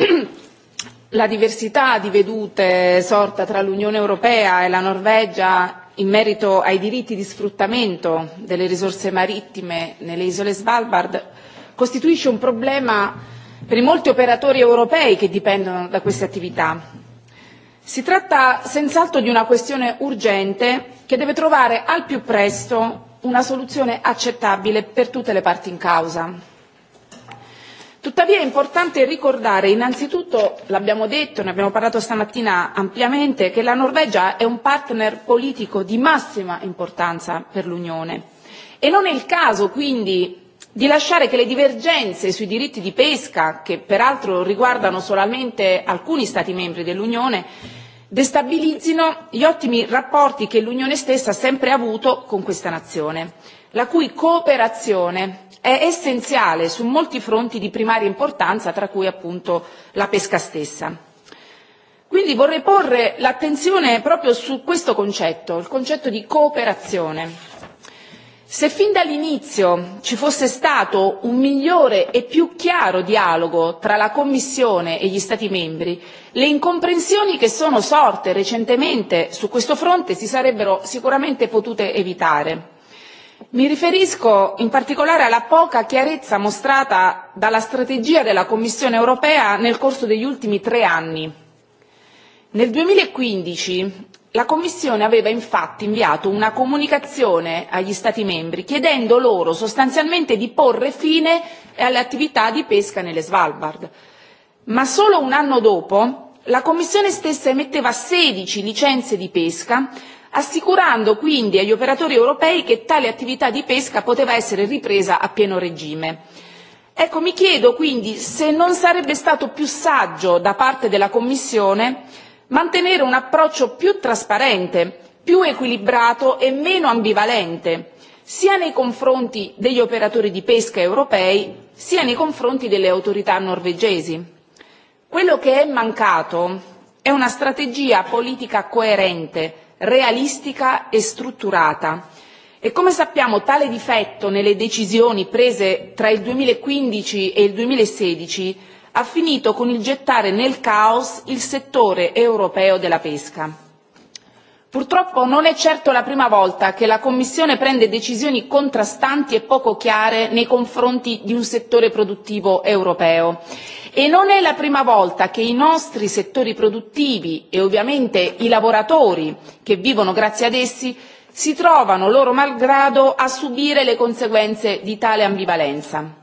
la diversità di vedute sorta tra l'Unione Europea e la Norvegia in merito ai diritti di sfruttamento delle risorse marittime nelle isole Svalbard costituisce un problema per i molti operatori europei che dipendono da queste attività. Si tratta senz'altro di una questione urgente che deve trovare al più presto una soluzione accettabile per tutte le parti in causa. Tuttavia è importante ricordare innanzitutto, l'abbiamo detto, ne abbiamo parlato stamattina ampiamente, che la Norvegia è un partner politico di massima importanza per l'Unione e non è il caso quindi di lasciare che le divergenze sui diritti di pesca, che peraltro riguardano solamente alcuni Stati membri dell'Unione, destabilizzino gli ottimi rapporti che l'Unione stessa ha sempre avuto con questa nazione la cui cooperazione è essenziale su molti fronti di primaria importanza, tra cui appunto la pesca stessa. Quindi vorrei porre l'attenzione proprio su questo concetto, il concetto di cooperazione. Se fin dall'inizio ci fosse stato un migliore e più chiaro dialogo tra la Commissione e gli Stati membri, le incomprensioni che sono sorte recentemente su questo fronte si sarebbero sicuramente potute evitare. Mi riferisco in particolare alla poca chiarezza mostrata dalla strategia della Commissione europea nel corso degli ultimi tre anni. Nel 2015 la Commissione aveva infatti inviato una comunicazione agli Stati membri chiedendo loro sostanzialmente di porre fine alle attività di pesca nelle Svalbard. Ma solo un anno dopo la Commissione stessa emetteva 16 licenze di pesca assicurando quindi agli operatori europei che tale attività di pesca poteva essere ripresa a pieno regime. Ecco, mi chiedo quindi se non sarebbe stato più saggio da parte della Commissione mantenere un approccio più trasparente, più equilibrato e meno ambivalente, sia nei confronti degli operatori di pesca europei, sia nei confronti delle autorità norvegesi. Quello che è mancato è una strategia politica coerente realistica e strutturata e come sappiamo tale difetto nelle decisioni prese tra il 2015 e il 2016 ha finito con il gettare nel caos il settore europeo della pesca. Purtroppo non è certo la prima volta che la Commissione prende decisioni contrastanti e poco chiare nei confronti di un settore produttivo europeo e non è la prima volta che i nostri settori produttivi e ovviamente i lavoratori che vivono grazie ad essi si trovano loro malgrado a subire le conseguenze di tale ambivalenza.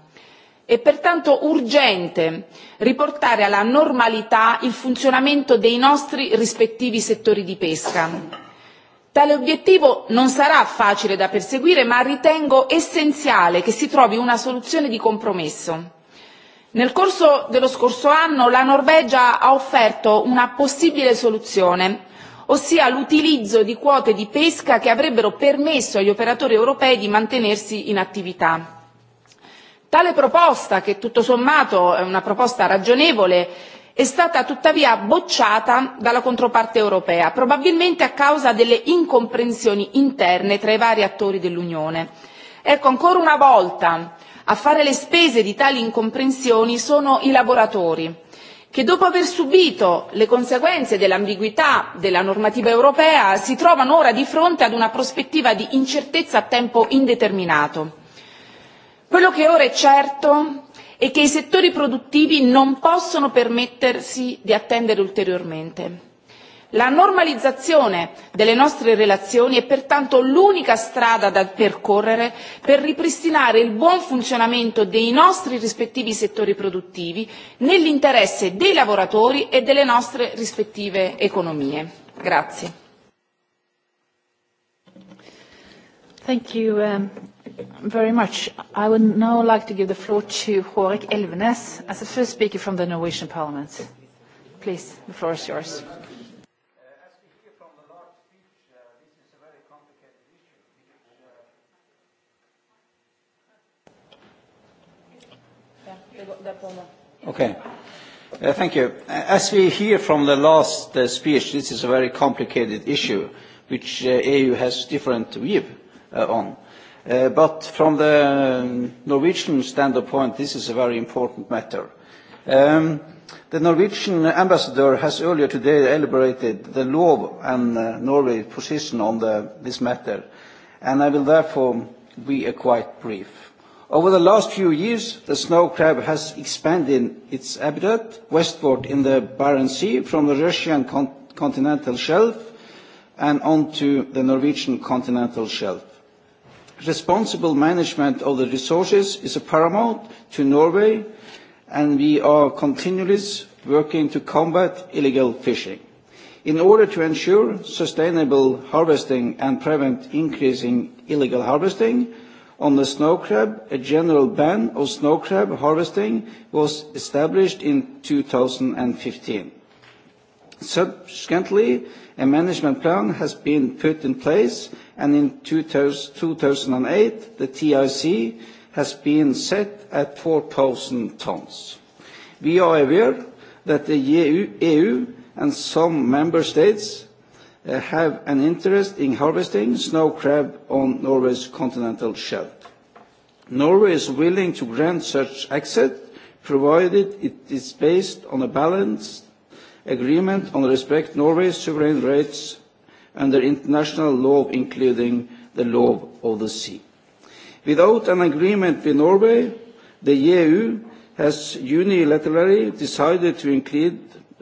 È pertanto urgente riportare alla normalità il funzionamento dei nostri rispettivi settori di pesca. Tale obiettivo non sarà facile da perseguire, ma ritengo essenziale che si trovi una soluzione di compromesso Nel corso dello scorso anno la Norvegia ha offerto una possibile soluzione, ossia l'utilizzo di quote di pesca che avrebbero permesso agli operatori europei di mantenersi in attività. Tale proposta, che tutto sommato è una proposta ragionevole, è stata tuttavia bocciata dalla controparte europea, probabilmente a causa delle incomprensioni interne tra i vari attori dell'Unione. Ecco, ancora una volta A fare le spese di tali incomprensioni sono i lavoratori, che dopo aver subito le conseguenze dell'ambiguità della normativa europea si trovano ora di fronte ad una prospettiva di incertezza a tempo indeterminato. Quello che ora è certo è che i settori produttivi non possono permettersi di attendere ulteriormente. La normalizzazione delle nostre relazioni è pertanto l'unica strada da percorrere per ripristinare il buon funzionamento dei nostri rispettivi settori produttivi nell'interesse dei lavoratori e delle nostre rispettive economie. Grazie. Thank Okay. Thank you. As we hear from the last speech, this is a very complicated issue, which EU has different view on. But from the Norwegian standpoint, this is a very important matter. The Norwegian ambassador has earlier today elaborated the law and Norway's position on this matter, and I will therefore be quite brief. Over the last few years, the snow crab has expanded its habitat westward in the Barents Sea from the Russian continental shelf and onto the Norwegian continental shelf. Responsible management of the resources is paramount to Norway, and we are continuously working to combat illegal fishing. In order to ensure sustainable harvesting and prevent increasing illegal harvesting, on the snow crab, a general ban on snow crab harvesting was established in 2015. Subsequently, a management plan has been put in place, and in 2008, the TIC has been set at 4,000 tons. We are aware that the EU and some member states have an interest in harvesting snow crab on Norway's continental shelf. Norway is willing to grant such access, provided it is based on a balanced agreement on respect Norway's sovereign rights under international law, including the law of the sea. Without an agreement with Norway, the EU has unilaterally decided to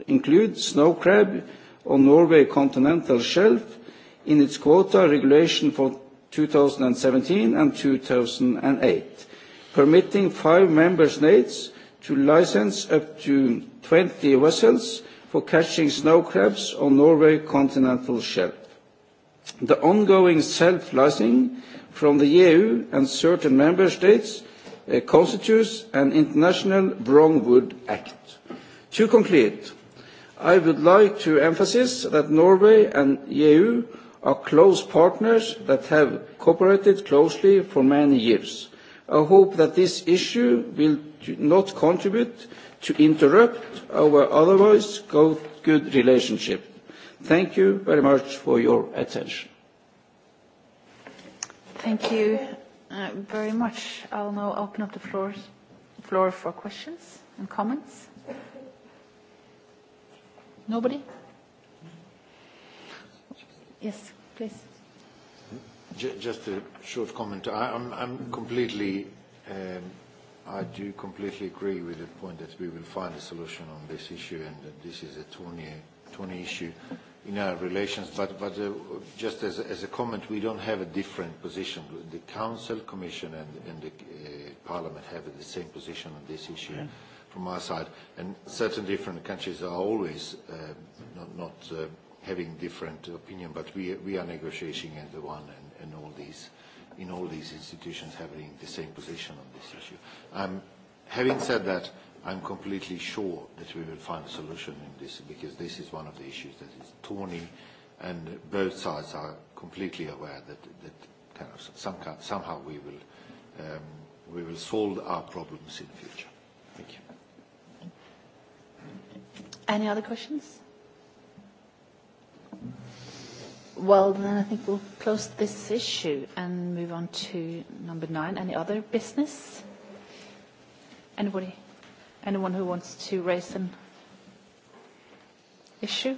include snow crab on Norway continental shelf in its quota regulation for 2017 and 2008, permitting five member states to license up to 20 vessels for catching snow crabs on Norway continental shelf. The ongoing self-licensing from the EU and certain member states constitutes an international wrongwood act. To conclude, I would like to emphasize that Norway and the EU are close partners that have cooperated closely for many years. I hope that this issue will not contribute to interrupt our otherwise good relationship. Thank you very much for your attention. Thank you very much. I will now open up the floor for questions and comments. Nobody? Yes, please. Just a short comment. I'm, I'm completely, um, I do completely agree with the point that we will find a solution on this issue and that this is a 20, 20 issue in our relations. But, but uh, just as, as a comment, we don't have a different position. The Council, Commission and, and the Parliament have the same position on this issue from my side. And certain different countries are always not having different opinion, but we we are negotiating as the one and all these in all these institutions having the same position on this issue. Having said that, I'm completely sure that we will find a solution in this because this is one of the issues that is thorny and both sides are completely aware that that kind of some somehow we will we will solve our problems in the future. Thank you. Any other questions? Well, then I think we'll close this issue and move on to number nine. Any other business? Anybody? Anyone who wants to raise an issue?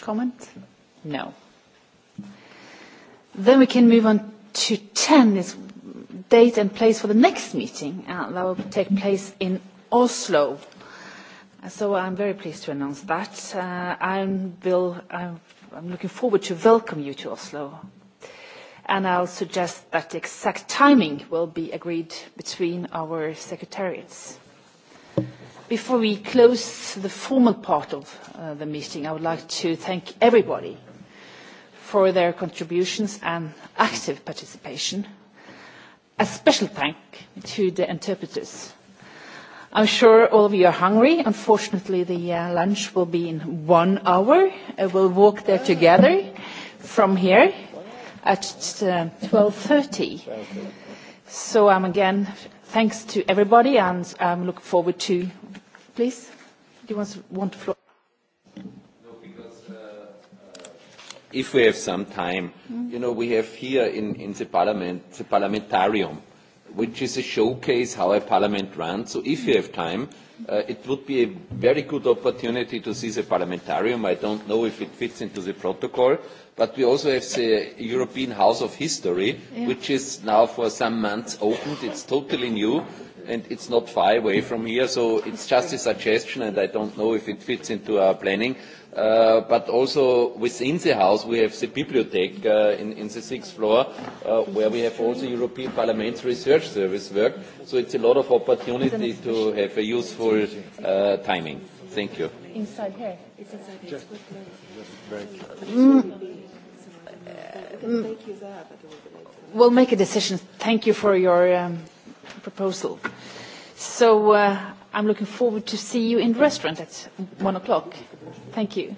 Comment? No. Then we can move on to 10, is date and place for the next meeting. That will take place in Oslo So I'm very pleased to announce that. I'm looking forward to welcome you to Oslo. And I'll suggest that the exact timing will be agreed between our secretariats. Before we close the formal part of the meeting, I would like to thank everybody for their contributions and active participation. A special thank to the interpreters I'm sure all of you are hungry. Unfortunately, the lunch will be in one hour. We'll walk there together from here at 12.30. So again, thanks to everybody, and I'm looking forward to... Please, do you want to, floor? If we have some time, you know, we have here in, in the parliament, the parliamentarium, which is a showcase how a parliament runs. So if you have time, it would be a very good opportunity to see the parliamentarium. I don't know if it fits into the protocol, but we also have the European House of History, which is now for some months opened. It's totally new and it's not far away from here, so it's just a suggestion and I don't know if it fits into our planning but also within the house we have the bibliothek in the sixth floor where we have also European Parliament's Research Service work. So it's a lot of opportunity to have a useful timing. Thank you. Inside We'll make a decision. Thank you for your proposal. So I'm looking forward to see you in the restaurant at one o'clock. Thank you.